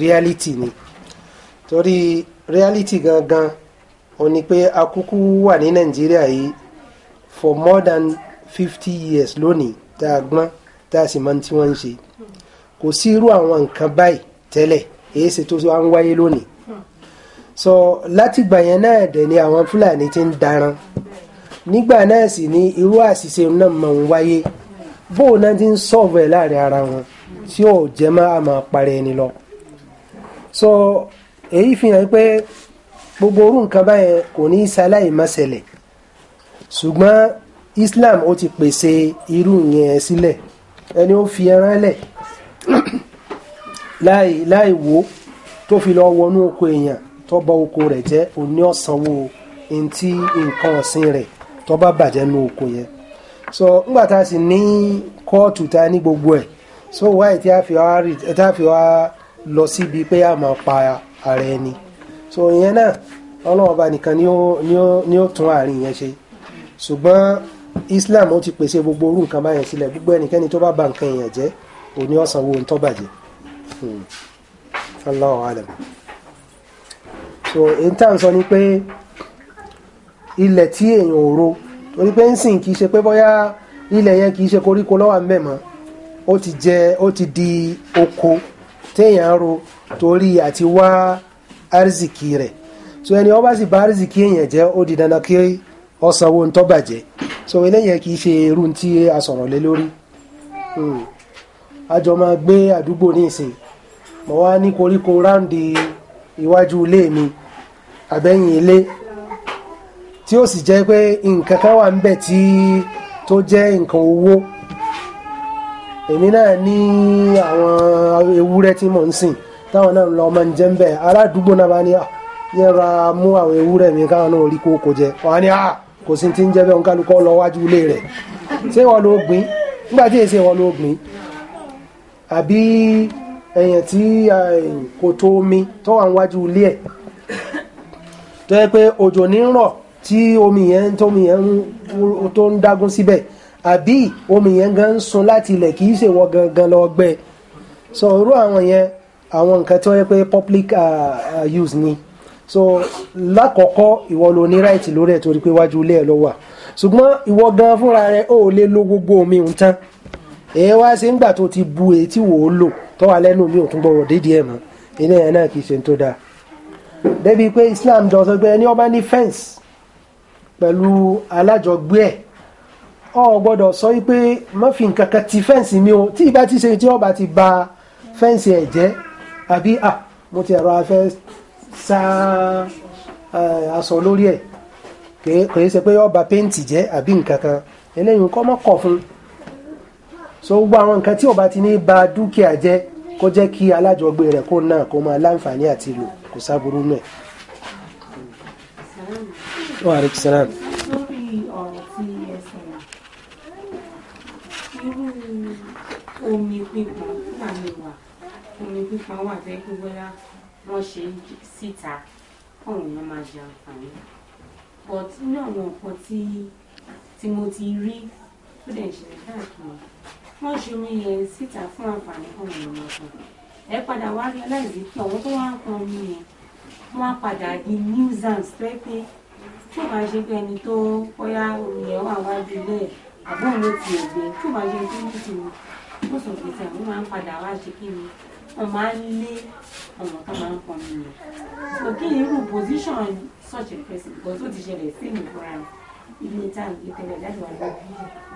reality ni torí reality gangan ó ní pé akúkú wà ní Nàìjíríà yìí for more than fifty years lónìí tá a gbọ́n tá a sì máa ń tí wọ́n ń ṣe kò sí irú àwọn nǹkan báyìí tẹ́lẹ̀ èyí ṣe tó wá ń wáyé lónìí so látìgbà yẹn náà dẹ̀ ni àwọn fúlàní ti ń daran nígbà náà sì ni irú àṣìṣe náà mọ̀ ń wáyé bóun náà ti ń sọ̀rọ̀ ẹ̀ láàrin ara wọn tí ò jẹ́ má a parẹ́ ẹni lọ so èyí fi hàn pé gbogbo orú nǹkan báyẹn kò ní í ṣaláì má ṣẹlẹ̀ ṣùgbọ́n Islam ó ti pèsè irú yẹn sílẹ̀ ẹni ó fi ẹran lẹ̀ láì láì wò tó fi lọ wọnú oko èèyàn Tọba oko rẹ̀ jẹ́ òun ọ̀sánwó ntí nǹkan ọ̀sìn rẹ̀ tó oko yẹn so ńgbà tá a ni ní kóòtù tá a gbogbo ẹ̀ so wáyé tí a fi wá rí tí a fi wá lọ síbi pé a máa pa ara ẹni so ìyẹn náà ọlọ́run ọba ni ó ni ó ni ó tún àárín Islam ó ti pèsè gbogbo orú nǹkan báyẹn sílẹ̀ gbogbo ẹnikẹ́ni tó bá ba nǹkan jẹ́ òní ọ̀sán wo ń so èyí tá à ń sọ ni pé ilẹ̀ tí èèyàn ò ro torí pé ń sìn kì í ṣe pé bóyá ilẹ̀ yẹn kì í ṣe koríko lọ́wọ́ àmì mọ́ ó ti jẹ ó ti di oko téèyàn ro torí àti wá arzikì rẹ̀ so ẹni ó bá sì bá arzikì èèyàn jẹ́ ó di dandan kí ọ̀sánwó ń tó so eléyẹn kì í ṣe irú tí a sọ̀rọ̀ lé lórí hmm. a jọ máa gbé àdúgbò ní ìsìn mọ̀ wá ní koríko ráǹdì. iwájú ilé mi àbẹ́yìn ilé tí ó sì jẹ́ pé nǹkan kan wà ń tí tó jẹ́ nǹkan owó èmi náà ní àwọn ewúrẹ́ tí mò ń sìn táwọn náà lọ ọmọ ń jẹ́ aládùúgbò náà bá ní ah, yẹra mú àwọn ewúrẹ́ mi káwọn náà rí kókó jẹ ní ah, kò sí ti ń lọ wájú ilé rẹ̀ ṣé ló gbìn nígbà tí èsì ẹ̀yàn tí kòtò omi tó wà níwájú ilé ẹ̀ tó yẹ pé òjò ní rọ̀ tí omi yẹn tómi yẹn tó ń dágún síbẹ̀ àbí omi yẹn gan ń sun láti ilẹ̀ kì í ṣe wọ gangan lọ gbẹ so irú àwọn yẹn àwọn nǹkan tó yẹ pé public uh, use ni so lákọ̀ọ́kọ́ ìwọ ló ní right lórí ẹ̀ torí pé iwájú ilé ẹ̀ ló wà ṣùgbọ́n ìwọ gan fúnra rẹ̀ ó lè lo gbogbo omi òun tán èyí wá sí ń gbà tó ti bu èyí tí wò ó lò tó wà lẹ́nu mi ò tún gbọ́rọ̀ dédìí ẹ̀ mọ́ iná yẹn náà kì í ṣe tó dáa débi pé Islam jọ sọ pé ẹni ó bá ní fẹ́ǹsì pẹ̀lú alájọgbé ẹ̀ ọ gbọ́dọ̀ sọ wípé má fi nǹkan kan ti fẹ́ǹsì mi o tí ìbá ti ṣe tí ọba ti ba fẹ́ǹsì ẹ̀ jẹ́ àbí à mo ti ẹ̀rọ afẹ́ sá aṣọ lórí ẹ̀ kì í ṣe pé ọba péǹtì jẹ́ àbí nǹkan kan kọ́ mọ́ kọ̀ fún un so gbogbo àwọn nǹkan tí ó bá ti ní ba dúkìá jẹ́ kó jẹ́ kí alájọgbé rẹ̀ kó náà kó máa láǹfààní àti lò kò sáburú náà. omi pípọn náà lè wà omi pípọn wà fẹ́ kí bóyá wọ́n ṣe síta ọ̀hún ló máa jẹ àǹfààní but ní àwọn nǹkan tí mo ti rí tó dẹ̀ ń ṣẹlẹ̀ káàkiri wọ́n ṣe omi yẹn síta fún àǹfààní fún ọmọ ọmọ kan ẹ padà wá realize pé àwọn tó wá ń pọn omi yẹn wọ́n á padà di nuisance pé pé tí ò bá ṣe pé ẹni tó bóyá omi yẹn wà wájú ilé ẹ̀ àbọ̀ ló ti ẹ̀gbẹ́ tí ò bá ṣe pé ní ti wọ́n sọ pé sẹ́wọ́n máa ń padà wá ṣe kí ni wọ́n máa ń lé ọ̀nà tó máa ń pọn omi yẹn so irú position such a person because ó ti ṣẹlẹ̀ sí ìmúra rẹ̀ ilé tá à ń gbé tẹ́lẹ̀ láti wà ló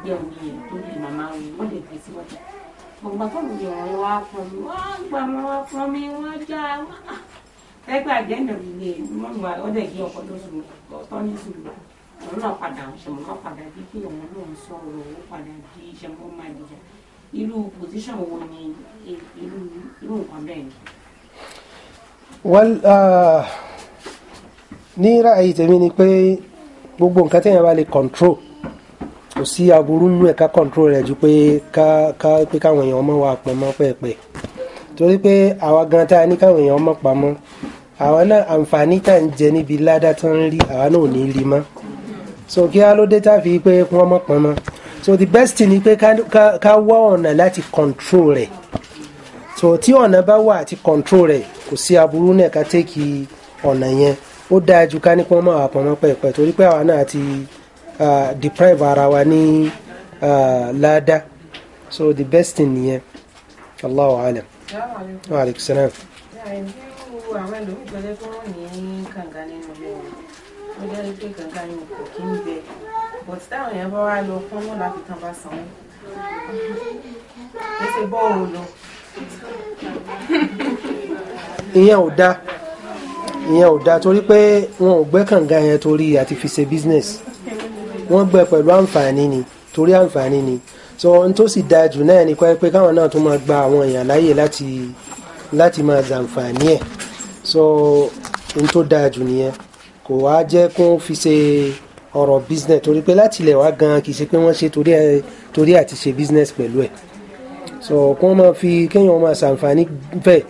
jẹ́ òun yẹn tó lè màmá wọn wọ́n lè gbé sí wọ́tà gbọ̀ngbà tó lè ràn wá fún mi wọ́n gbà mọ́ wá fún mi wọ́n já ẹgbẹ́ àjẹ́ndà ilé wọn wà ọdẹ yìí ọkọ tó sùn ọtọ́ ní sùn òun náà padà ṣẹ̀mọ́ náà padà bí kí òun náà ń sọ̀rọ̀ òun padà bí ṣẹ̀mọ́ máa dìjà irú pòsíṣàn wo ni irú irú nǹkan bẹ́ẹ̀ ni. wọ́n uh, ní ráàyè tèmi ni pé gbogbo nǹkan téèyàn bá lè control kò sí aburú nínú ẹ̀ka control rẹ̀ ju pé ká ká pé káwọn èèyàn mọ̀ wá pamọ́ pẹ́ẹ́pẹ́ torí pé àwa gan tá a ní káwọn èèyàn mọ̀ pamọ́ àwa náà àǹfààní tá à ń jẹ níbi ládá tó ń rí àwa náà ò ní rí mọ́ so kí á ló dé tá a fi pé wọ́n mọ̀ pamọ́ so the best thing ni pé ká wá ọ̀nà láti control rẹ̀ so tí ọ̀nà bá wà àti control rẹ̀ kò sí aburú náà ká tẹ́kì ọ̀nà yẹn ó dáa ju ká ní kí wọ́n máa wà pọ̀nmọ́ pẹ̀pẹ̀ torí pé àwa náà ti deprive ara wa ní láàdá so the best thing nìyẹn Allahu alam wa aleykum salaam. àwọn ẹlòmíì tó lè ní kànga nínú ilé wọn ó jẹ́ pé kò kí ń bẹ bọ̀tí táwọn èèyàn bá wá lọ fún wọn láti tán bá sanwó kí ṣe bọ́ọ̀lù lọ. ìyẹn ò dáa ìyẹn ò dáa torí pé wọn ò gbẹ́ kànga yẹn torí àti fi ṣe business wọ́n gbẹ́ pẹ̀lú àǹfààní ni torí àǹfààní ni so ohun tó sì dáa jù náà ni pé káwọn náà tún máa gba àwọn èèyàn láàyè láti láti máa zàǹfààní ẹ̀ so ohun tó dáa jù nìyẹn kò wá jẹ́ kó fi ṣe ọ̀rọ̀ business torí pé láti ilẹ̀ wá gan kì í ṣe pé wọ́n ṣe torí àti ṣe business pẹ̀lú ẹ̀ so kó máa fi kéèyàn máa ṣàǹfààní bẹ́ẹ̀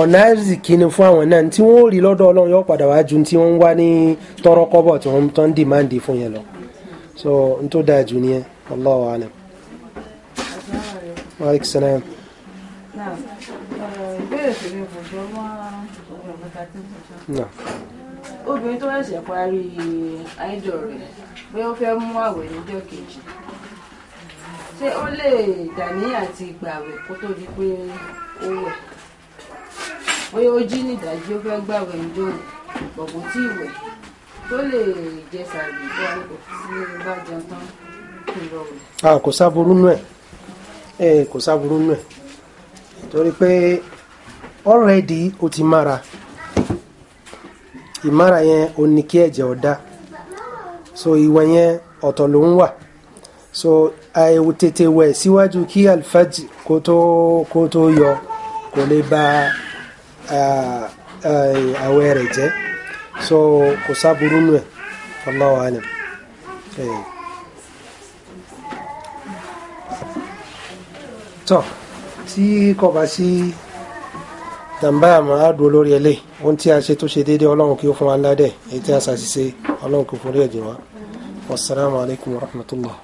ọ̀nà àrísìkí ni fún àwọn náà tí wọ́n rí lọ́dọ̀ ọlọ́run yóò padà wá ju tí wọ́n ń wá ní tọrọ kọ́bọ̀ tí wọ́n tán dìmáàndì fún yẹn lọ so n tó dáa jù nìyẹn Allahu alam. obìnrin tó ẹ̀sẹ̀ parí idol rẹ̀ pé ó fẹ́ mú àwẹ̀ níjọ́ kejì ṣé ó lè dàníyàn àti ìgbà kó tó di pé ó wẹ̀. bóyá ó jí nídàájí ó fẹ́ gbàwẹ̀ ńjọ́ ìpọ̀kù tí ìwẹ̀ tó lè jẹ sàrì tó àlùkò tí ó bá jẹun tán kò lọ wẹ̀. a kò sáburú nù ẹ kò sáburú nù ẹ torí pé ọ̀rẹ́dì ó ti mára ìmára yẹn ò ní kí ẹ̀jẹ̀ ọ̀dá so ìwẹ̀ yẹn ọ̀tọ̀ ló ń wà so àìwò tètè wẹ̀ síwájú kí alfajr kó tó kó tó yọ kò lè ba A, rẹ̀ jẹ́ so kò sáburú nù ẹ̀ Allahu alam. tọ́ tí kò bá sí tàǹbà máa dùn lórí ẹlẹ́ ohun tí a ṣe tó ṣe déédéé ọlọ́run kí ó fún wa ládẹ̀ èyí tí a ṣàṣìṣe ọlọ́run kò fún rí ẹ̀jẹ̀ wa wasalaamu wa rahmatullah.